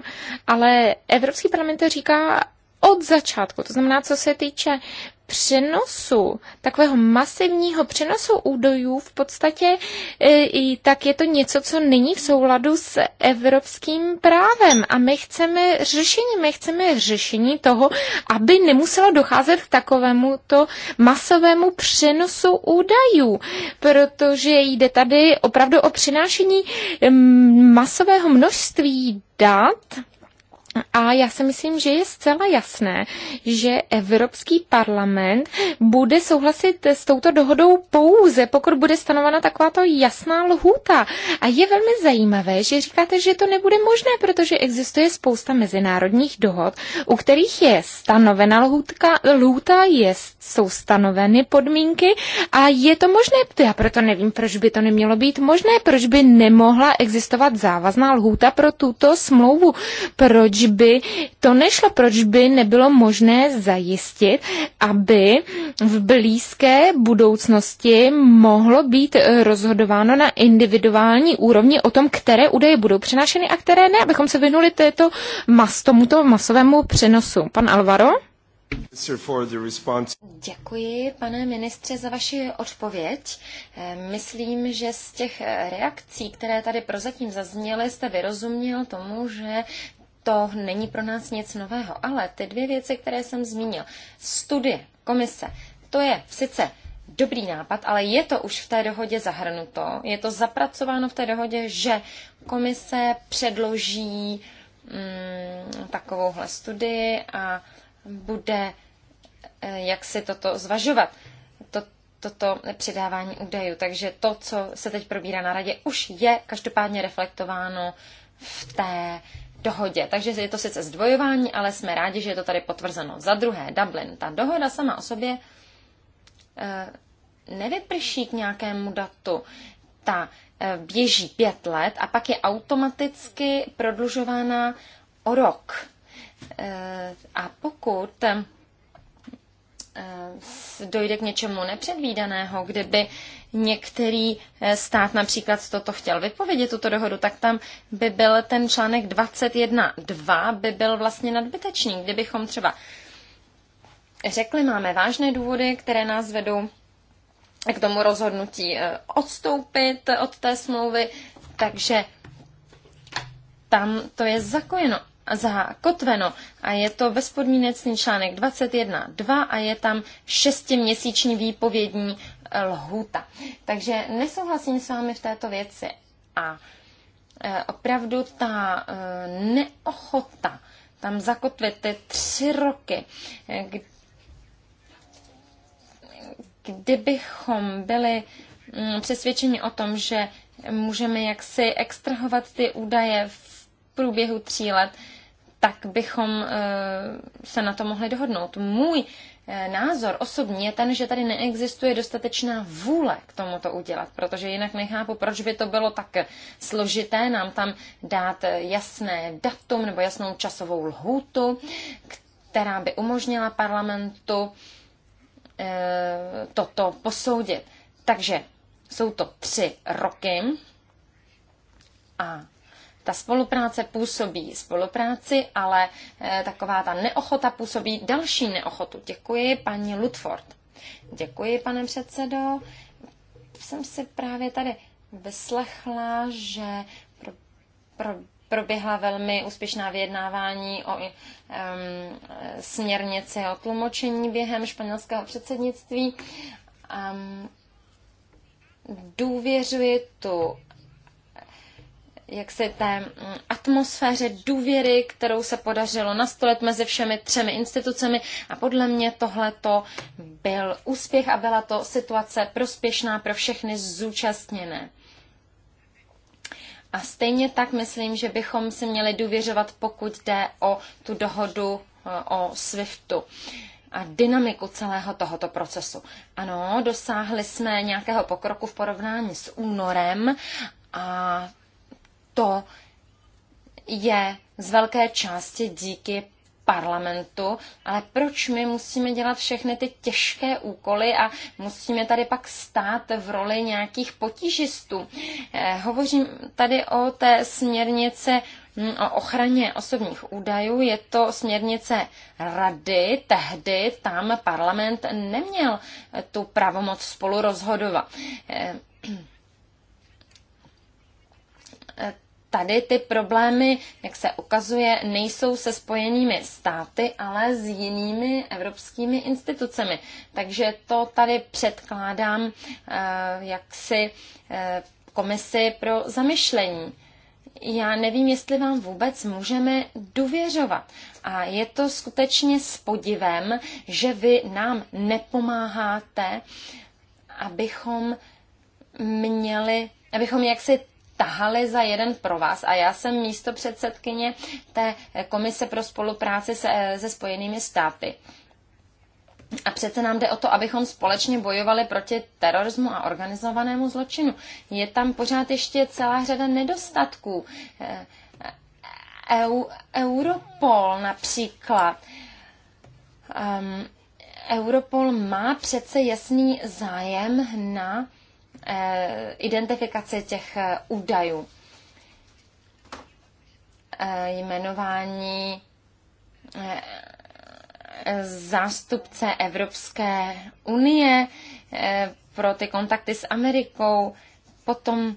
Ale Evropský parlament to říká od začátku. To znamená, co se týče přenosu, takového masivního přenosu údajů v podstatě, e, i tak je to něco, co není v souladu s evropským právem. A my chceme řešení, my chceme řešení toho, aby nemuselo docházet k takovému to masovému přenosu údajů, protože jde tady opravdu o přinášení masového množství dat, a já si myslím, že je zcela jasné, že Evropský parlament bude souhlasit s touto dohodou pouze, pokud bude stanovena takováto jasná lhůta. A je velmi zajímavé, že říkáte, že to nebude možné, protože existuje spousta mezinárodních dohod, u kterých je stanovena lhůtka, lhůta, je, jsou stanoveny podmínky a je to možné. Já proto nevím, proč by to nemělo být možné, proč by nemohla existovat závazná lhůta pro tuto smlouvu, proč proč by to nešlo, proč by nebylo možné zajistit, aby v blízké budoucnosti mohlo být rozhodováno na individuální úrovni o tom, které údaje budou přenášeny a které ne, abychom se vyhnuli této mas, tomuto masovému přenosu. Pan Alvaro? Děkuji, pane ministře, za vaši odpověď. Eh, myslím, že z těch eh, reakcí, které tady prozatím zazněly, jste vyrozuměl tomu, že to není pro nás nic nového, ale ty dvě věci, které jsem zmínil, studie, komise, to je sice dobrý nápad, ale je to už v té dohodě zahrnuto, je to zapracováno v té dohodě, že komise předloží mm, takovouhle studii a bude eh, jak si toto zvažovat, to, toto předávání údajů. Takže to, co se teď probírá na radě, už je každopádně reflektováno v té dohodě. Takže je to sice zdvojování, ale jsme rádi, že je to tady potvrzeno. Za druhé, Dublin. Ta dohoda sama o sobě eh, nevyprší k nějakému datu. Ta eh, běží pět let a pak je automaticky prodlužována o rok. Eh, a pokud Eh, dojde k něčemu nepředvídaného, kdyby některý eh, stát například toto chtěl vypovědět, tuto dohodu, tak tam by byl ten článek 21.2 by byl vlastně nadbytečný. Kdybychom třeba řekli, máme vážné důvody, které nás vedou k tomu rozhodnutí eh, odstoupit od té smlouvy, takže tam to je zakojeno zakotveno a je to bezpodmínecný článek 21.2 a je tam šestiměsíční výpovědní eh, lhuta. Takže nesouhlasím s vámi v této věci a eh, opravdu ta eh, neochota tam zakotvete tři roky, kdybychom byli mm, přesvědčeni o tom, že můžeme jaksi extrahovat ty údaje v průběhu tří let, tak bychom eh, se na to mohli dohodnout. Můj eh, názor osobní je ten, že tady neexistuje dostatečná vůle k tomu to udělat, protože jinak nechápu, proč by to bylo tak složité nám tam dát eh, jasné datum nebo jasnou časovou lhůtu, která by umožnila parlamentu toto posoudit. Takže jsou to tři roky a ta spolupráce působí spolupráci, ale eh, taková ta neochota působí další neochotu. Děkuji, paní Ludford. Děkuji, pane předsedo. Jsem si právě tady vyslechla, že pro, pro, proběhla velmi úspěšná vyjednávání o um, směrnici o tlumočení během španělského předsednictví. Um, důvěřuji tu jaksi té mm, atmosféře důvěry, kterou se podařilo nastolit mezi všemi třemi institucemi a podle mě tohle to byl úspěch a byla to situace prospěšná pro všechny zúčastněné. A stejně tak myslím, že bychom si měli důvěřovat, pokud jde o tu dohodu eh, o SWIFTu a dynamiku celého tohoto procesu. Ano, dosáhli jsme nějakého pokroku v porovnání s únorem a to je z velké části díky parlamentu, ale proč my musíme dělat všechny ty těžké úkoly a musíme tady pak stát v roli nějakých potížistů? Eh, hovořím tady o té směrnice hm, o ochraně osobních údajů. Je to směrnice rady, tehdy tam parlament neměl tu pravomoc spolu rozhodovat eh, eh, tady ty problémy, jak se ukazuje, nejsou se spojenými státy, ale s jinými evropskými institucemi. Takže to tady předkládám eh, jaksi eh, komisi pro zamyšlení. Já nevím, jestli vám vůbec můžeme důvěřovat. A je to skutečně s podivem, že vy nám nepomáháte, abychom měli, abychom jaksi tahali za jeden pro vás. A já jsem místo předsedkyně té komise pro spolupráci se, se Spojenými státy. A přece nám jde o to, abychom společně bojovali proti terorismu a organizovanému zločinu. Je tam pořád ještě celá řada nedostatků. EU, e, e, e, Europol například. Um, Europol má přece jasný zájem na Eh, identifikaci těch eh, údajů. Eh, jmenování zástupce Evropské unie pro ty kontakty s Amerikou, potom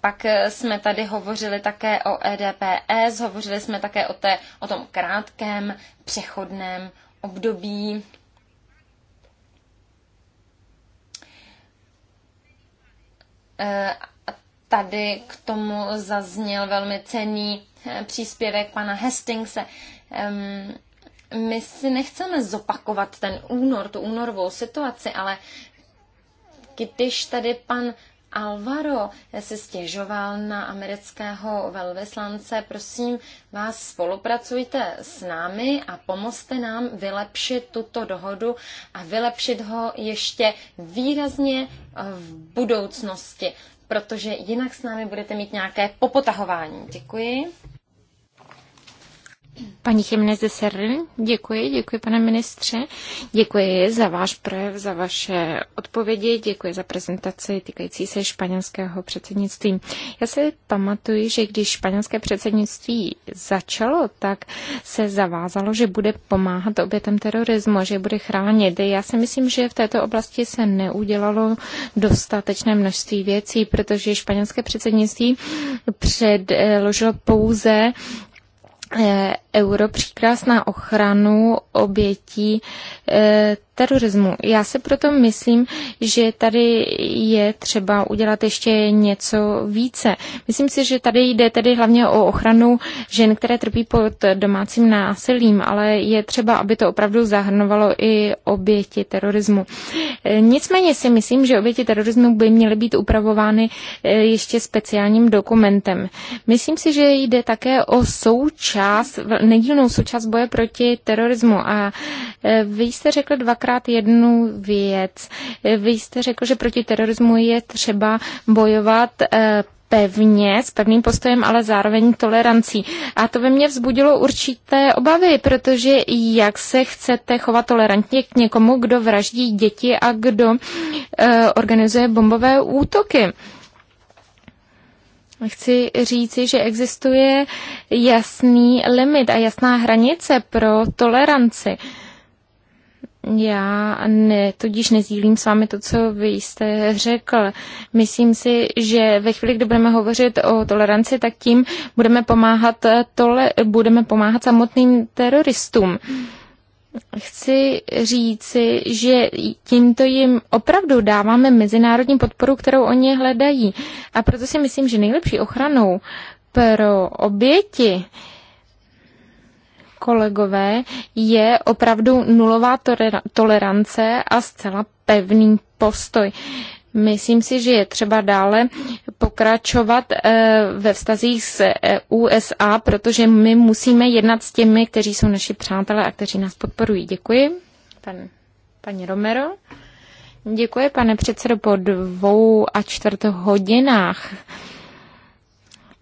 pak jsme tady hovořili také o EDPS, hovořili jsme také o, té, o tom krátkém přechodném období Eh, tady k tomu zazněl velmi cený eh, příspěvek pana Hastingse. Ehm, my si nechceme zopakovat ten únor, tu únorovou situaci, ale když tady pan Alvaro se stěžoval na amerického velvyslance. Prosím vás, spolupracujte s námi a pomozte nám vylepšit tuto dohodu a vylepšit ho ještě výrazně v budoucnosti, protože jinak s námi budete mít nějaké popotahování. Děkuji. Paní Chimnez de Serrin, děkuji, děkuji pane ministře, děkuji za váš projev, za vaše odpovědi, děkuji za prezentaci týkající se španělského předsednictví. Já si pamatuju, že když španělské předsednictví začalo, tak se zavázalo, že bude pomáhat obětem terorismu, že bude chránit. Já si myslím, že v této oblasti se neudělalo dostatečné množství věcí, protože španělské předsednictví předložilo pouze Eh, euro příkaz na ochranu obětí eh, terorismu. Já se proto myslím, že tady je třeba udělat ještě něco více. Myslím si, že tady jde tedy hlavně o ochranu žen, které trpí pod domácím násilím, ale je třeba, aby to opravdu zahrnovalo i oběti terorismu. E, nicméně si myslím, že oběti terorismu by měly být upravovány e, ještě speciálním dokumentem. Myslím si, že jde také o součást, nedílnou součást boje proti terorismu a e, vy jste řekl dvakrát, tentokrát jednu věc. Vy jste řekl, že proti terorismu je třeba bojovat eh, pevně, s pevným postojem, ale zároveň tolerancí. A to ve mně vzbudilo určité obavy, protože jak se chcete chovat tolerantně k někomu, kdo vraždí děti a kdo eh, organizuje bombové útoky? Chci říci, že existuje jasný limit a jasná hranice pro toleranci. Uh, já ne, tudíž nezdílím s vámi to, co vy jste řekl. Myslím si, že ve chvíli, kdy budeme hovořit o toleranci, tak tím budeme pomáhat, tole, budeme pomáhat samotným teroristům. Chci říci, že tímto jim opravdu dáváme mezinárodní podporu, kterou oni hledají. A proto si myslím, že nejlepší ochranou pro oběti kolegové, je opravdu nulová tolerance a zcela pevný postoj. Myslím si, že je třeba dále pokračovat eh, ve vztazích s e USA, protože my musíme jednat s těmi, kteří jsou naši přátelé a kteří nás podporují. Děkuji, pan, paní Romero. Děkuji, pane předsedo, po dvou a čtvrt hodinách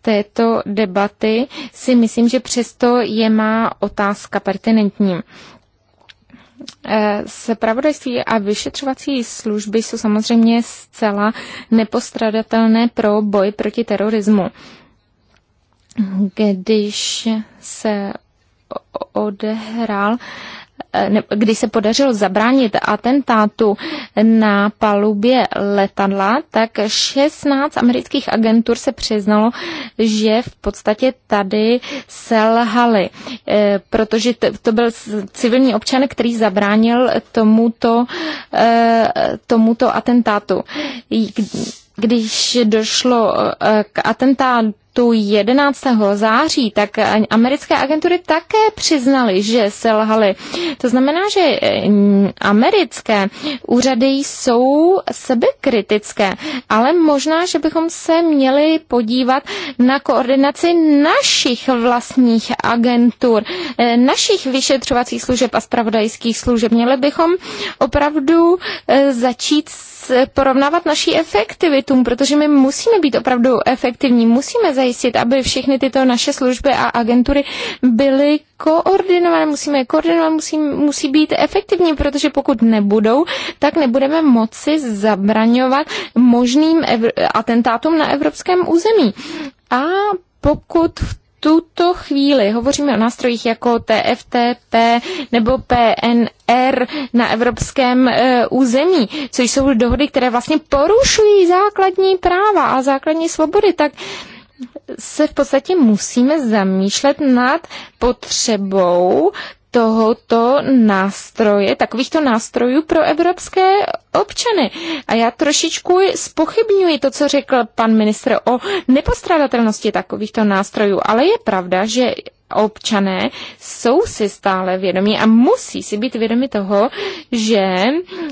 této debaty, si myslím, že přesto je má otázka pertinentní. Spravodajství eh, a vyšetřovací služby jsou samozřejmě zcela nepostradatelné pro boj proti terorismu. Když se odehrál Eh, kdy se podařilo zabránit atentátu na palubě letadla, tak 16 amerických agentur se přiznalo, že v podstatě tady selhali, eh, protože to byl civilní občan, který zabránil tomuto, eh, tomuto atentátu. Když došlo k atentátu, letu 11. září, tak americké agentury také přiznaly, že selhaly. To znamená, že eh, americké úřady jsou sebekritické, ale možná, že bychom se měli podívat na koordinaci našich vlastních agentur, eh, našich vyšetřovacích služeb a spravodajských služeb. Měli bychom opravdu eh, začít porovnávat naší efektivitu, protože my musíme být opravdu efektivní, musíme zajistit, aby všechny tyto naše služby a agentury byly koordinované, musíme je koordinovat, musí, musí být efektivní, protože pokud nebudou, tak nebudeme moci zabraňovat možným atentátům na evropském území. A pokud v tuto chvíli hovoříme o nástrojích jako TFTP nebo PNR na evropském e, území, což jsou dohody, které vlastně porušují základní práva a základní svobody, tak se v podstatě musíme zamýšlet nad potřebou tohoto nástroje, takovýchto nástrojů pro evropské občany. A já trošičku spochybňuji to, co řekl pan ministr o nepostradatelnosti takovýchto nástrojů, ale je pravda, že občané jsou si stále vědomí a musí si být vědomi toho, že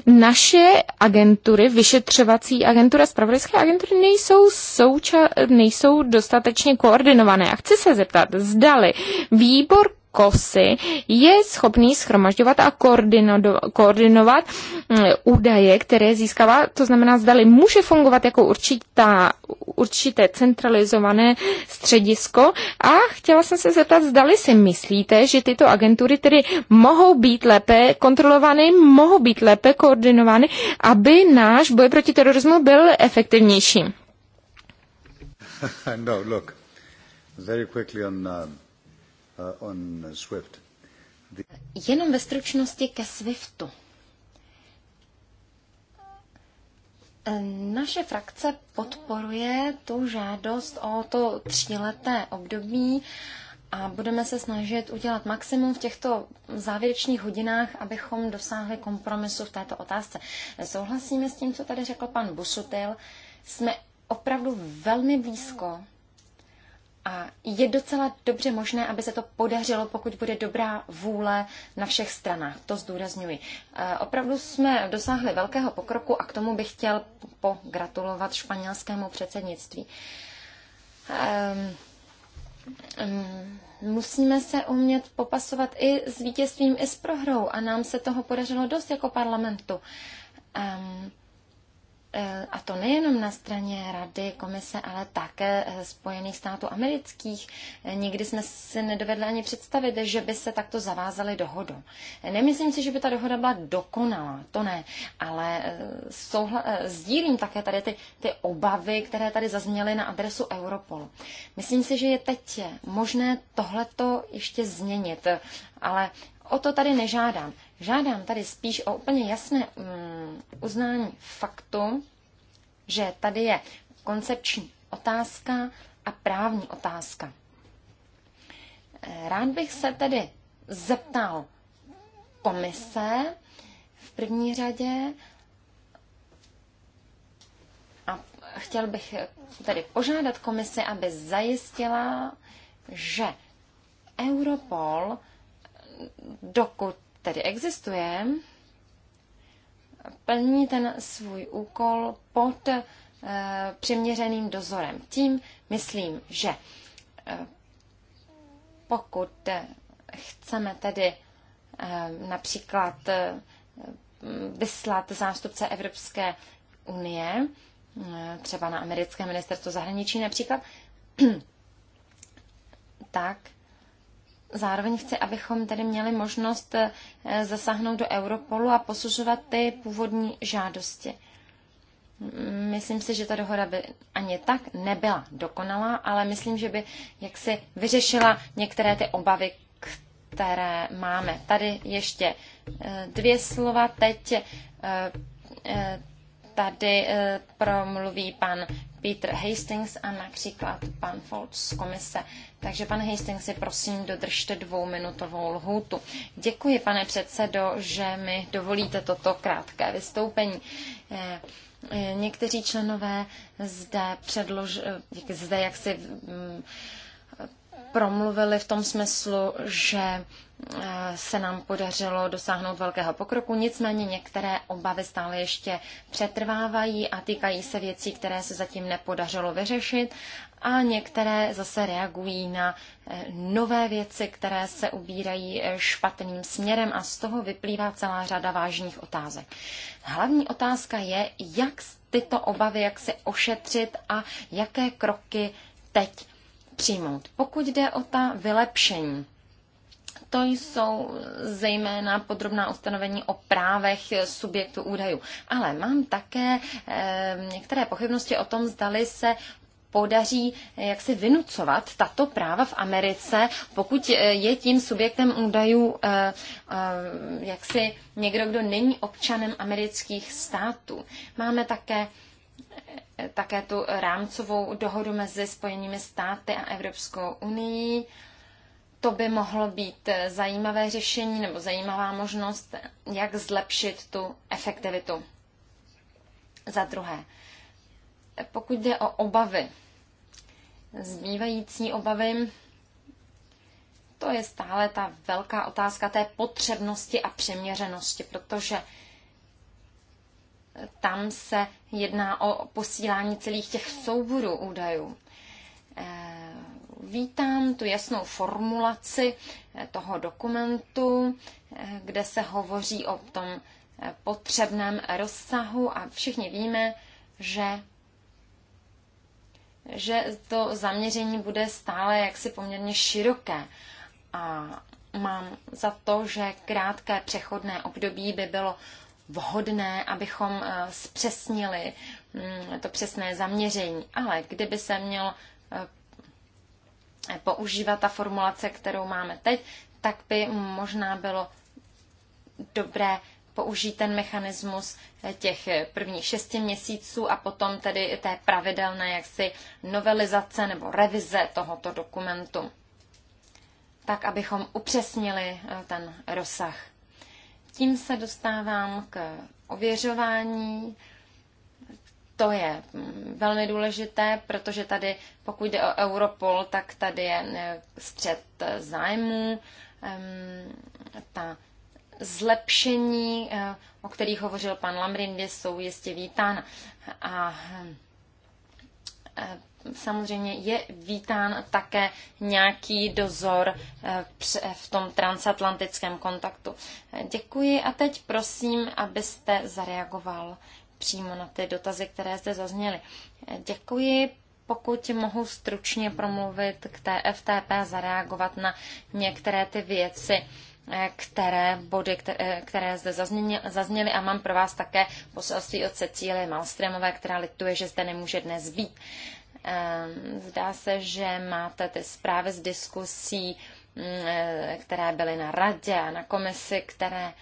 naše agentury, vyšetřovací agentura, spravodajské agentury nejsou, souča- nejsou dostatečně koordinované. A chci se zeptat, zdali výbor KOSY je schopný schromažďovat a koordinovat mm, údaje, které získává, to znamená, zdali může fungovat jako určitá, určité centralizované středisko a chtěla jsem se zeptat, zdali si myslíte, že tyto agentury tedy mohou být lépe kontrolovány, mohou být lépe koordinovány, aby náš boj proti terorismu byl efektivnější. no, look, very quickly on uh, Eh, on SWIFT. Jenom ve stručnosti ke SWIFTu. Eh, naše frakce podporuje tu žádost o to tříleté období a budeme se snažit udělat maximum v těchto závěrečných hodinách, abychom dosáhli kompromisu v této otázce. Souhlasíme s tím, co tady řekl pan Busutil. Jsme opravdu velmi blízko a je docela dobře možné, aby se to podařilo, pokud bude dobrá vůle na všech stranách. To zdůrazňuji. Opravdu jsme dosáhli velkého pokroku a k tomu bych chtěl pogratulovat španělskému předsednictví. Ehm, ehm, musíme se umět popasovat i s vítězstvím, i s prohrou a nám se toho podařilo dost jako parlamentu. Um, Eh, a to nejenom na straně Rady, Komise, ale také eh, Spojených států amerických. Eh, nikdy jsme si nedovedli ani představit, že by se takto zavázali dohodu. Nemyslím si, že by ta dohoda byla dokonalá, to ne, ale souhla- sdílím také tady ty, ty obavy, které tady zazněly na adresu Europolu. Myslím si, že je teď možné tohleto ještě změnit, ale o to tady nežádám. Žádám tady spíš o úplně jasné mm, uznání faktu, že tady je koncepční otázka a právní otázka. Rád bych se tedy zeptal komise v první řadě a chtěl bych tedy požádat komisi, aby zajistila, že Europol, dokud tedy existuje, plní ten svůj úkol pod eh, přiměřeným dozorem. Tím myslím, že eh, pokud eh, chceme tedy například vyslat zástupce Evropské unie, třeba na americké ministerstvo zahraničí například, tak Zároveň chci, abychom tedy měli možnost eh, zasáhnout do Europolu a posuzovat ty původní žádosti. Myslím si, že ta dohoda by ani tak nebyla dokonalá, ale myslím, že by jaksi vyřešila některé ty obavy, které máme. Tady ještě eh, dvě slova. Teď eh, tady promluví pan Peter Hastings a například pan Foltz z komise. Takže pan Hastings si prosím dodržte dvouminutovou lhůtu. Děkuji, pane předsedo, že mi dovolíte toto krátké vystoupení. Eh, eh, někteří členové zde, předlož, eh, zde jaksi mm, promluvili v tom smyslu, že eh, se nám podařilo dosáhnout velkého pokroku, nicméně některé obavy stále ještě přetrvávají a týkají se věcí, které se zatím nepodařilo vyřešit a některé zase reagují na eh, nové věci, které se ubírají eh, špatným směrem a z toho vyplývá celá řada vážných otázek. Hlavní otázka je, jak tyto obavy, jak se ošetřit a jaké kroky teď přijmout. Pokud jde o ta vylepšení, to jsou zejména podrobná ustanovení o právech subjektu údajů. Ale mám také e, některé pochybnosti o tom, zdali se podaří eh, jak si vynucovat tato práva v Americe, pokud eh, je tím subjektem údajů jaksi někdo, kdo není občanem amerických států. Máme také také tu rámcovou dohodu mezi Spojenými státy a Evropskou unii. To by mohlo být zajímavé řešení nebo zajímavá možnost, jak zlepšit tu efektivitu. Za druhé, pokud jde o obavy, zbývající obavy, to je stále ta velká otázka té potřebnosti a přeměřenosti, protože tam se jedná o posílání celých těch souborů údajů. Eh, vítám tu jasnou formulaci eh, toho dokumentu, eh, kde se hovoří o tom potřebném rozsahu a všichni víme, že že to zaměření bude stále jaksi poměrně široké. A mám za to, že krátké přechodné období by bylo vhodné, abychom eh, zpřesnili mm, to přesné zaměření. Ale kdyby se měl eh, používat ta formulace, kterou máme teď, tak by možná bylo dobré použít ten mechanismus eh, těch prvních šesti měsíců a potom tedy té pravidelné jaksi novelizace nebo revize tohoto dokumentu, tak abychom upřesnili ten rozsah tím se dostávám k ověřování. To je mm, velmi důležité, protože tady, pokud jde o Europol, tak tady je eh, střed zájmů. Ta zlepšení, eh, o kterých hovořil pan Lamrindy, jsou jistě vítána. A eh, samozřejmě je vítán také nějaký dozor eh, v tom transatlantickém kontaktu. Děkuji a teď prosím, abyste zareagoval přímo na ty dotazy, které zde zazněly. Eh, děkuji. Pokud mohu stručně promluvit k té FTP, zareagovat na některé ty věci, eh, které body, které zde zazněly a mám pro vás také poselství od Cecílie Malstremové, která lituje, že zde nemůže dnes být. Ehm, zdá se, že máte ty zprávy z diskusí, mm, eh, které byly na radě a na komisi, které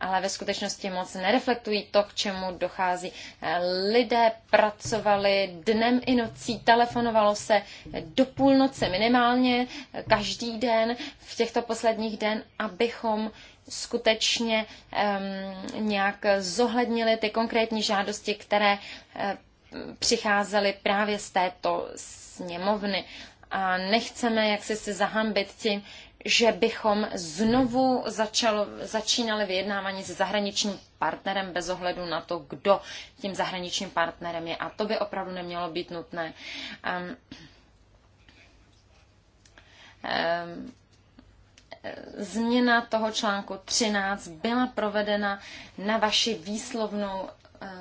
ale ve skutečnosti moc nereflektují to, k čemu dochází. Eh, lidé pracovali dnem i nocí, telefonovalo se do půlnoce minimálně eh, každý den v těchto posledních den, abychom skutečně um, nějak zohlednili ty konkrétní žádosti, které přicházeli právě z této sněmovny. A nechceme jaksi se zahambit tím, že bychom znovu začalo, začínali vyjednávání se zahraničním partnerem bez ohledu na to, kdo tím zahraničním partnerem je. A to by opravdu nemělo být nutné. Um, um, změna toho článku 13 byla provedena na vaši výslovnou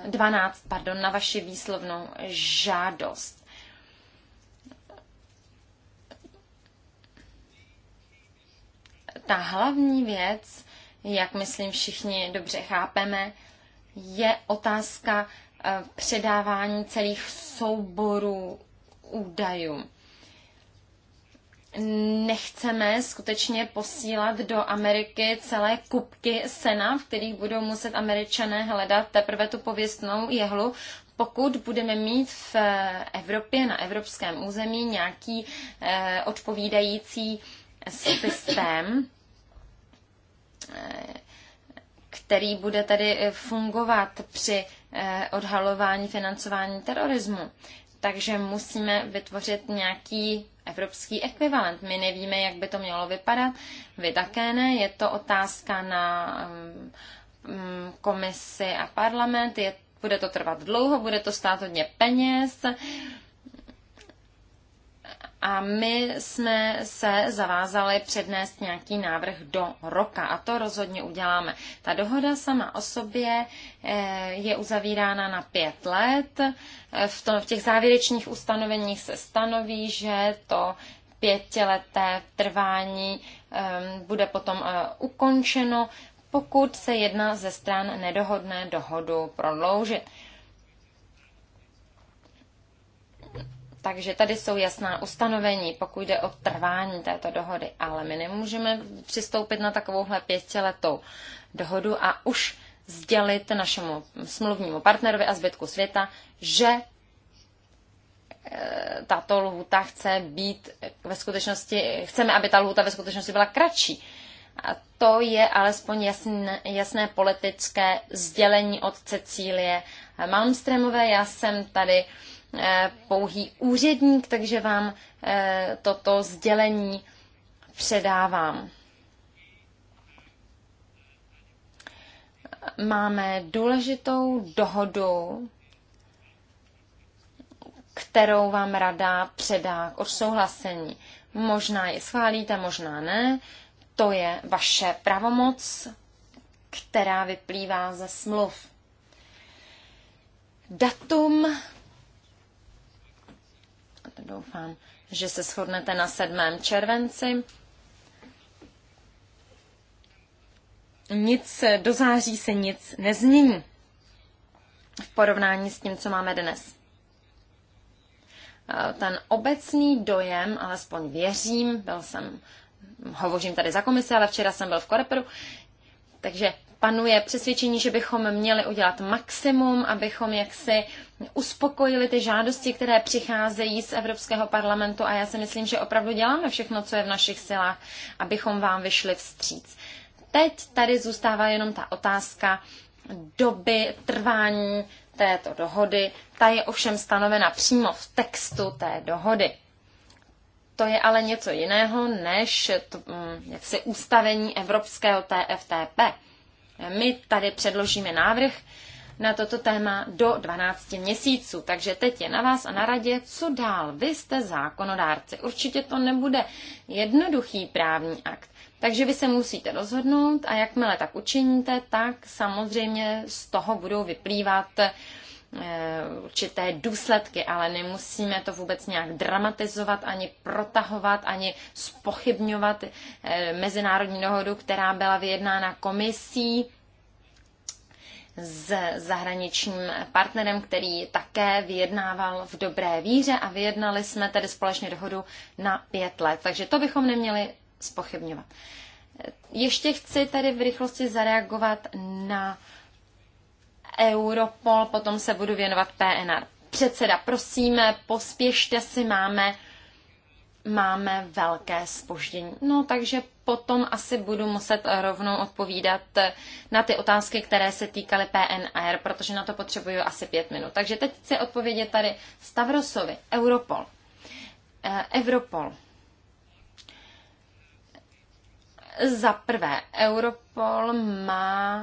12, pardon, na vaši výslovnou žádost. Ta hlavní věc, jak myslím všichni dobře chápeme, je otázka eh, předávání celých souborů údajů nechceme skutečně posílat do Ameriky celé kupky sena, v kterých budou muset američané hledat teprve tu pověstnou jehlu, pokud budeme mít v Evropě, na evropském území nějaký eh, odpovídající systém, eh, který bude tady eh, fungovat při eh, odhalování financování terorismu. Takže musíme vytvořit nějaký evropský ekvivalent. My nevíme, jak by to mělo vypadat, vy také ne, je to otázka na um, komisi a parlament, je, bude to trvat dlouho, bude to stát hodně peněz. A my jsme se zavázali přednést nějaký návrh do roka a to rozhodně uděláme. Ta dohoda sama o sobě eh, je uzavírána na pět let v, to, v těch závěrečných ustanoveních se stanoví, že to pětileté trvání ehm, bude potom eh, ukončeno, pokud se jedna ze stran nedohodne dohodu prodloužit. Takže tady jsou jasná ustanovení, pokud jde o trvání této dohody, ale my nemůžeme přistoupit na takovouhle pětiletou dohodu a už sdělit našemu smluvnímu partnerovi a zbytku světa, že e, tato lhuta chce být ve skutečnosti, chceme, aby ta lhuta ve skutečnosti byla kratší. A to je alespoň jasné, jasné politické sdělení od Cecílie Malmströmové. Já jsem tady e, pouhý úředník, takže vám e, toto sdělení předávám. máme důležitou dohodu, kterou vám rada předá k odsouhlasení. Možná je schválíte, možná ne. To je vaše pravomoc, která vyplývá ze smluv. Datum, doufám, že se shodnete na 7. červenci, nic, do září se nic nezmění v porovnání s tím, co máme dnes. Eh, ten obecný dojem, alespoň věřím, byl jsem, hovořím tady za komisi, ale včera jsem byl v Koreperu, takže panuje přesvědčení, že bychom měli udělat maximum, abychom jaksi uspokojili ty žádosti, které přicházejí z Evropského parlamentu a já si myslím, že opravdu děláme všechno, co je v našich silách, abychom vám vyšli vstříc teď tady zůstává jenom ta otázka doby trvání této dohody. Ta je ovšem stanovena přímo v textu té dohody. To je ale něco jiného než to, mm, jaksi ustavení evropského TFTP. My tady předložíme návrh na toto téma do 12 měsíců, takže teď je na vás a na radě, co dál. Vy jste zákonodárci. Určitě to nebude jednoduchý právní akt. Takže vy se musíte rozhodnout a jakmile tak učiníte, tak samozřejmě z toho budou vyplývat eh, určité důsledky, ale nemusíme to vůbec nějak dramatizovat, ani protahovat, ani spochybňovat eh, mezinárodní dohodu, která byla vyjednána komisí s zahraničním partnerem, který také vyjednával v dobré víře a vyjednali jsme tedy společně dohodu na pět let. Takže to bychom neměli spochybňovat. Ještě chci tady v rychlosti zareagovat na Europol, potom se budu věnovat PNR. Předseda, prosím, pospěšte si, máme, máme velké spoždění. No, takže potom asi budu muset rovnou odpovídat na ty otázky, které se týkaly PNR, protože na to potřebuju asi pět minut. Takže teď chci odpovědět tady Stavrosovi, Europol. Eh, Europol. Za prvé, Europol má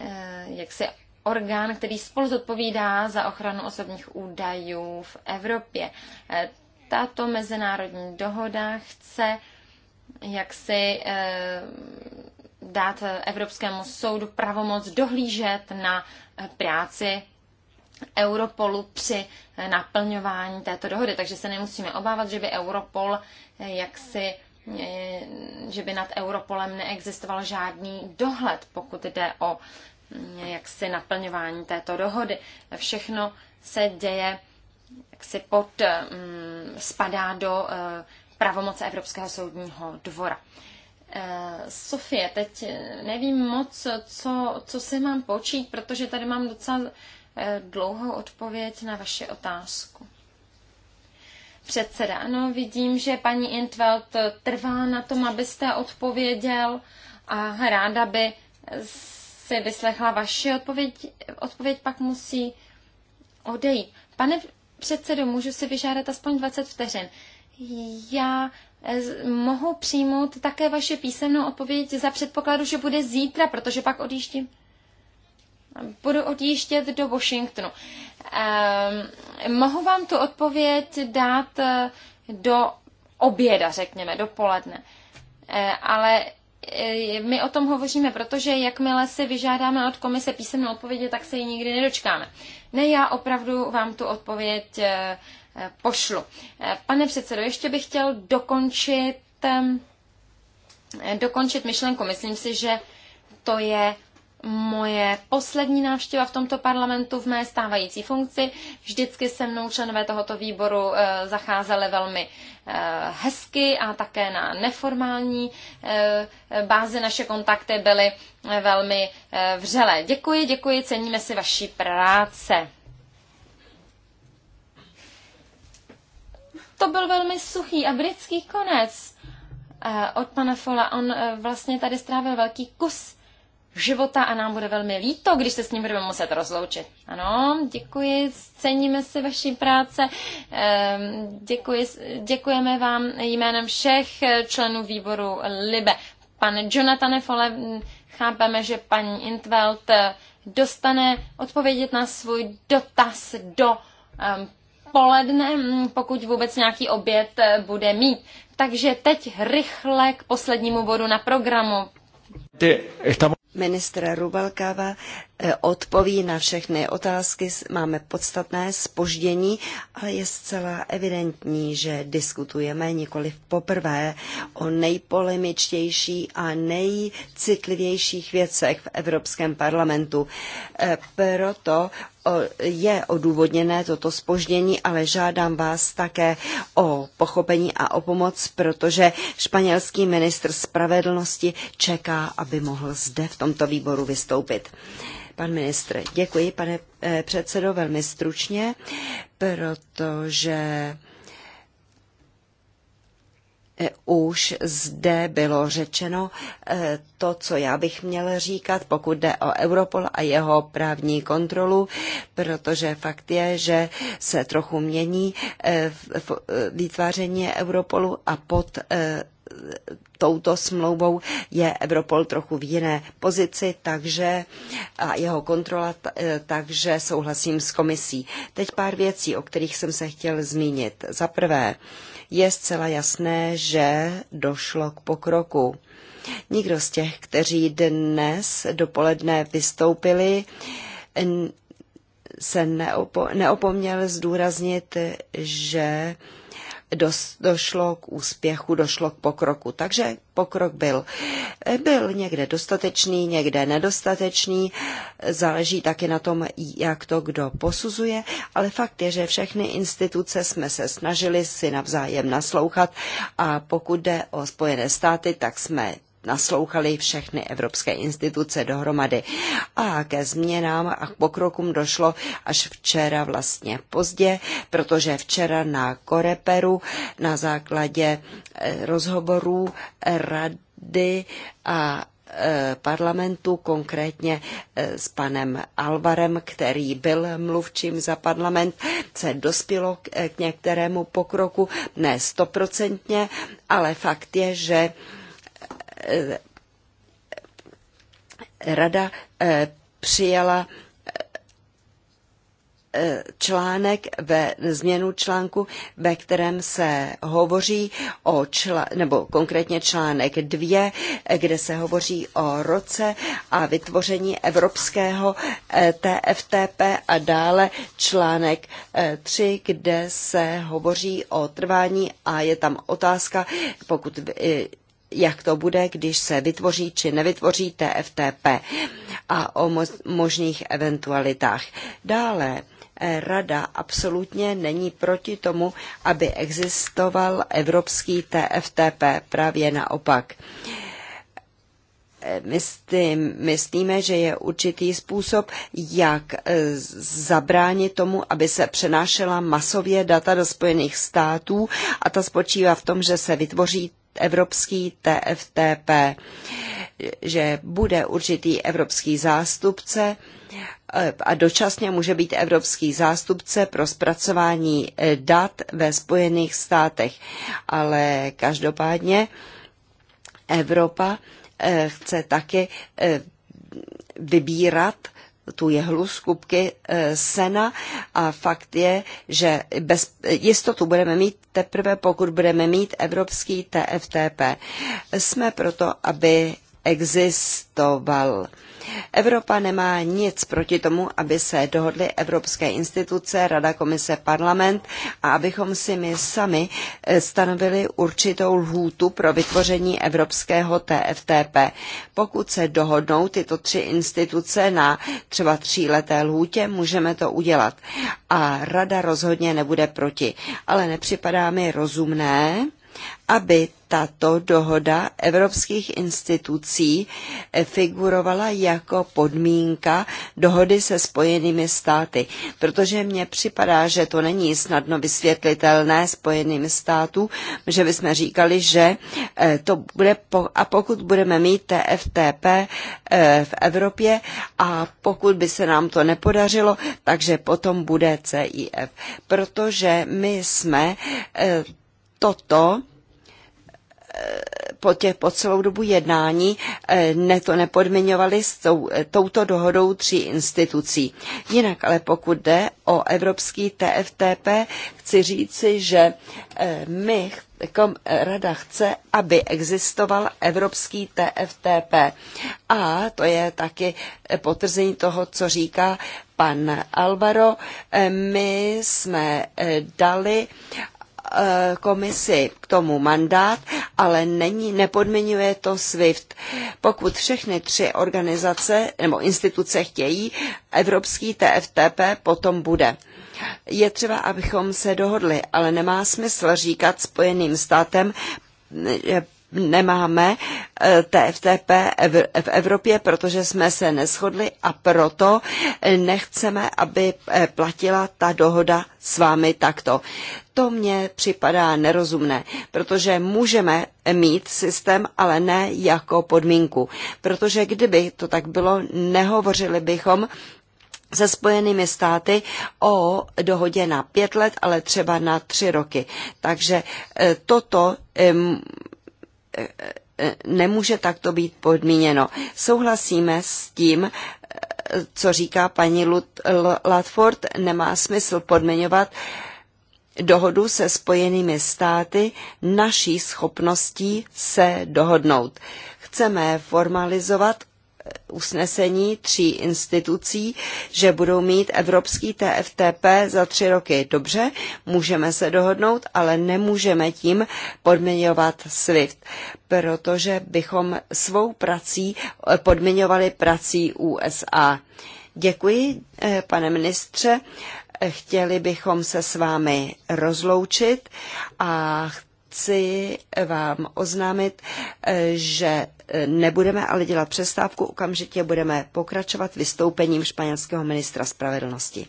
eh, jaksi orgán, který spolu zodpovídá za ochranu osobních údajů v Evropě. Eh, tato mezinárodní dohoda chce jaksi eh, dát Evropskému soudu pravomoc dohlížet na práci Europolu při naplňování této dohody. Takže se nemusíme obávat, že by Europol jaksi Eh, že by nad Europolem neexistoval žádný dohled, pokud jde o mm, jaksi naplňování této dohody. Všechno se děje, jak si pod, mm, spadá do eh, pravomoce Evropského soudního dvora. Eh, Sofie, teď nevím moc, co, co si mám počít, protože tady mám docela dlouhou odpověď na vaši otázku. Předseda, ano, vidím, že paní Intveld trvá na tom, abyste odpověděl a ráda by si vyslechla vaši odpověď. Odpověď pak musí odejít. Pane předsedo, můžu si vyžádat aspoň 20 vteřin. Já eh, mohu přijmout také vaše písemnou odpověď za předpokladu, že bude zítra, protože pak odjíždím budu odjíždět do Washingtonu. Um, mohu vám tu odpověď dát eh, do oběda, řekněme, do poledne. Eh, ale eh, my o tom hovoříme, protože jakmile si vyžádáme od komise písemnou odpověď, tak se ji nikdy nedočkáme. Ne, já opravdu vám tu odpověď pošlu. Pane předsedo, ještě bych chtěl dokončit, ehm, dokončit myšlenku. Myslím si, že to je moje poslední návštěva v tomto parlamentu v mé stávající funkci. Vždycky se mnou členové tohoto výboru eh, zacházeli velmi eh, hezky a také na neformální eh, bázi naše kontakty byly velmi vřelé. Děkuji, děkuji, ceníme si vaší práce. To byl velmi suchý a britský konec od pana Fola. On vlastně tady strávil velký kus života a nám bude velmi líto, když se s ním budeme muset rozloučit. Ano, děkuji, ceníme si vaší práce, ehm, děkuji, děkujeme vám jménem všech členů výboru LIBE. Pane Jonathane Fole, hm, chápeme, že paní Intveld eh, dostane odpovědět na svůj dotaz do ehm, poledne, hm, pokud vůbec nějaký oběd eh, bude mít. Takže teď rychle k poslednímu bodu na programu. Estamos ministra Rubalkáva E, odpoví na všechny otázky, máme podstatné spoždění, ale je zcela evidentní, že diskutujeme nikoli poprvé o nejpolemičtější a nejcitlivějších věcech v Evropském parlamentu. E, proto je odůvodněné toto spoždění, ale žádám vás také o pochopení a o pomoc, protože španělský ministr spravedlnosti čeká, aby mohl zde v tomto výboru vystoupit. Pan ministr, děkuji, pane eh, předsedo, velmi stručně, protože eh, už zde bylo řečeno eh, to, co já bych měl říkat, pokud jde o Europol a jeho právní kontrolu, protože fakt je, že se trochu mění vytváření Europolu a pod touto smlouvou je Europol trochu v jiné pozici, takže a jeho kontrola, e, takže souhlasím s komisí. Teď pár věcí, o kterých jsem se chtěl zmínit. Za prvé, je zcela jasné, že došlo k pokroku. Nikdo z těch, kteří dnes dopoledne vystoupili, se neopo- neopomněl zdůraznit, že došlo k úspěchu, došlo k pokroku. Takže pokrok byl. Byl někde dostatečný, někde nedostatečný, záleží taky na tom, jak to kdo posuzuje, ale fakt je, že všechny instituce jsme se snažili si navzájem naslouchat a pokud jde o Spojené státy, tak jsme naslouchali všechny evropské instituce dohromady. A ke změnám a k pokrokům došlo až včera vlastně pozdě, protože včera na Koreperu na základě eh, rozhovorů rady a eh, parlamentu, konkrétně eh, s panem Alvarem, který byl mluvčím za parlament, se dospělo k některému pokroku, ne stoprocentně, ale fakt je, že Eh, rada eh, přijala eh, článek ve změnu článku, ve kterém se hovoří o čla, nebo konkrétně článek 2, kde se hovoří o roce a vytvoření evropského TFTP a dále článek 3, kde se hovoří o trvání a je tam otázka, pokud jak to bude, když se vytvoří či nevytvoří TFTP a o možných eventualitách. Dále eh, Rada absolutně není proti tomu, aby existoval evropský TFTP, právě naopak. Eh, myslíme, že je určitý způsob, jak eh, zabránit tomu, aby se přenášela masově data do Spojených států a ta spočívá v tom, že se vytvoří evropský TFTP, že bude určitý evropský zástupce eh, a dočasně může být evropský zástupce pro zpracování eh, dat ve Spojených státech. Ale každopádně Evropa eh, chce taky vybírat tu jehlu z kupky e, sena a fakt je, že bez, jistotu budeme mít teprve, pokud budeme mít evropský TFTP. Jsme proto, aby existoval Evropa nemá nic proti tomu, aby se dohodly evropské instituce, Rada, Komise, Parlament a abychom si my sami eh, stanovili určitou lhůtu pro vytvoření evropského TFTP. Pokud se dohodnou tyto tři instituce na třeba tříleté lhůtě, můžeme to udělat. A Rada rozhodně nebude proti. Ale nepřipadá mi rozumné, aby tato dohoda evropských institucí eh, figurovala jako podmínka dohody se spojenými státy, protože mně připadá, že to není snadno vysvětlitelné spojeným státům, že bychom říkali, že eh, to bude, po, a pokud budeme mít TFTP eh, v Evropě a pokud by se nám to nepodařilo, takže potom bude CIF, protože my jsme toto eh, po, tě, po celou dobu jednání eh, ne, to nepodmiňovali s tou, eh, touto dohodou tří institucí. Jinak ale pokud jde o evropský TFTP, chci říci, že my, kom, rada chce, aby existoval evropský TFTP. A to je taky potvrzení toho, co říká pan Alvaro. My jsme dali Eh, komisi k tomu mandát, ale není, nepodmiňuje to SWIFT. Pokud všechny tři organizace nebo instituce chtějí, evropský TFTP potom bude. Je třeba, abychom se dohodli, ale nemá smysl říkat Spojeným státem, nemáme eh, TFTP v Evropě, protože jsme se neschodli a proto nechceme, aby eh, platila ta dohoda s vámi takto. To mně připadá nerozumné, protože můžeme mít systém, ale ne jako podmínku. Protože kdyby to tak bylo, nehovořili bychom se Spojenými státy o dohodě na pět let, ale třeba na tři roky. Takže e, toto e, e, nemůže takto být podmíněno. Souhlasíme s tím, co říká paní Latford, nemá smysl podmiňovat dohodu se spojenými státy naší schopností se dohodnout. Chceme formalizovat eh, usnesení tří institucí, že budou mít evropský TFTP za tři roky. Dobře, můžeme se dohodnout, ale nemůžeme tím podmiňovat SWIFT, protože bychom svou prací eh, podmiňovali prací USA. Děkuji, eh, pane ministře. Chtěli bychom se s vámi rozloučit a chci vám oznámit, eh, že eh, nebudeme ale dělat přestávku, okamžitě budeme pokračovat vystoupením španělského ministra spravedlnosti.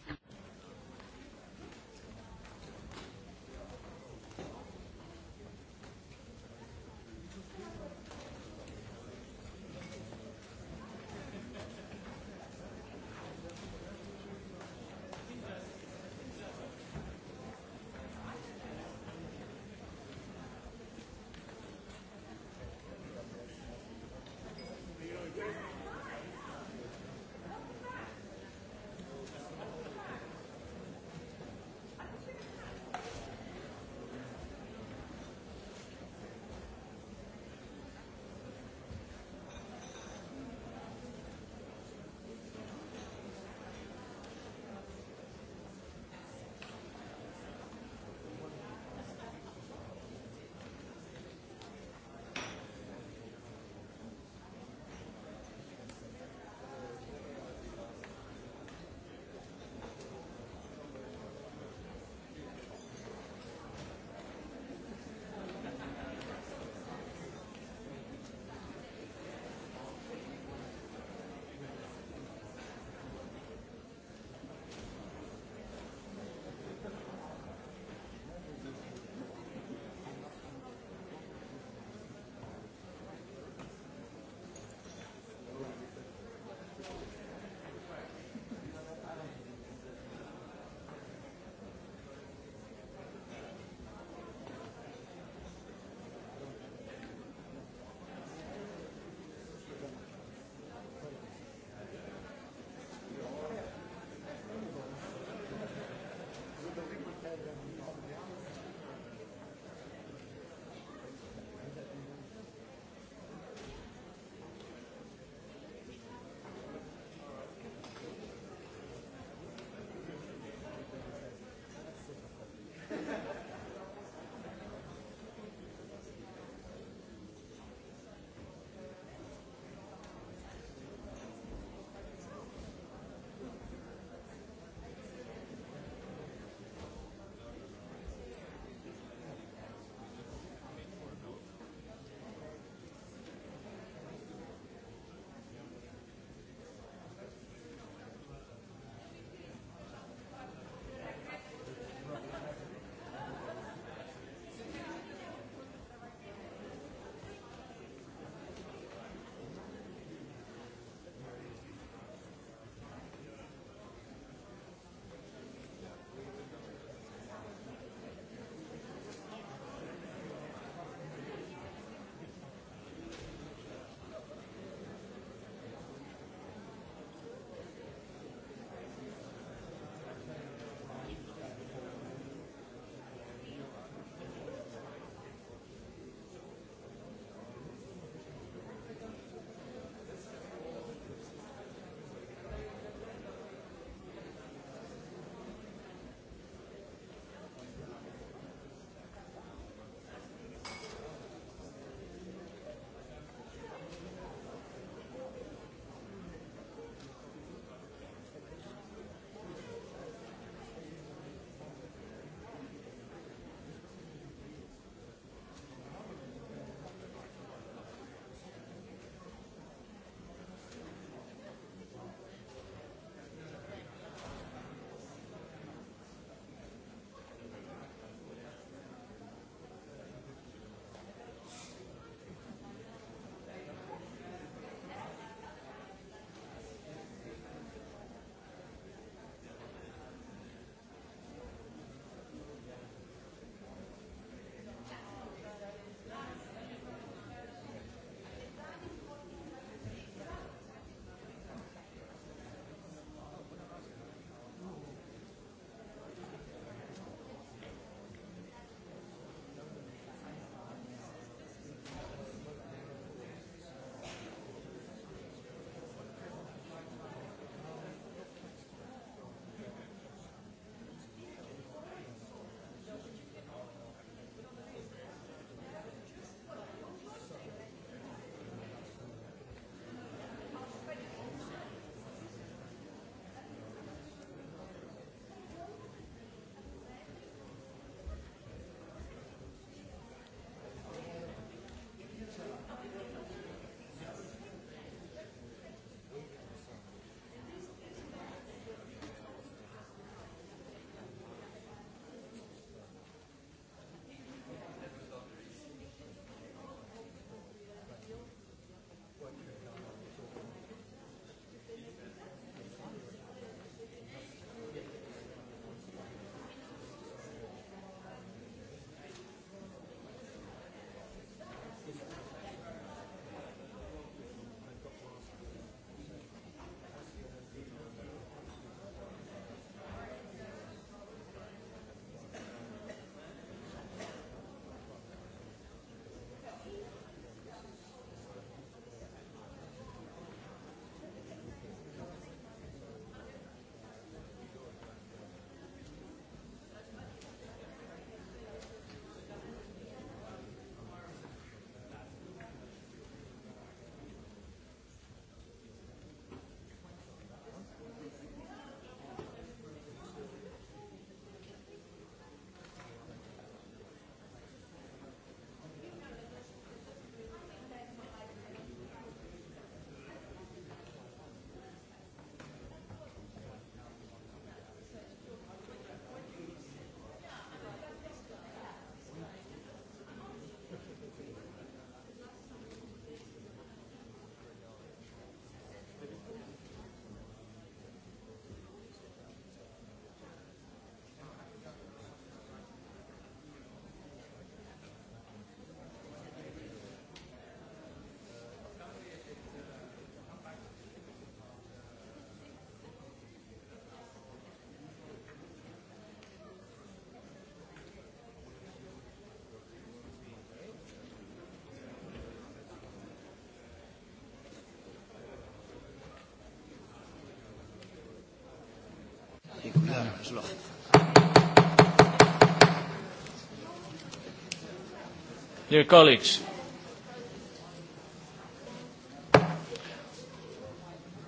Dear colleagues,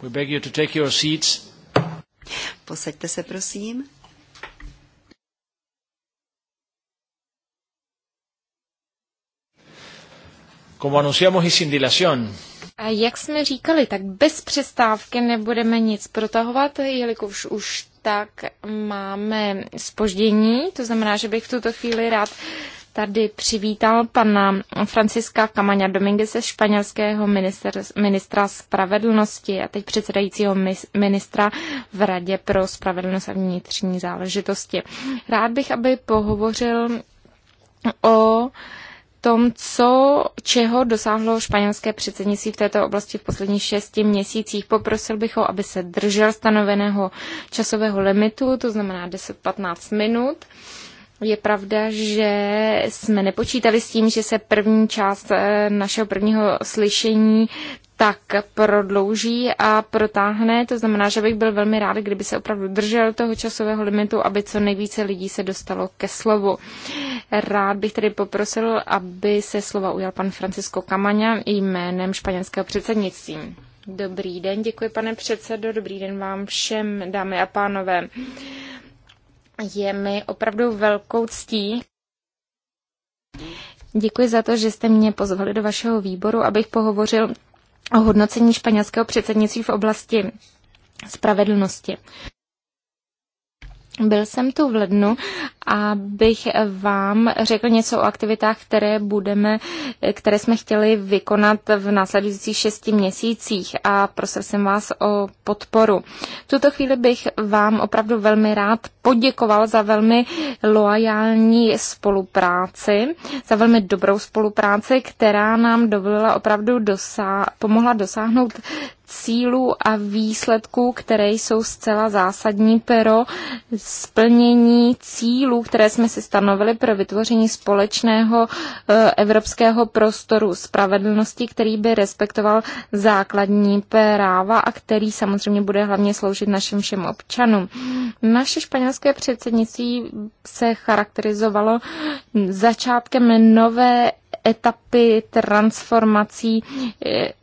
we beg you to take your seats. Posaďte se, prosím. Como anunciamos y sin dilación, a jak jsme říkali, tak bez přestávky nebudeme nic protahovat, jelikož už tak máme spoždění, to znamená, že bych v tuto chvíli rád tady přivítal pana Franciska Kamaňa Domingueze, španělského minister, ministra spravedlnosti a teď předsedajícího ministra v Radě pro spravedlnost a vnitřní záležitosti. Rád bych, aby pohovořil o tom, co, čeho dosáhlo španělské předsednictví v této oblasti v posledních šesti měsících. Poprosil bych ho, aby se držel stanoveného časového limitu, to znamená 10-15 minut. Je pravda, že jsme nepočítali s tím, že se první část eh, našeho prvního slyšení tak prodlouží a protáhne. To znamená, že bych byl velmi rád, kdyby se opravdu držel toho časového limitu, aby co nejvíce lidí se dostalo ke slovu. Rád bych tedy poprosil, aby se slova ujal pan Francisco Camaña jménem španělského předsednictví. Dobrý den, děkuji pane předsedo, dobrý den vám všem, dámy a pánové. Je mi opravdu velkou ctí. Děkuji za to, že jste mě pozvali do vašeho výboru, abych pohovořil o hodnocení španělského předsednictví v oblasti spravedlnosti. Byl jsem tu v lednu abych vám řekl něco o aktivitách, které budeme, které jsme chtěli vykonat v následujících šesti měsících a prosil jsem vás o podporu. V tuto chvíli bych vám opravdu velmi rád poděkoval za velmi loajální spolupráci, za velmi dobrou spolupráci, která nám dovolila opravdu dosá- pomohla dosáhnout cílů a výsledků, které jsou zcela zásadní pro splnění cílů cílů, které jsme si stanovili pro vytvoření společného e, evropského prostoru spravedlnosti, který by respektoval základní práva a který samozřejmě bude hlavně sloužit našim všem občanům. Naše španělské předsednictví se charakterizovalo začátkem nové etapy transformací e,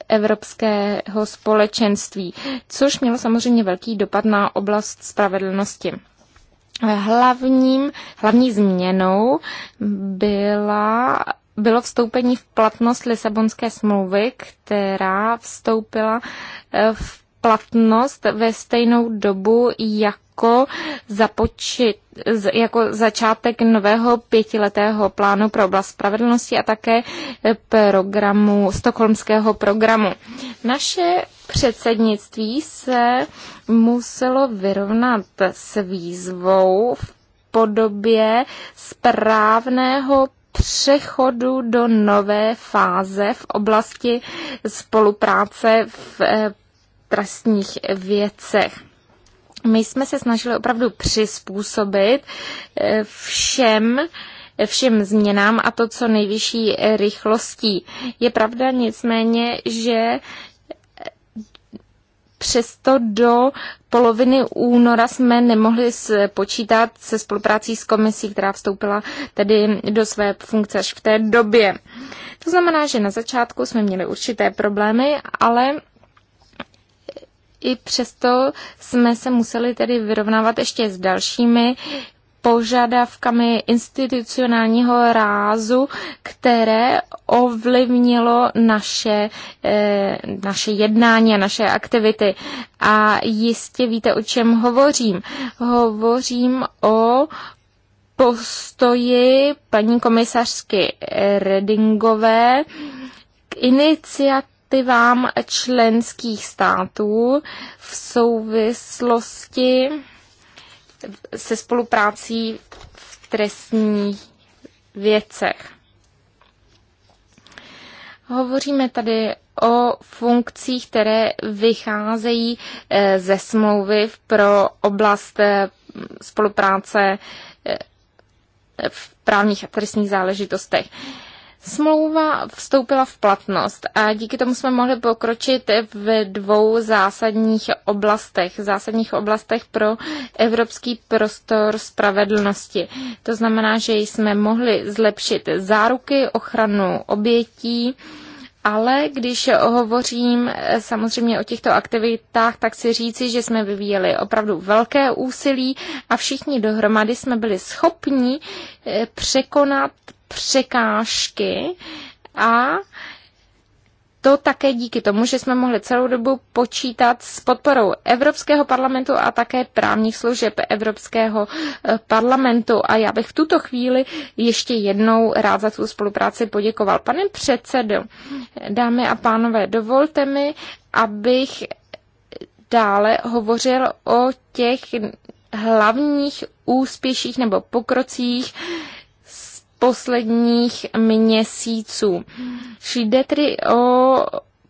evropského společenství, což mělo samozřejmě velký dopad na oblast spravedlnosti. Hlavním, hlavní změnou byla, bylo vstoupení v platnost Lisabonské smlouvy, která vstoupila eh, v platnost ve stejnou dobu jako, započit, jako začátek nového pětiletého plánu pro oblast spravedlnosti a také programu, stokholmského programu. Naše předsednictví se muselo vyrovnat s výzvou v podobě správného přechodu do nové fáze v oblasti spolupráce v eh, trestních věcech. My jsme se snažili opravdu přizpůsobit eh, všem, všem změnám a to, co nejvyšší rychlostí. Je pravda nicméně, že eh, přesto do poloviny února jsme nemohli počítat se spoluprácí s komisí, která vstoupila tedy do své funkce až v té době. To znamená, že na začátku jsme měli určité problémy, ale i přesto jsme se museli tedy vyrovnávat ještě s dalšími požadavkami institucionálního rázu, které ovlivnilo naše, eh, naše jednání a naše aktivity. A jistě víte, o čem hovořím. Hovořím o postoji paní komisařky Redingové k iniciativě perspektivám členských států v souvislosti se spoluprácí v trestních věcech. Hovoříme tady o funkcích, které vycházejí eh, ze smlouvy pro oblast eh, spolupráce eh, v právních a trestních záležitostech. Smlouva vstoupila v platnost a díky tomu jsme mohli pokročit v dvou zásadních oblastech, zásadních oblastech pro evropský prostor spravedlnosti. To znamená, že jsme mohli zlepšit záruky, ochranu obětí, ale když hovořím eh, samozřejmě o těchto aktivitách, tak si říci, že jsme vyvíjeli opravdu velké úsilí a všichni dohromady jsme byli schopni eh, překonat překážky a to také díky tomu, že jsme mohli celou dobu počítat s podporou Evropského parlamentu a také právních služeb Evropského eh, parlamentu. A já bych v tuto chvíli ještě jednou rád za tu spolupráci poděkoval. Pane předsedo, dámy a pánové, dovolte mi, abych dále hovořil o těch hlavních úspěších nebo pokrocích posledních měsíců. Jde tedy o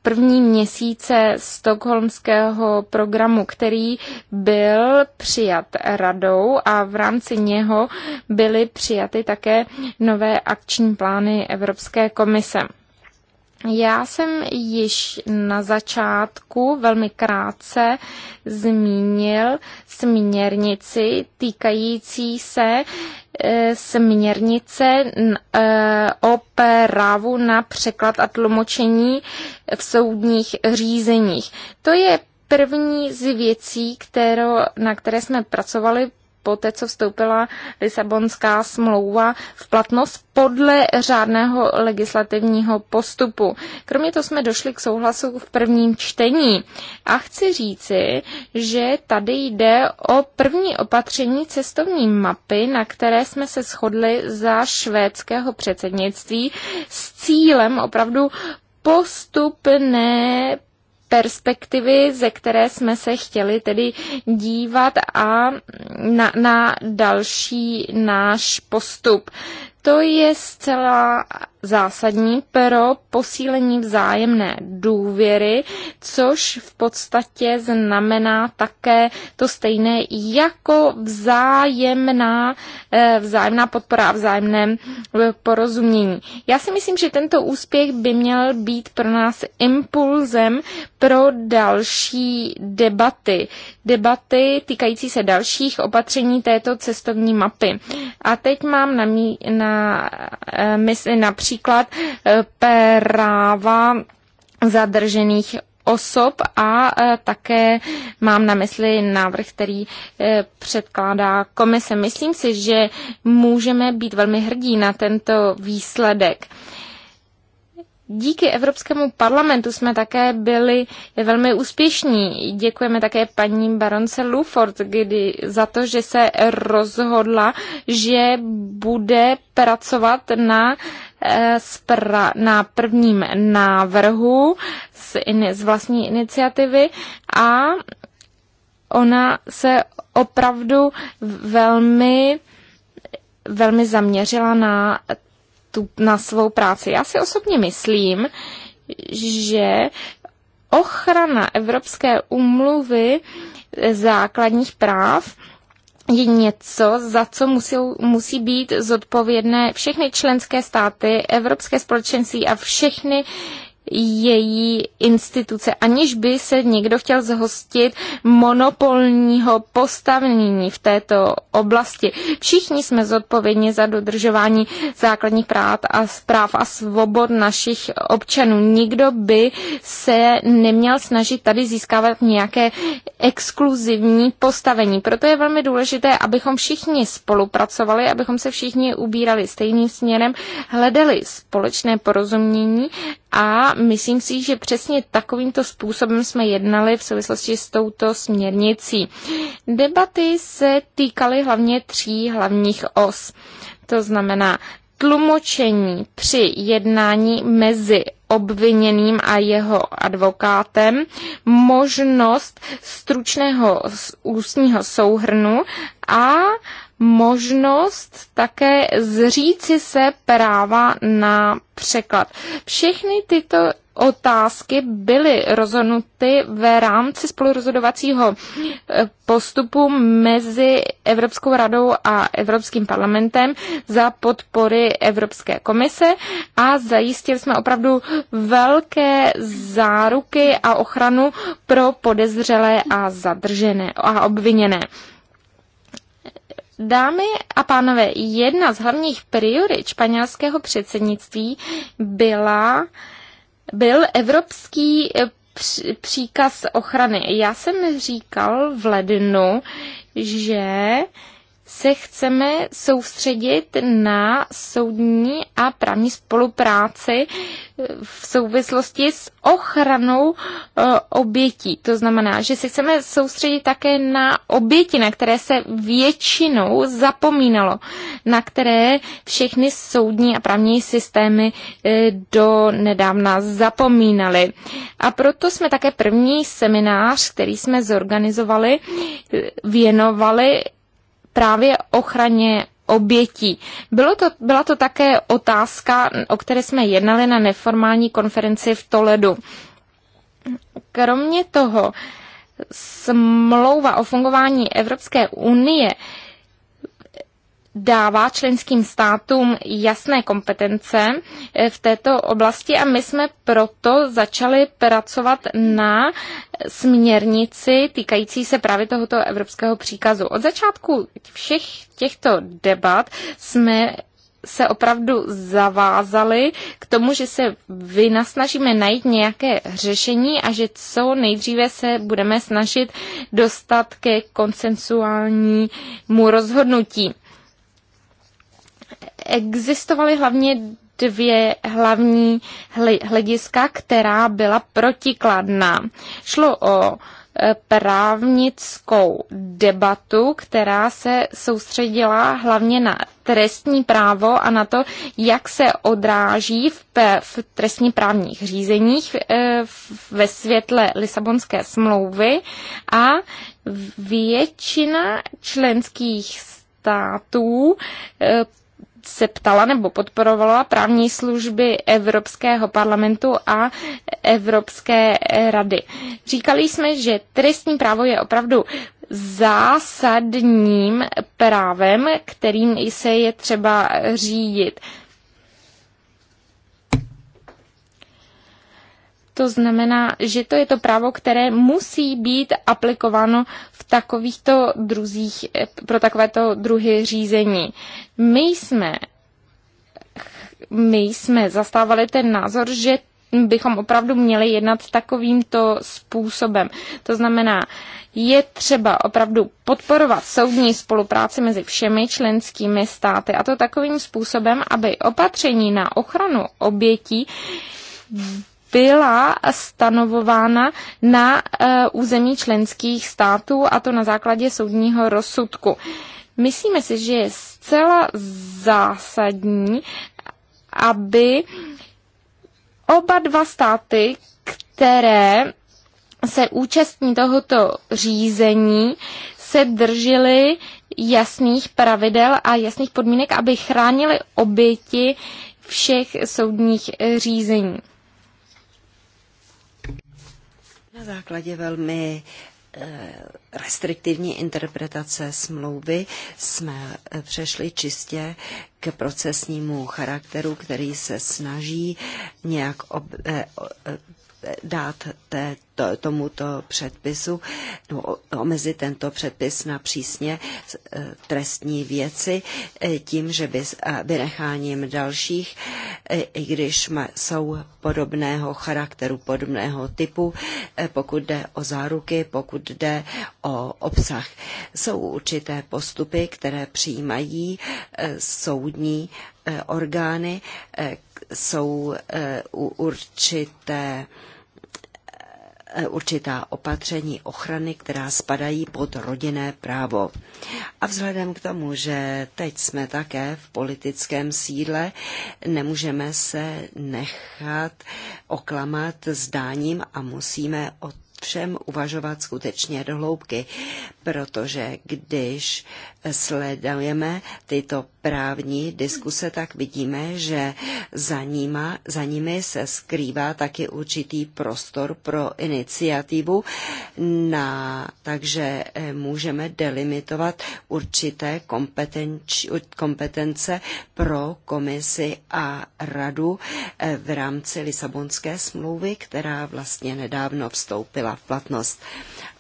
první měsíce stokholmského programu, který byl přijat radou a v rámci něho byly přijaty také nové akční plány Evropské komise. Já jsem již na začátku velmi krátce zmínil směrnici týkající se e, směrnice e, o právu na překlad a tlumočení v soudních řízeních. To je první z věcí, kterou, na které jsme pracovali po té, co vstoupila Lisabonská smlouva v platnost podle řádného legislativního postupu. Kromě toho jsme došli k souhlasu v prvním čtení. A chci říci, že tady jde o první opatření cestovní mapy, na které jsme se shodli za švédského předsednictví s cílem opravdu postupné perspektivy, ze které jsme se chtěli tedy dívat a na, na další náš postup. To je zcela zásadní pro posílení vzájemné důvěry, což v podstatě znamená také to stejné jako vzájemná, eh, vzájemná podpora a vzájemné eh, porozumění. Já si myslím, že tento úspěch by měl být pro nás impulzem pro další debaty. Debaty týkající se dalších opatření této cestovní mapy. A teď mám na, mí, na eh, mysli například například eh, práva zadržených osob a eh, také mám na mysli návrh, který eh, předkládá komise. Myslím si, že můžeme být velmi hrdí na tento výsledek. Díky Evropskému parlamentu jsme také byli velmi úspěšní. Děkujeme také paní baronce Luford kdy, za to, že se rozhodla, že bude pracovat na, eh, na prvním návrhu z, z vlastní iniciativy a ona se opravdu velmi velmi zaměřila na tu, na svou práci. Já si osobně myslím, že ochrana Evropské umluvy základních práv je něco, za co musí, musí být zodpovědné všechny členské státy, Evropské společenství a všechny její instituce, aniž by se někdo chtěl zhostit monopolního postavení v této oblasti. Všichni jsme zodpovědní za dodržování základních práv a práv a svobod našich občanů. Nikdo by se neměl snažit tady získávat nějaké exkluzivní postavení. Proto je velmi důležité, abychom všichni spolupracovali, abychom se všichni ubírali stejným směrem, hledali společné porozumění a myslím si, že přesně takovýmto způsobem jsme jednali v souvislosti s touto směrnicí. Debaty se týkaly hlavně tří hlavních os. To znamená tlumočení při jednání mezi obviněným a jeho advokátem, možnost stručného ústního souhrnu a možnost také zříci se práva na překlad. Všechny tyto otázky byly rozhodnuty v rámci spolurozhodovacího eh, postupu mezi Evropskou radou a Evropským parlamentem za podpory Evropské komise a zajistili jsme opravdu velké záruky a ochranu pro podezřelé a zadržené a obviněné. Dámy a pánové, jedna z hlavních priorit španělského předsednictví byla, byl evropský eh, příkaz ochrany. Já jsem říkal v lednu, že se chceme soustředit na soudní a právní spolupráci eh, v souvislosti s ochranou eh, obětí. To znamená, že se chceme soustředit také na oběti, na které se většinou zapomínalo, na které všechny soudní a právní systémy eh, do nedávna zapomínaly. A proto jsme také první seminář, který jsme zorganizovali, věnovali právě ochraně obětí. Bylo to, byla to také otázka, o které jsme jednali na neformální konferenci v Toledu. Kromě toho, smlouva o fungování Evropské unie dává členským státům jasné kompetence eh, v této oblasti a my jsme proto začali pracovat na směrnici týkající se právě tohoto evropského příkazu. Od začátku všech těchto debat jsme se opravdu zavázali k tomu, že se vynasnažíme najít nějaké řešení a že co nejdříve se budeme snažit dostat ke konsensuálnímu rozhodnutí existovaly hlavně dvě hlavní hlediska, která byla protikladná. Šlo o e, právnickou debatu, která se soustředila hlavně na trestní právo a na to, jak se odráží v, v trestně právních řízeních e, ve světle Lisabonské smlouvy a většina členských států e, se ptala nebo podporovala právní služby Evropského parlamentu a Evropské rady. Říkali jsme, že trestní právo je opravdu zásadním právem, kterým se je třeba řídit. To znamená, že to je to právo, které musí být aplikováno v takovýchto druzích, eh, pro takovéto druhy řízení. My jsme my jsme zastávali ten názor, že bychom opravdu měli jednat takovýmto způsobem. To znamená, je třeba opravdu podporovat soudní spolupráci mezi všemi členskými státy a to takovým způsobem, aby opatření na ochranu obětí byla stanovována na eh, území členských států a to na základě soudního rozsudku. Myslíme si, že je zcela zásadní, aby oba dva státy, které se účastní tohoto řízení, se držely jasných pravidel a jasných podmínek, aby chránili oběti všech soudních řízení. Na základě velmi eh, restriktivní interpretace smlouvy jsme eh, přešli čistě k procesnímu charakteru, který se snaží nějak ob, eh, dát té, to, tomuto předpisu, no, omezit tento předpis na přísně e, trestní věci e, tím, že by vynecháním dalších, e, i když jsou podobného charakteru, podobného typu, pokud jde o záruky, pokud jde o obsah. Jsou určité postupy, které přijímají soudní orgány, jsou eh, určité eh, určitá opatření ochrany, která spadají pod rodinné právo. A vzhledem k tomu, že teď jsme také v politickém sídle, nemůžeme se nechat oklamat zdáním a musíme o všem uvažovat skutečně do hloubky, protože když sledujeme tyto právní diskuse, tak vidíme, že za, níma, za nimi se skrývá taky určitý prostor pro iniciativu, na, takže eh, můžeme delimitovat určité kompetence pro komisi a radu eh, v rámci Lisabonské smlouvy, která vlastně nedávno vstoupila v platnost.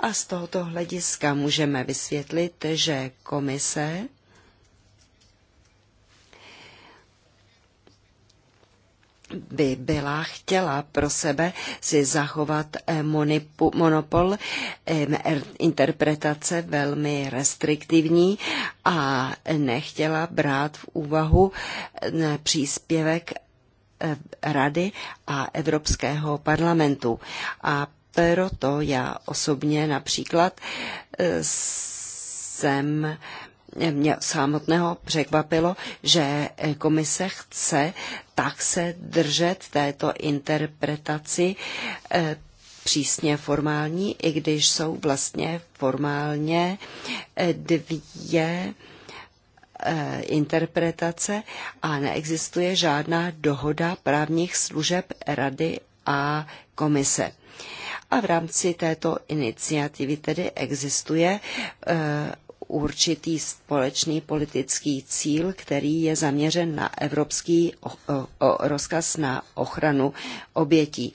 A z tohoto hlediska můžeme vysvětlit, že komise by byla chtěla pro sebe si zachovat eh, monopol er, interpretace velmi restriktivní a nechtěla brát v úvahu eh, příspěvek eh, Rady a Evropského parlamentu. A proto já osobně například jsem mě samotného překvapilo, že komise chce tak se držet této interpretaci eh, přísně formální, i když jsou vlastně formálně eh, dvě eh, interpretace a neexistuje žádná dohoda právních služeb Rady a komise. A v rámci této iniciativy tedy existuje určitý společný politický cíl, který je zaměřen na evropský rozkaz na ochranu obětí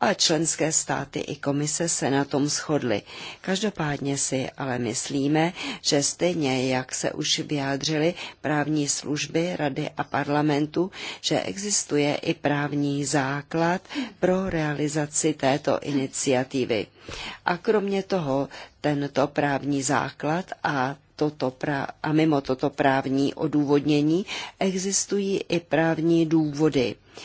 a členské státy i komise se na tom shodly. Každopádně si ale myslíme, že stejně, jak se už vyjádřili právní služby Rady a parlamentu, že existuje i právní základ pro realizaci této iniciativy. A kromě toho tento právní základ a toto pra- a mimo toto právní odůvodnění existují i právní důvody. Uh,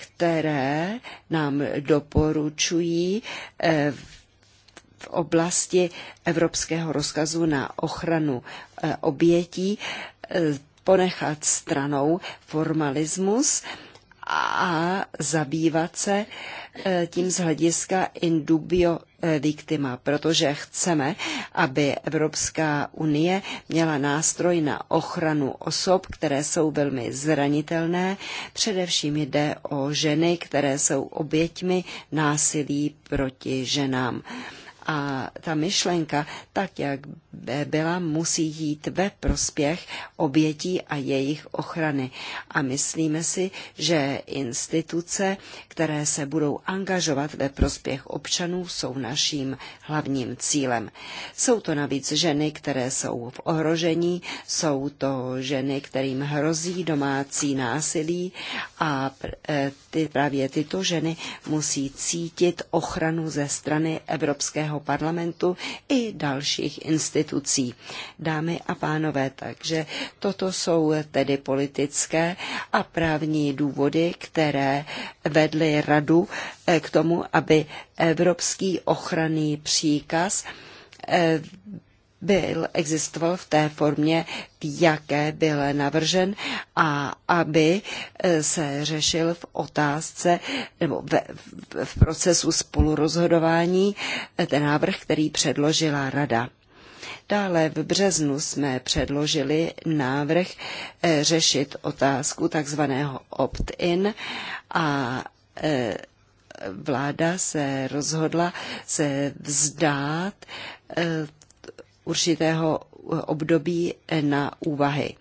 které nám doporučují eh, v oblasti Evropského rozkazu na ochranu eh, obětí eh, ponechat stranou formalismus a zabývat se tím z hlediska indubio víktima, protože chceme, aby Evropská unie měla nástroj na ochranu osob, které jsou velmi zranitelné. Především jde o ženy, které jsou oběťmi násilí proti ženám. A ta myšlenka, tak jak byla, musí jít ve prospěch obětí a jejich ochrany. A myslíme si, že instituce, které se budou angažovat ve prospěch občanů, jsou naším hlavním cílem. Jsou to navíc ženy, které jsou v ohrožení, jsou to ženy, kterým hrozí domácí násilí a e, ty, právě tyto ženy musí cítit ochranu ze strany Evropského parlamentu i dalších institucí. Dámy a pánové, takže toto jsou tedy politické a právní důvody, které vedly radu eh, k tomu, aby Evropský ochranný příkaz eh, byl, existoval v té formě, jaké byl navržen a aby e, se řešil v otázce nebo v, v procesu spolurozhodování e, ten návrh, který předložila Rada. Dále v březnu jsme předložili návrh e, řešit otázku takzvaného opt-in a vláda se rozhodla se vzdát určitého období na úvahy.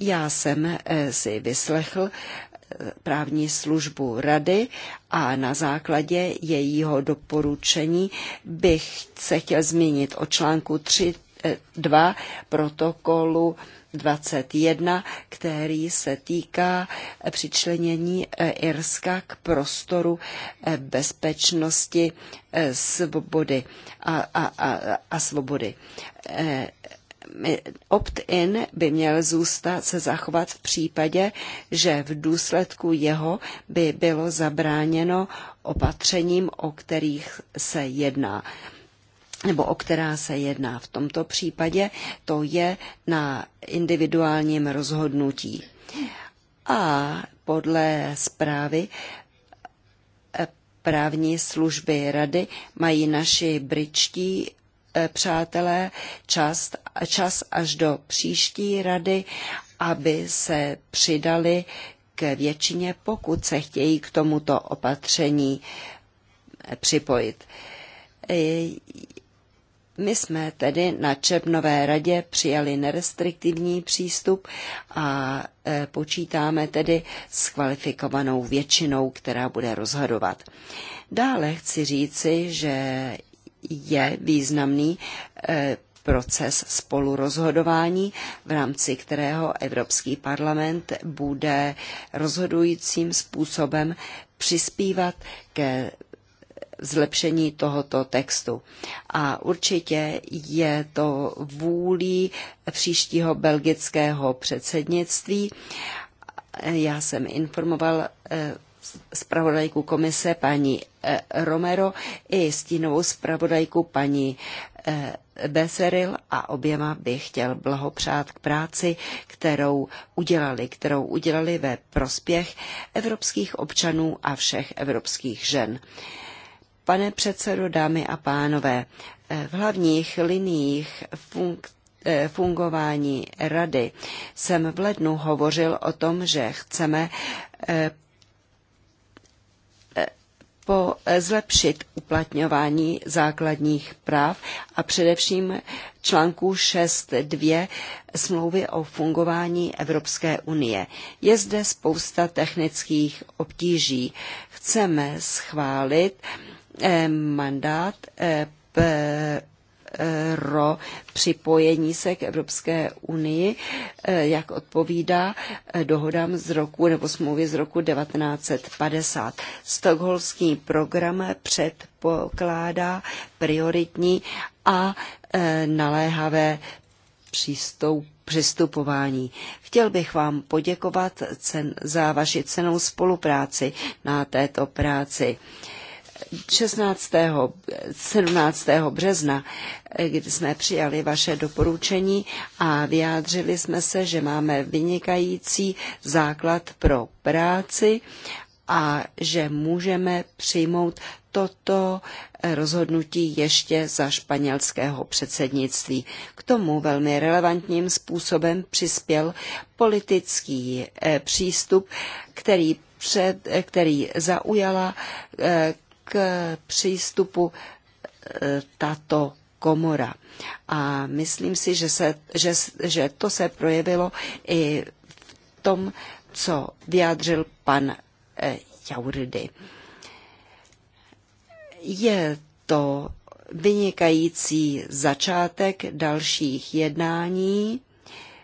Já jsem eh, si vyslechl eh, právní službu rady a na základě jejího doporučení bych se chtěl zmínit o článku 3.2 eh, protokolu 21, který se týká přičlenění eh, Irska k prostoru eh, bezpečnosti eh, svobody a, a, a, a svobody opt-in by měl zůstat se zachovat v případě, že v důsledku jeho by bylo zabráněno opatřením, o kterých se jedná nebo o která se jedná v tomto případě, to je na individuálním rozhodnutí. A podle zprávy eh, právní služby rady mají naši bričtí eh, přátelé čas, čas až do příští rady, aby se přidali k většině, pokud se chtějí k tomuto opatření eh, připojit my jsme tedy na Čepnové radě přijali nerestriktivní přístup a e, počítáme tedy s kvalifikovanou většinou, která bude rozhodovat. Dále chci říci, že je významný e, proces spolurozhodování, v rámci kterého Evropský parlament bude rozhodujícím způsobem přispívat ke zlepšení tohoto textu. A určitě je to vůlí příštího belgického předsednictví. Já jsem informoval eh, zpravodajku komise paní eh, Romero i stínovou zpravodajku paní eh, Beseril a oběma bych chtěl blahopřát k práci, kterou udělali, kterou udělali ve prospěch evropských občanů a všech evropských žen. Pane předsedo, dámy a pánové, v hlavních liniích funkcí eh, fungování rady jsem v lednu hovořil o tom, že chceme eh, eh, po zlepšit uplatňování základních práv a především článku 6.2 smlouvy o fungování Evropské unie. Je zde spousta technických obtíží. Chceme schválit eh, Eh, mandát eh, pro eh, připojení se k Evropské unii, jak odpovídá dohodám z roku nebo smlouvě z roku 1950. Stokholmský program předpokládá prioritní a naléhavé přístup přistupování. Chtěl bych vám poděkovat cen, za vaši cenou spolupráci na této práci. Eh, 16. 17. března, eh, kdy jsme přijali vaše doporučení a vyjádřili jsme se, že máme vynikající základ pro práci a že můžeme přijmout toto eh, rozhodnutí ještě za španělského předsednictví. K tomu velmi relevantním způsobem přispěl politický eh, přístup, který před, který zaujala k přístupu e, tato komora. A myslím si, že, se, že, že to se projevilo i v tom, co vyjádřil pan e, Jauridy. Je to vynikající začátek dalších jednání,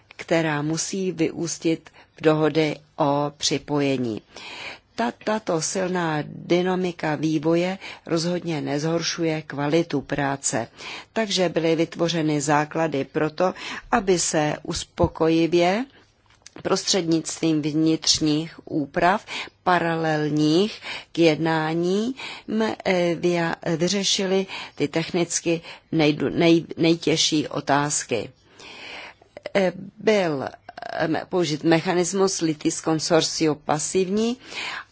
která musí vyústit v dohody o připojení ta, tato silná dynamika vývoje rozhodně nezhoršuje kvalitu práce. Takže byly vytvořeny základy pro to, aby se uspokojivě prostřednictvím vnitřních úprav paralelních k jednání eh, eh, vyřešili ty technicky nej, nej, nejtěžší otázky. Eh, byl použit mechanismus litis consortio pasivní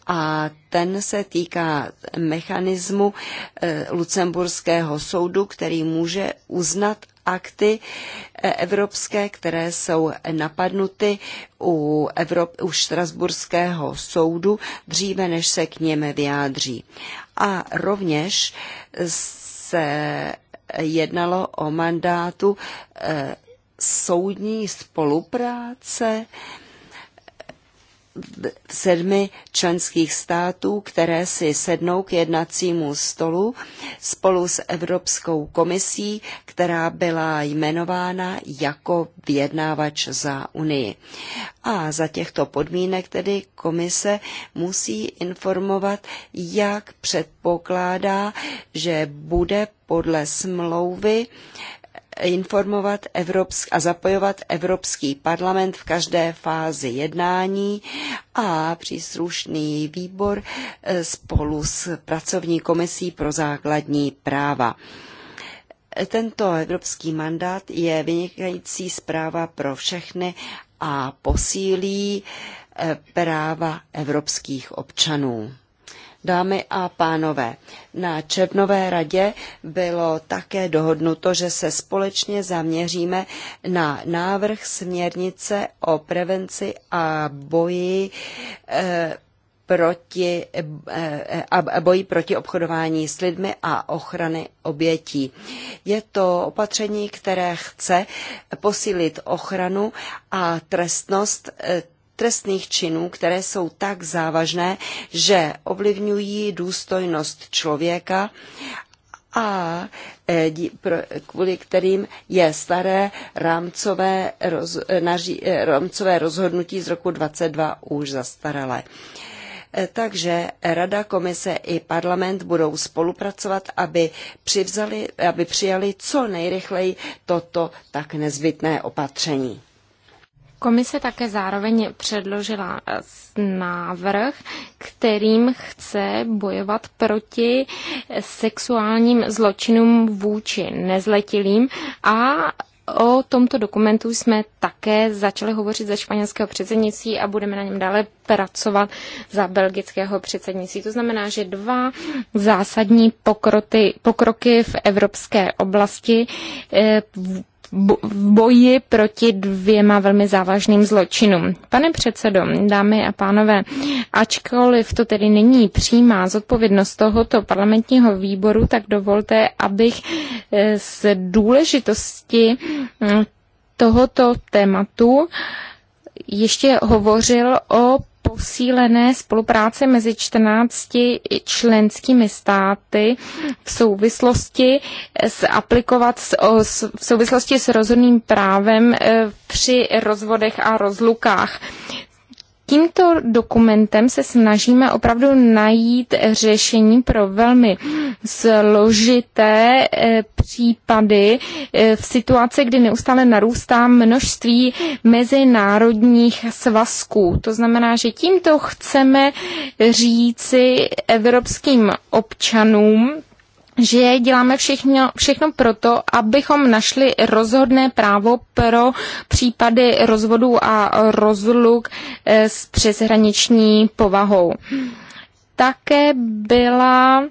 a ten se týká mechanismu eh, Lucemburského soudu, který může uznat akty eh, evropské, které jsou napadnuty u, Evrop, u Štrasburského soudu dříve, než se k něm vyjádří. A rovněž se jednalo o mandátu eh, soudní spolupráce sedmi členských států, které si sednou k jednacímu stolu spolu s Evropskou komisí, která byla jmenována jako vyjednávač za Unii. A za těchto podmínek tedy komise musí informovat, jak předpokládá, že bude podle smlouvy informovat Evropsk- a zapojovat Evropský parlament v každé fázi jednání a příslušný výbor eh, spolu s pracovní komisí pro základní práva. Tento evropský mandát je vynikající zpráva pro všechny a posílí eh, práva evropských občanů. Dámy a pánové, na Čepnové radě bylo také dohodnuto, že se společně zaměříme na návrh směrnice o prevenci a boji e, proti, eh, eh, a boji proti obchodování s lidmi a ochrany obětí. Je to opatření, které chce posílit ochranu a trestnost trestných činů, které jsou tak závažné, že ovlivňují důstojnost člověka a e, kvůli kterým je staré rámcové, roz, e, naří, e, rámcové rozhodnutí z roku 22 už zastaralé. Takže Rada, Komise i parlament budou spolupracovat, aby, přivzali, aby přijali co nejrychleji toto tak nezbytné opatření. Komise také zároveň předložila eh, návrh, kterým chce bojovat proti eh, sexuálním zločinům vůči nezletilým a O tomto dokumentu jsme také začali hovořit ze španělského předsednictví a budeme na něm dále pracovat za belgického předsednictví. To znamená, že dva zásadní pokroty, pokroky v evropské oblasti eh, v boji proti dvěma velmi závažným zločinům. Pane předsedo, dámy a pánové, ačkoliv to tedy není přímá zodpovědnost tohoto parlamentního výboru, tak dovolte, abych eh, z důležitosti mm, tohoto tématu ještě hovořil o posílené spolupráce mezi 14 členskými státy v souvislosti s aplikovat v souvislosti s rozhodným právem e, při rozvodech a rozlukách tímto dokumentem se snažíme opravdu najít řešení pro velmi složité eh, případy eh, v situaci, kdy neustále narůstá množství mezinárodních svazků. To znamená, že tímto chceme říci evropským občanům, že děláme všechno, všechno proto, abychom našli rozhodné právo pro případy rozvodů a rozluk eh, s přeshraniční povahou. Také byla,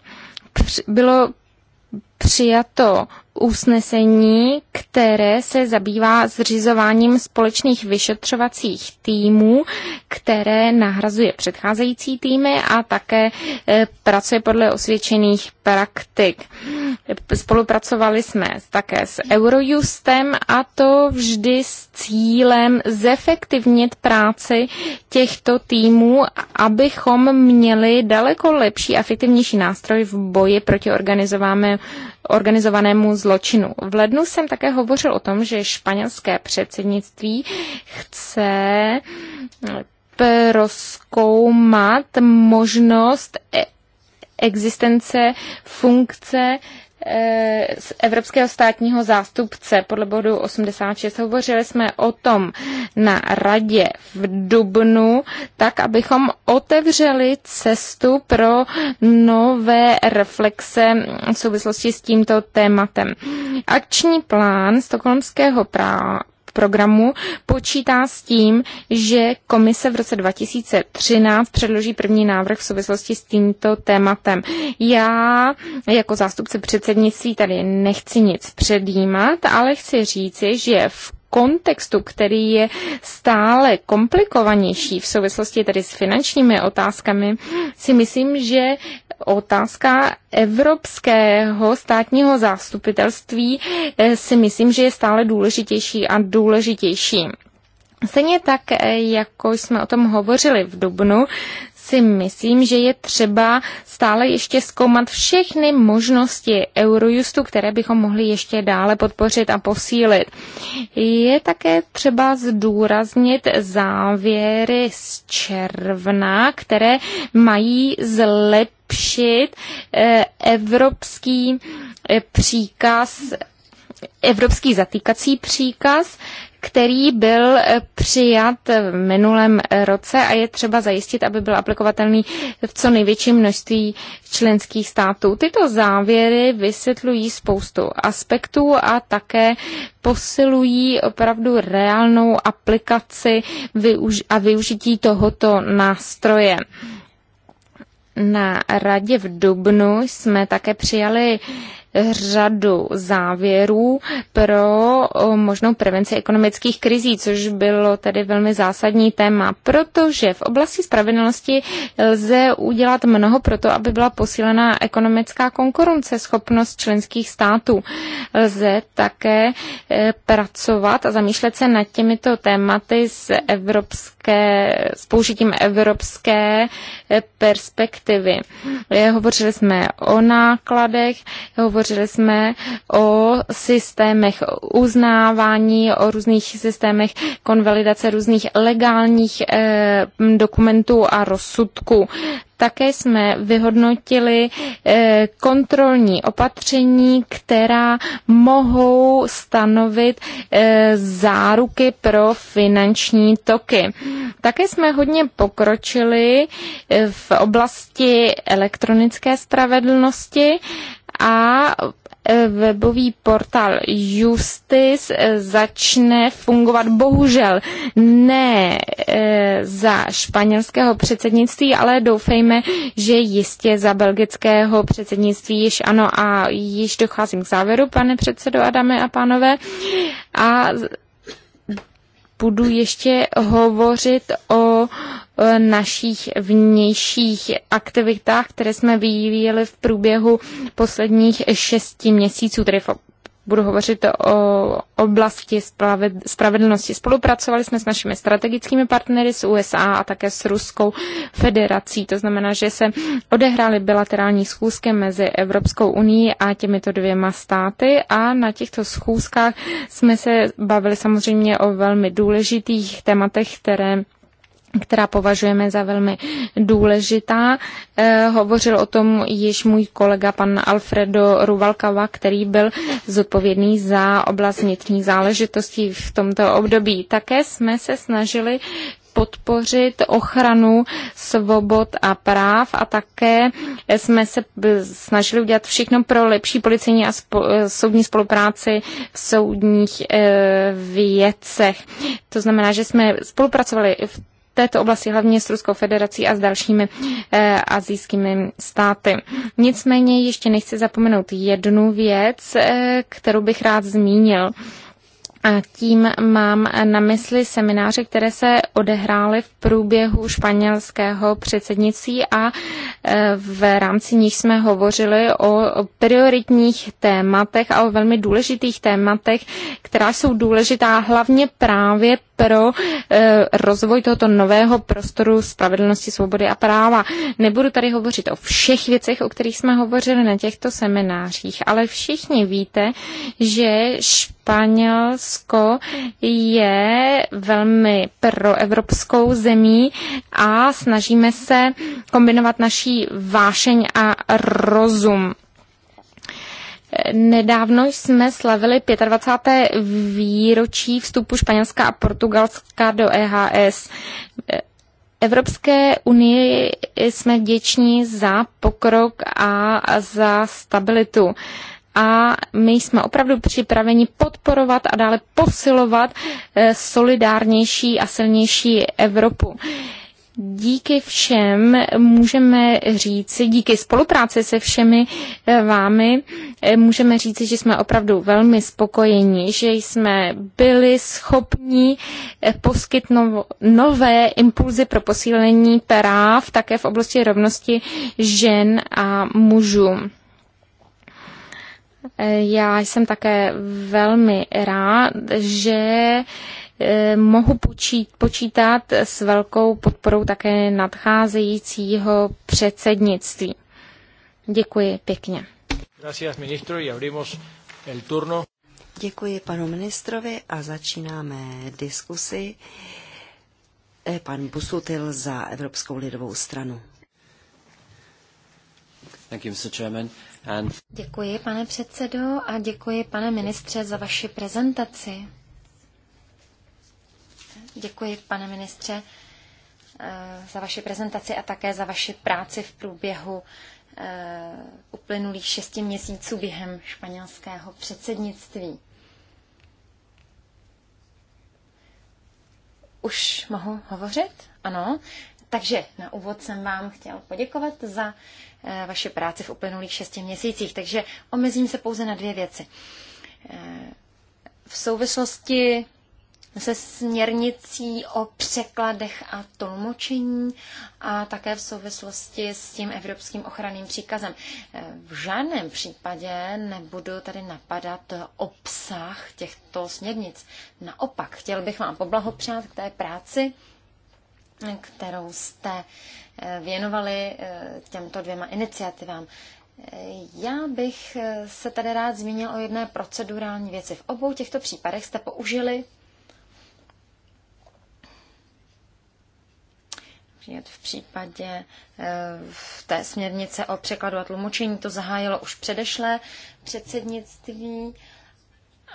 bylo přijato usnesení, které se zabývá zřizováním společných vyšetřovacích týmů, které nahrazuje předcházející týmy a také e, pracuje podle osvědčených praktik. Spolupracovali jsme také s Eurojustem a to vždy s cílem zefektivnit práci těchto týmů, abychom měli daleko lepší a efektivnější nástroj v boji proti organizovanému organizovanému zločinu. V lednu jsem také hovořil o tom, že španělské předsednictví chce proskoumat možnost e- existence funkce Eh, z Evropského státního zástupce podle bodu 86. Hovořili jsme o tom na radě v Dubnu, tak abychom otevřeli cestu pro nové reflexe v souvislosti s tímto tématem. Akční plán stokholmského programu počítá s tím, že komise v roce 2013 předloží první návrh v souvislosti s tímto tématem. Já jako zástupce předsednictví tady nechci nic předjímat, ale chci říci, že v kontextu, který je stále komplikovanější v souvislosti tedy s finančními otázkami, si myslím, že otázka evropského státního zástupitelství eh, si myslím, že je stále důležitější a důležitější. Stejně tak, eh, jako jsme o tom hovořili v Dubnu, si myslím, že je třeba stále ještě zkoumat všechny možnosti Eurojustu, které bychom mohli ještě dále podpořit a posílit. Je také třeba zdůraznit závěry z června, které mají zlepšit eh, evropský eh, příkaz evropský zatýkací příkaz, který byl eh, přijat v minulém eh, roce a je třeba zajistit, aby byl aplikovatelný v co největším množství členských států. Tyto závěry vysvětlují spoustu aspektů a také posilují opravdu reálnou aplikaci a využití tohoto nástroje. Na radě v Dubnu jsme také přijali řadu závěrů pro možnou prevenci ekonomických krizí, což bylo tedy velmi zásadní téma, protože v oblasti spravedlnosti lze udělat mnoho pro to, aby byla posílená ekonomická konkurence, schopnost členských států. Lze také e, pracovat a zamýšlet se nad těmito tématy s, evropské, s použitím evropské e, perspektivy. E, hovořili jsme o nákladech, hovořili hovořili jsme o systémech uznávání, o různých systémech konvalidace různých legálních eh, dokumentů a rozsudků. Také jsme vyhodnotili eh, kontrolní opatření, která mohou stanovit eh, záruky pro finanční toky. Také jsme hodně pokročili eh, v oblasti elektronické spravedlnosti a e, webový portál Justice začne fungovat bohužel ne e, za španělského předsednictví, ale doufejme, že jistě za belgického předsednictví již ano a již docházím k závěru, pane předsedo a dámy a pánové. A budu ještě hovořit o našich vnějších aktivitách, které jsme vyvíjeli v průběhu posledních šesti měsíců, tedy budu hovořit o oblasti spravedlnosti. Spolupracovali jsme s našimi strategickými partnery z USA a také s Ruskou federací. To znamená, že se odehrály bilaterální schůzky mezi Evropskou unii a těmito dvěma státy a na těchto schůzkách jsme se bavili samozřejmě o velmi důležitých tématech, které která považujeme za velmi důležitá. E, hovořil o tom již můj kolega pan Alfredo Ruvalkava, který byl zodpovědný za oblast vnitřních záležitostí v tomto období. Také jsme se snažili podpořit ochranu svobod a práv a také jsme se snažili udělat všechno pro lepší policejní a spo, soudní spolupráci v soudních e, věcech. To znamená, že jsme spolupracovali v této oblasti, hlavně s Ruskou federací a s dalšími e, eh, azijskými státy. Nicméně ještě nechci zapomenout jednu věc, e, kterou bych rád zmínil. A tím mám na mysli semináře, které se odehrály v průběhu španělského předsednictví a e, v rámci nich jsme hovořili o prioritních tématech a o velmi důležitých tématech, která jsou důležitá hlavně právě pro e, rozvoj tohoto nového prostoru spravedlnosti, svobody a práva. Nebudu tady hovořit o všech věcech, o kterých jsme hovořili na těchto seminářích, ale všichni víte, že Španělsko je velmi proevropskou zemí a snažíme se kombinovat naší vášeň a rozum. Nedávno jsme slavili 25. výročí vstupu Španělska a Portugalska do EHS. Evropské unii jsme děční za pokrok a za stabilitu a my jsme opravdu připraveni podporovat a dále posilovat eh, solidárnější a silnější Evropu. Díky všem můžeme říci, díky spolupráci se všemi eh, vámi, eh, můžeme říci, že jsme opravdu velmi spokojeni, že jsme byli schopni poskytnout nové impulzy pro posílení práv také v oblasti rovnosti žen a mužů. E, já jsem také velmi rád, že e, mohu počít, počítat s velkou podporou také nadcházejícího předsednictví. Děkuji pěkně. Gracias, ministro, y abrimos el turno. Děkuji panu ministrovi a začínáme diskusi. E, pan Busutil za Evropskou lidovou stranu. Thank you, Mr. Chairman. Děkuji, pane předsedo, a děkuji, pane ministře, za vaši prezentaci. Děkuji, pane ministře, eh, za vaši prezentaci a také za vaši práci v průběhu eh, uplynulých šesti měsíců během španělského předsednictví. Už mohu hovořit? Ano. Takže na úvod jsem vám chtěl poděkovat za eh, vaše práci v uplynulých šesti měsících, takže omezím se pouze na dvě věci. Eh, v souvislosti se směrnicí o překladech a tlumočení a také v souvislosti s tím evropským ochranným příkazem. Eh, v žádném případě nebudu tady napadat obsah těchto směrnic. Naopak, chtěl bych vám poblahopřát k té práci, kterou jste eh, věnovali eh, těmto dvěma iniciativám. Eh, já bych se tady rád zmínil o jedné procedurální věci. V obou těchto případech jste použili v případě v té směrnice o překladu a tlumočení to zahájilo už předešlé předsednictví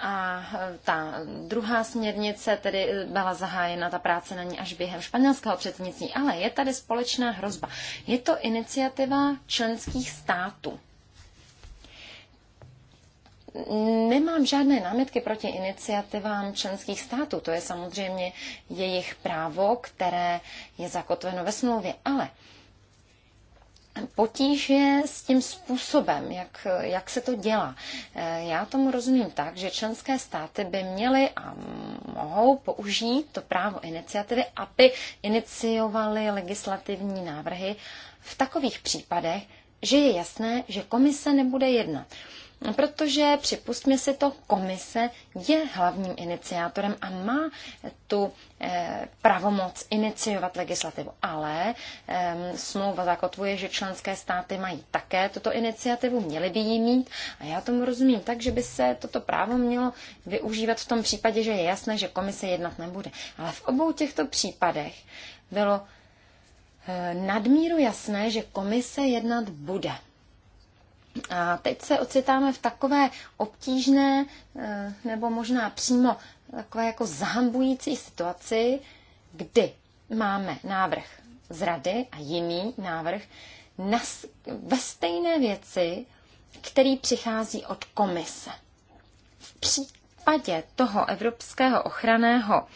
a e, ta druhá směrnice tedy e, byla zahájena, ta práce na ní až během španělského předsednictví, ale je tady společná hrozba. Je to iniciativa členských států. Nemám žádné námitky proti iniciativám členských států. To je samozřejmě jejich právo, které je zakotveno ve smlouvě. Ale potíže s tím způsobem, jak, jak se to dělá. Eh, já tomu rozumím tak, že členské státy by měly a mohou použít to právo iniciativy, aby iniciovaly legislativní návrhy v takových případech, že je jasné, že komise nebude jednat protože připustme si to, komise je hlavním iniciátorem a má tu eh, pravomoc iniciovat legislativu. Ale ehm, smlouva zakotvuje, že členské státy mají také tuto iniciativu, měly by ji mít a já tomu rozumím tak, že by se toto právo mělo využívat v tom případě, že je jasné, že komise jednat nebude. Ale v obou těchto případech bylo eh, nadmíru jasné, že komise jednat bude. A teď se ocitáme v takové obtížné eh, nebo možná přímo takové jako zahambující situaci, kdy máme návrh z rady a jiný návrh na, ve stejné věci, který přichází od komise. V případě toho evropského ochranného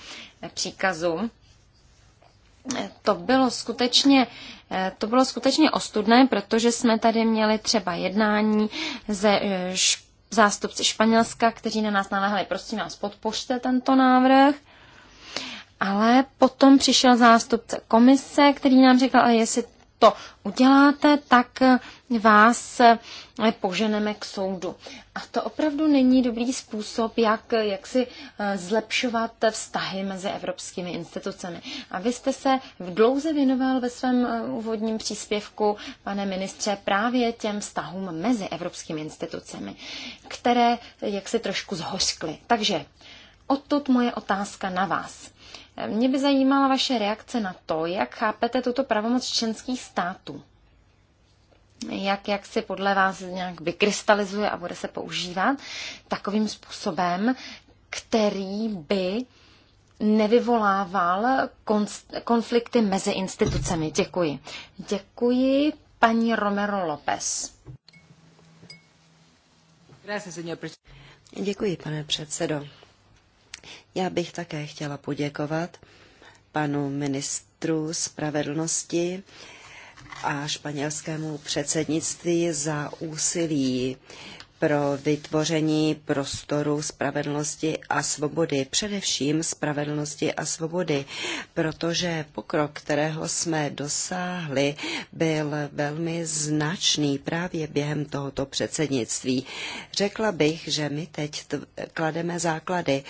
příkazu to bylo skutečně eh, to bylo skutečně ostudné, protože jsme tady měli třeba jednání ze eh, zástupci Španělska, kteří na nás naléhali, prosím nás podpořte tento návrh. Ale potom přišel zástupce komise, který nám řekl, ale jestli to uděláte, tak vás poženeme k soudu. A to opravdu není dobrý způsob, jak, jak si eh, zlepšovat vztahy mezi evropskými institucemi. A vy jste se v dlouze věnoval ve svém eh, úvodním příspěvku, pane ministře, právě těm vztahům mezi evropskými institucemi, které jak si trošku zhořkly. Takže odtud moje otázka na vás. Mě by zajímala vaše reakce na to, jak chápete tuto pravomoc členských států. Jak, jak si podle vás nějak vykrystalizuje a bude se používat takovým způsobem, který by nevyvolával konflikty mezi institucemi. Děkuji. Děkuji paní Romero López. Děkuji, pane předsedo. Já bych také chtěla poděkovat panu ministru spravedlnosti a španělskému předsednictví za úsilí pro vytvoření prostoru spravedlnosti a svobody, především spravedlnosti a svobody, protože pokrok, kterého jsme dosáhli, byl velmi značný právě během tohoto předsednictví. Řekla bych, že my teď klademe základy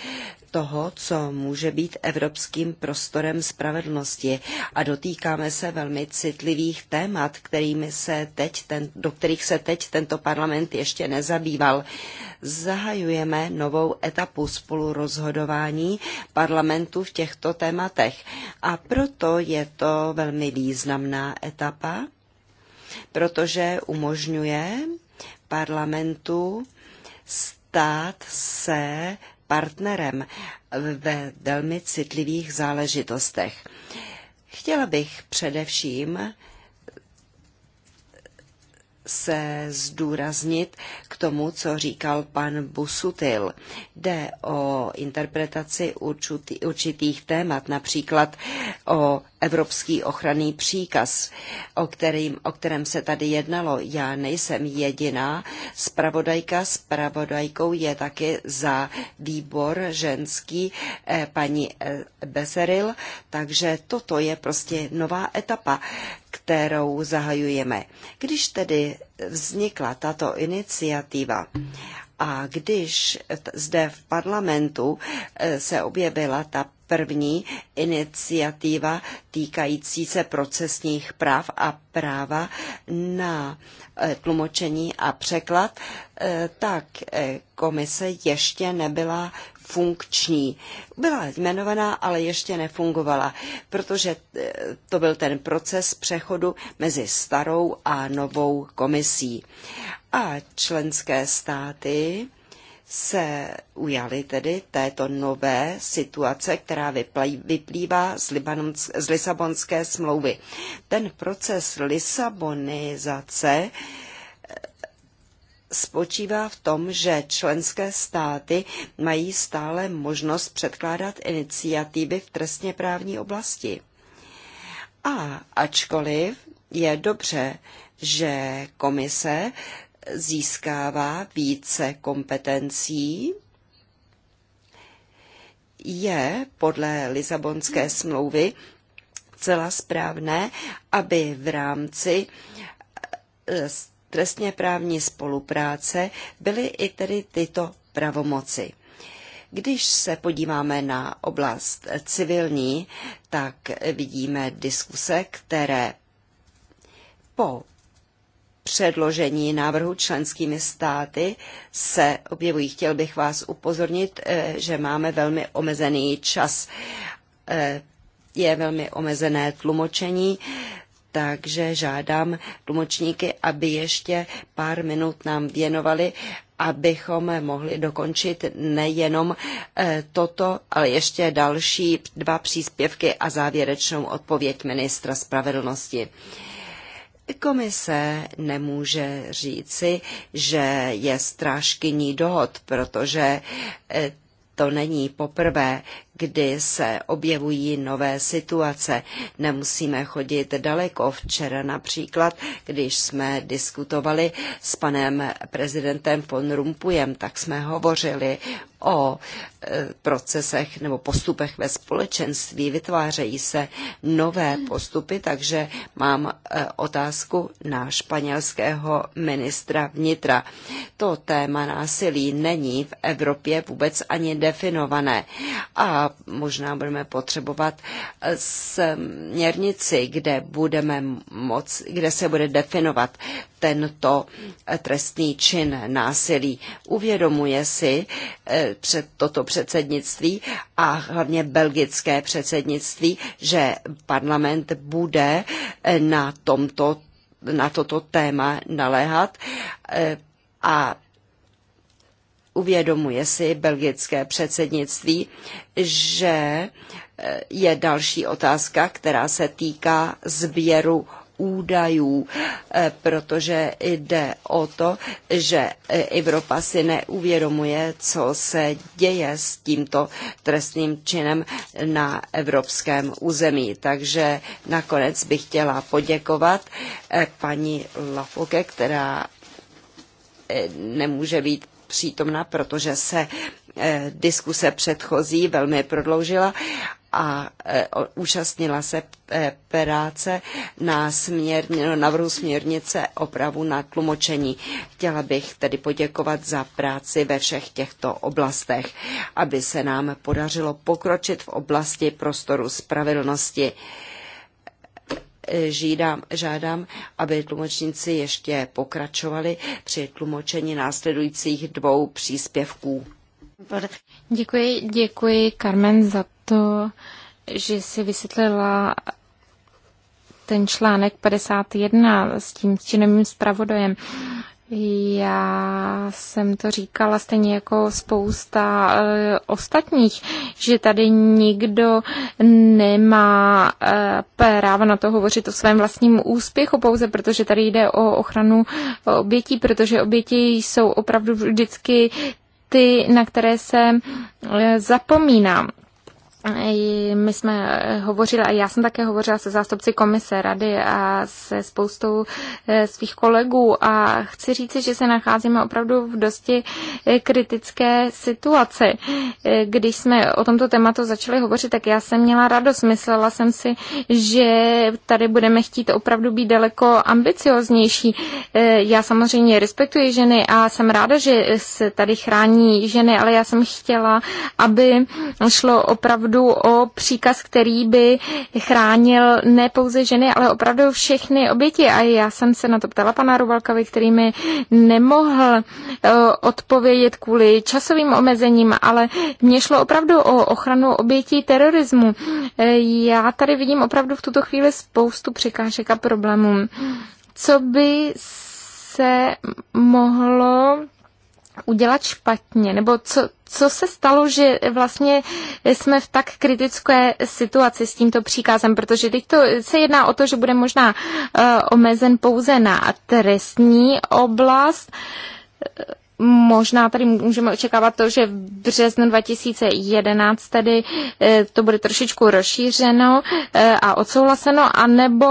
toho, co může být evropským prostorem spravedlnosti a dotýkáme se velmi citlivých témat, kterými se teď ten, do kterých se teď tento parlament ještě nezabýval. Zahajujeme novou etapu spolurozhodování parlamentu v těchto tématech a proto je to velmi významná etapa, protože umožňuje parlamentu stát se partnerem ve velmi citlivých záležitostech. Chtěla bych především se zdůraznit k tomu, co říkal pan Busutil. Jde o interpretaci určitý, určitých témat, například o evropský ochranný příkaz, o, kterým, o kterém se tady jednalo. Já nejsem jediná. Spravodajka spravodajkou je taky za výbor ženský eh, paní eh, Beseril, takže toto je prostě nová etapa kterou zahajujeme. Když tedy vznikla tato iniciativa a když zde v parlamentu e, se objevila ta první iniciativa týkající se procesních práv a práva na e, tlumočení a překlad, e, tak komise ještě nebyla funkční. Byla jmenovaná, ale ještě nefungovala, protože eh, to byl ten proces přechodu mezi starou a novou komisí. A členské státy se ujali tedy této nové situace, která vyplývá z, Libanons, z Lisabonské smlouvy. Ten proces Lisabonizace spočívá v tom, že členské státy mají stále možnost předkládat iniciativy v trestně právní oblasti. A ačkoliv je dobře, že komise získává více kompetencí, je podle Lisabonské smlouvy celá správné, aby v rámci eh, trestně právní spolupráce byly i tedy tyto pravomoci. Když se podíváme na oblast civilní, tak vidíme diskuse, které po předložení návrhu členskými státy se objevují. Chtěl bych vás upozornit, eh, že máme velmi omezený čas. Eh, je velmi omezené tlumočení takže žádám tlumočníky, aby ještě pár minut nám věnovali, abychom mohli dokončit nejenom eh, toto, ale ještě další dva příspěvky a závěrečnou odpověď ministra spravedlnosti. Komise nemůže říci, že je strážkyní dohod, protože eh, to není poprvé, kdy se objevují nové situace. Nemusíme chodit daleko. Včera například, když jsme diskutovali s panem prezidentem von Rumpujem, tak jsme hovořili o e, procesech nebo postupech ve společenství. Vytvářejí se nové postupy, takže mám e, otázku na španělského ministra vnitra. To téma násilí není v Evropě vůbec ani definované. A možná budeme potřebovat směrnici, kde budeme moc, kde se bude definovat tento trestný čin násilí. Uvědomuje si eh, před toto předsednictví a hlavně belgické předsednictví, že parlament bude eh, na tomto na toto téma naléhat eh, a uvědomuje si belgické předsednictví, že eh, je další otázka, která se týká sběru údajů, eh, protože jde o to, že eh, Evropa si neuvědomuje, co se děje s tímto trestným činem na evropském území. Takže nakonec bych chtěla poděkovat paní Lafoke, která nemůže být přítomna, protože se eh, diskuse předchozí velmi prodloužila a eh, účastnila se eh, práce na směrně, navrhu no, směrnice opravu na tlumočení. Chtěla bych tedy poděkovat za práci ve všech těchto oblastech, aby se nám podařilo pokročit v oblasti prostoru spravedlnosti žídám, žádám, aby tlumočníci ještě pokračovali při tlumočení následujících dvou příspěvků. Děkuji, děkuji Carmen za to, že si vysvětlila ten článek 51 s tím činným zpravodajem. Já jsem to říkala stejně jako spousta e, ostatních, že tady nikdo nemá e, právo na to hovořit o svém vlastním úspěchu, pouze protože tady jde o ochranu eh, obětí, protože oběti jsou opravdu vždycky ty, na které se zapomíná my jsme eh, hovořili, a já jsem také hovořila se zástupci komise, rady a se spoustou eh, svých kolegů a chci říci, že se nacházíme opravdu v dosti eh, kritické situaci. Když jsme o tomto tématu začali hovořit, tak já jsem měla radost. Myslela jsem si, že tady budeme chtít opravdu být daleko ambicioznější. Já samozřejmě respektuji ženy a jsem ráda, že se tady chrání ženy, ale já jsem chtěla, aby šlo opravdu opravdu o příkaz, který by chránil ne pouze ženy, ale opravdu všechny oběti. A já jsem se na to ptala pana Rubalkavy, který mi nemohl eh, odpovědět kvůli časovým omezením, ale mně šlo opravdu o ochranu obětí terorismu. Eh, já tady vidím opravdu v tuto chvíli spoustu překážek a problémů. Co by se mohlo udělat špatně, nebo co, co se stalo, že vlastně jsme v tak kritické situaci s tímto příkazem, protože teď to se jedná o to, že bude možná uh, omezen pouze na trestní oblast, uh, Možná tady můžeme očekávat to, že v březnu 2011 tedy eh, to bude trošičku rozšířeno eh, a odsouhlaseno, anebo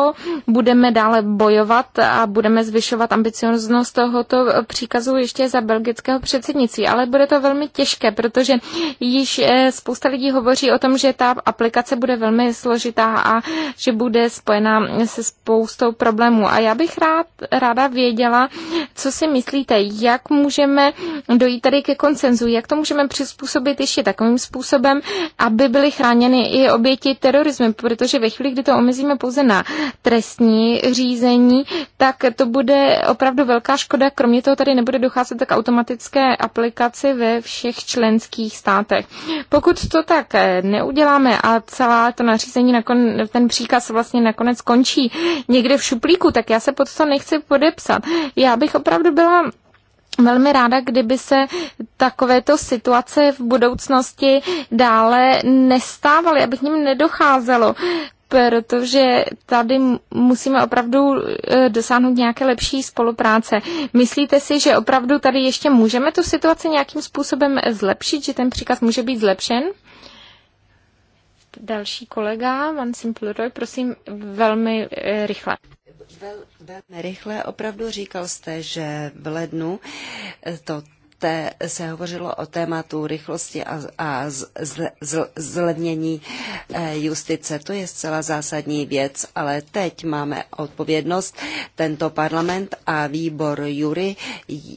budeme dále bojovat a budeme zvyšovat ambicioznost tohoto příkazu ještě za belgického předsednictví. Ale bude to velmi těžké, protože již eh, spousta lidí hovoří o tom, že ta aplikace bude velmi složitá a že bude spojená se spoustou problémů. A já bych rád, ráda věděla, co si myslíte, jak můžeme můžeme dojít tady ke koncenzu, jak to můžeme přizpůsobit ještě takovým způsobem, aby byly chráněny i oběti terorismu, protože ve chvíli, kdy to omezíme pouze na trestní řízení, tak to bude opravdu velká škoda. Kromě toho tady nebude docházet tak automatické aplikaci ve všech členských státech. Pokud to tak eh, neuděláme a celá to nařízení, ten příkaz vlastně nakonec končí někde v šuplíku, tak já se pod to nechci podepsat. Já bych opravdu byla velmi ráda, kdyby se takovéto situace v budoucnosti dále nestávaly, aby k ním nedocházelo protože tady musíme opravdu e, dosáhnout nějaké lepší spolupráce. Myslíte si, že opravdu tady ještě můžeme tu situaci nějakým způsobem zlepšit, že ten příkaz může být zlepšen? Další kolega, Van Simpleroy, prosím, velmi e, rychle. Vel, velmi rychle. Opravdu říkal jste, že v lednu to té se hovořilo o tématu rychlosti a, a zle, zlevnění eh, justice. To je zcela zásadní věc, ale teď máme odpovědnost. Tento parlament a výbor Jury,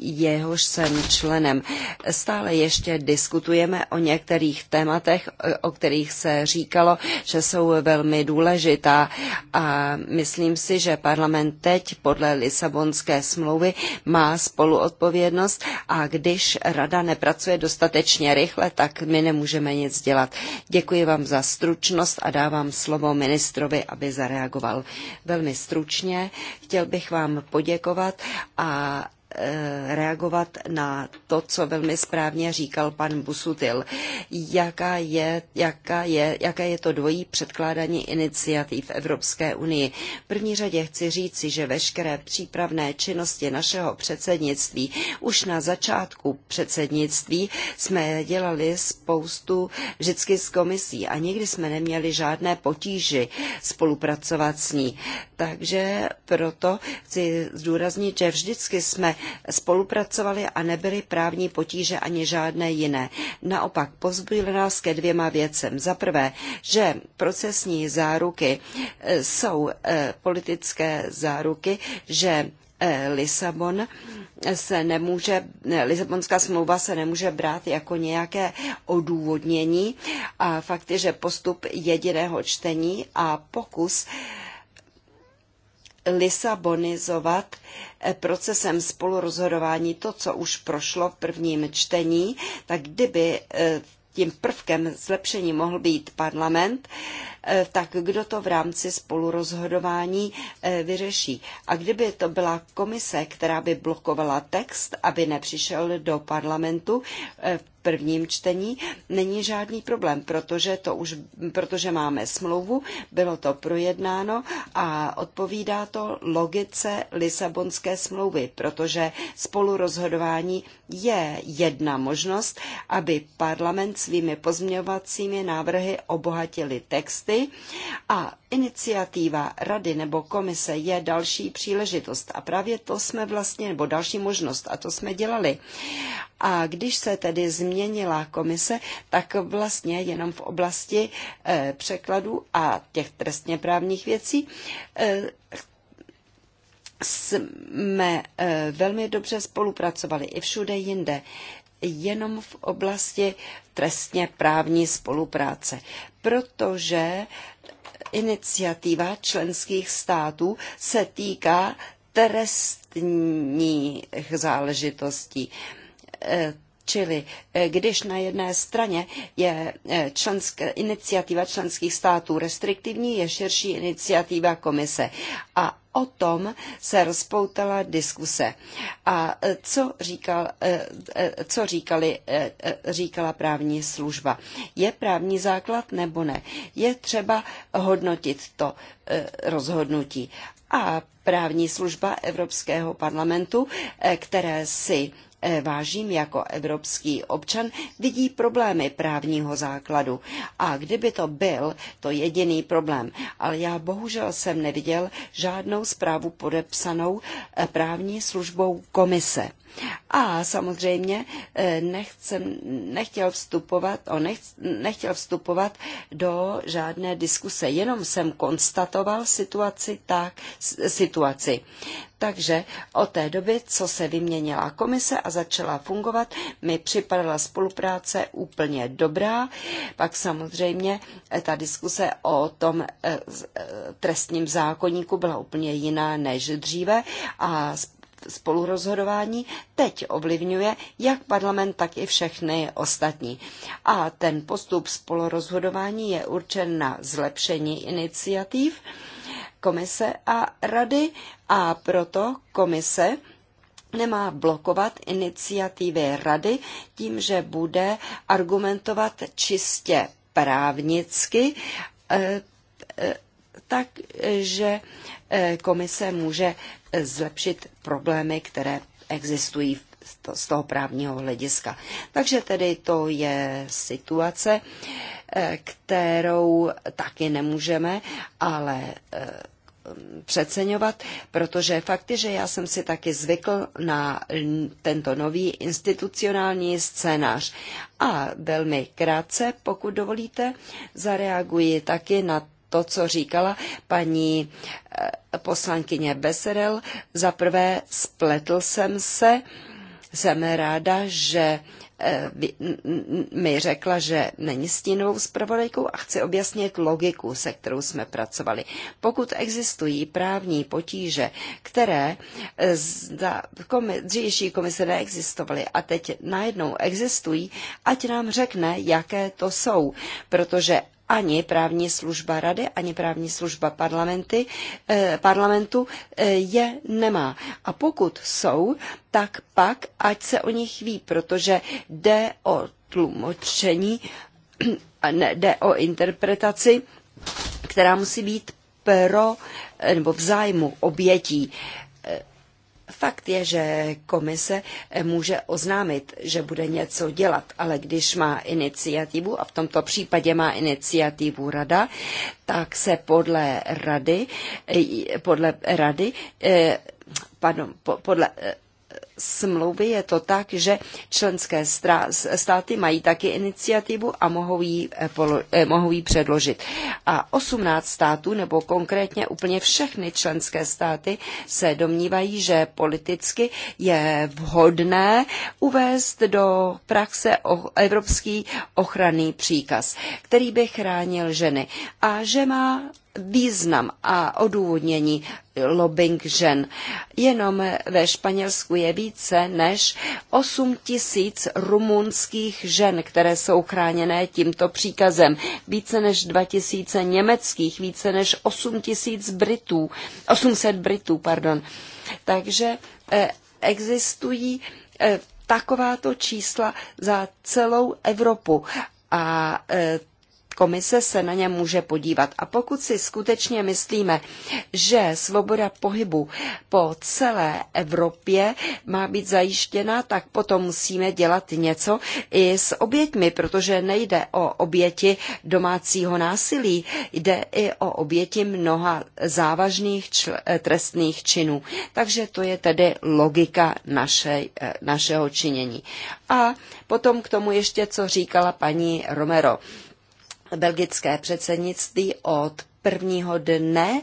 jehož jsem členem. Stále ještě diskutujeme o některých tématech, o kterých se říkalo, že jsou velmi důležitá a myslím si, že parlament teď podle Lisabonské smlouvy má spoluodpovědnost a kdy když rada nepracuje dostatečně rychle, tak my nemůžeme nic dělat. Děkuji vám za stručnost a dávám slovo ministrovi, aby zareagoval velmi stručně. Chtěl bych vám poděkovat a Eh, reagovat na to, co velmi správně říkal pan Busutil. Jaká je, jaká je, jaké je to dvojí předkládání iniciativ Evropské unii? V první řadě chci říci, že veškeré přípravné činnosti našeho předsednictví už na začátku předsednictví jsme dělali spoustu vždycky s komisí a nikdy jsme neměli žádné potíži spolupracovat s ní. Takže proto chci zdůraznit, že vždycky jsme spolupracovali a nebyly právní potíže ani žádné jiné. Naopak pozbudil nás ke dvěma věcem. Za prvé, že procesní záruky eh, jsou eh, politické záruky, že eh, Lisabon se nemůže, Lisabonská smlouva se nemůže brát jako nějaké odůvodnění a fakt je, že postup jediného čtení a pokus eh, lisabonizovat eh, procesem spolurozhodování to, co už prošlo v prvním čtení, tak kdyby eh, tím prvkem zlepšení mohl být parlament, eh, tak kdo to v rámci spolurozhodování vyřeší. A kdyby to byla komise, která by blokovala text, aby nepřišel do parlamentu v prvním čtení není žádný problém, protože, to už, protože máme smlouvu, bylo to projednáno a odpovídá to logice Lisabonské smlouvy, protože spolurozhodování je jedna možnost, aby parlament svými pozměňovacími návrhy obohatili texty a Iniciativa rady nebo komise je další příležitost a právě to jsme vlastně, nebo další možnost a to jsme dělali. A když se tedy změnila komise, tak vlastně jenom v oblasti e, překladů a těch trestně právních věcí e, jsme e, velmi dobře spolupracovali i všude jinde jenom v oblasti trestně právní spolupráce, protože iniciativa členských států se týká trestních záležitostí. Eh, čili eh, když na jedné straně je eh, členské, iniciativa členských států restriktivní, je širší iniciativa komise. A o tom se rozpoutala diskuse. A e, co, říkal, e, e, co říkali, říkala právní služba? Je právní základ nebo ne? Je třeba hodnotit to rozhodnutí. A právní služba Evropského parlamentu, které si E, vážím jako evropský občan, vidí problémy právního základu. A kdyby to byl to jediný problém, ale já bohužel jsem neviděl žádnou zprávu podepsanou e, právní službou komise. A samozřejmě eh, nechcem, nechtěl vstupovat, o nech, nechtěl vstupovat do žádné diskuse, jenom jsem konstatoval situaci tak, situaci. Takže od té doby, co se vyměnila komise a začala fungovat, mi připadala spolupráce úplně dobrá. Pak samozřejmě eh, ta diskuse o tom eh, trestním zákoníku byla úplně jiná než dříve a spolurozhodování teď ovlivňuje jak parlament, tak i všechny ostatní. A ten postup spolurozhodování je určen na zlepšení iniciativ komise a rady a proto komise nemá blokovat iniciativy rady tím, že bude argumentovat čistě právnicky, eh, eh, takže eh, komise může zlepšit problémy, které existují z toho právního hlediska. Takže tedy to je situace, eh, kterou taky nemůžeme, ale eh, přeceňovat, protože fakt je, že já jsem si taky zvykl na tento nový institucionální scénář. A velmi krátce, pokud dovolíte, zareaguji taky na to, co říkala paní eh, poslankyně Beserel. Za prvé spletl jsem se, jsem ráda, že eh, mi řekla, že není stínovou zpravodajkou a chci objasnit logiku, se kterou jsme pracovali. Pokud existují právní potíže, které eh, za komi- dřívější komise neexistovaly a teď najednou existují, ať nám řekne, jaké to jsou, protože ani právní služba rady, ani právní služba parlamenty, eh, parlamentu eh, je nemá. A pokud jsou, tak pak ať se o nich ví, protože jde o tlumočení, ne, jde o interpretaci, která musí být pro eh, nebo v zájmu obětí. Fakt je, že komise může oznámit, že bude něco dělat, ale když má iniciativu, a v tomto případě má iniciativu rada, tak se podle rady, podle rady, eh, pardon, podle eh, smlouvy je to tak, že členské státy mají taky iniciativu a mohou ji, eh, eh, mohou ji předložit. A 18 států, nebo konkrétně úplně všechny členské státy, se domnívají, že politicky je vhodné uvést do praxe evropský ochranný příkaz, který by chránil ženy a že má význam a odůvodnění lobbying žen. Jenom ve Španělsku je víc více než 8 tisíc rumunských žen, které jsou chráněné tímto příkazem, více než 2 tisíce německých, více než 8 tisíc Britů, 800 Britů, pardon. Takže eh, existují eh, takováto čísla za celou Evropu a eh, komise se na ně může podívat. A pokud si skutečně myslíme, že svoboda pohybu po celé Evropě má být zajištěna, tak potom musíme dělat něco i s oběťmi, protože nejde o oběti domácího násilí, jde i o oběti mnoha závažných eh, trestných činů. Takže to je tedy logika naše, eh, našeho činění. A potom k tomu ještě, co říkala paní Romero belgické předsednictví od prvního dne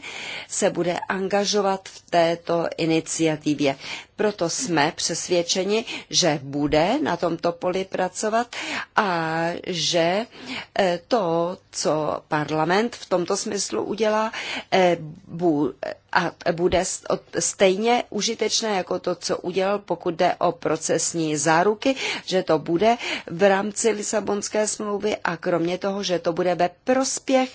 se bude angažovat v této iniciativě. Proto jsme přesvědčeni, že bude na tomto poli pracovat a že eh, to, co parlament v tomto smyslu udělá, eh, bude stejně užitečné jako to, co udělal, pokud jde o procesní záruky, že to bude v rámci Lisabonské smlouvy a kromě toho, že to bude ve prospěch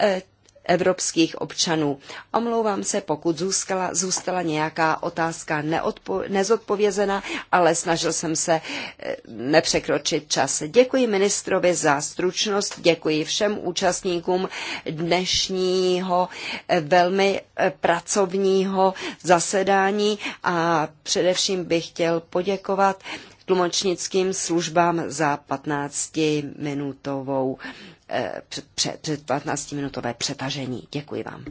eh, evropských občanů. Omlouvám se, pokud zůstala, zůstala nějaká otázka neodpo, nezodpovězena, ale snažil jsem se eh, nepřekročit čas. Děkuji ministrovi za stručnost, děkuji všem účastníkům dnešního eh, velmi eh, pracovního zasedání a především bych chtěl poděkovat tlumočnickým službám za 15-minutovou Eh, před 15-minutové přetažení. Děkuji vám.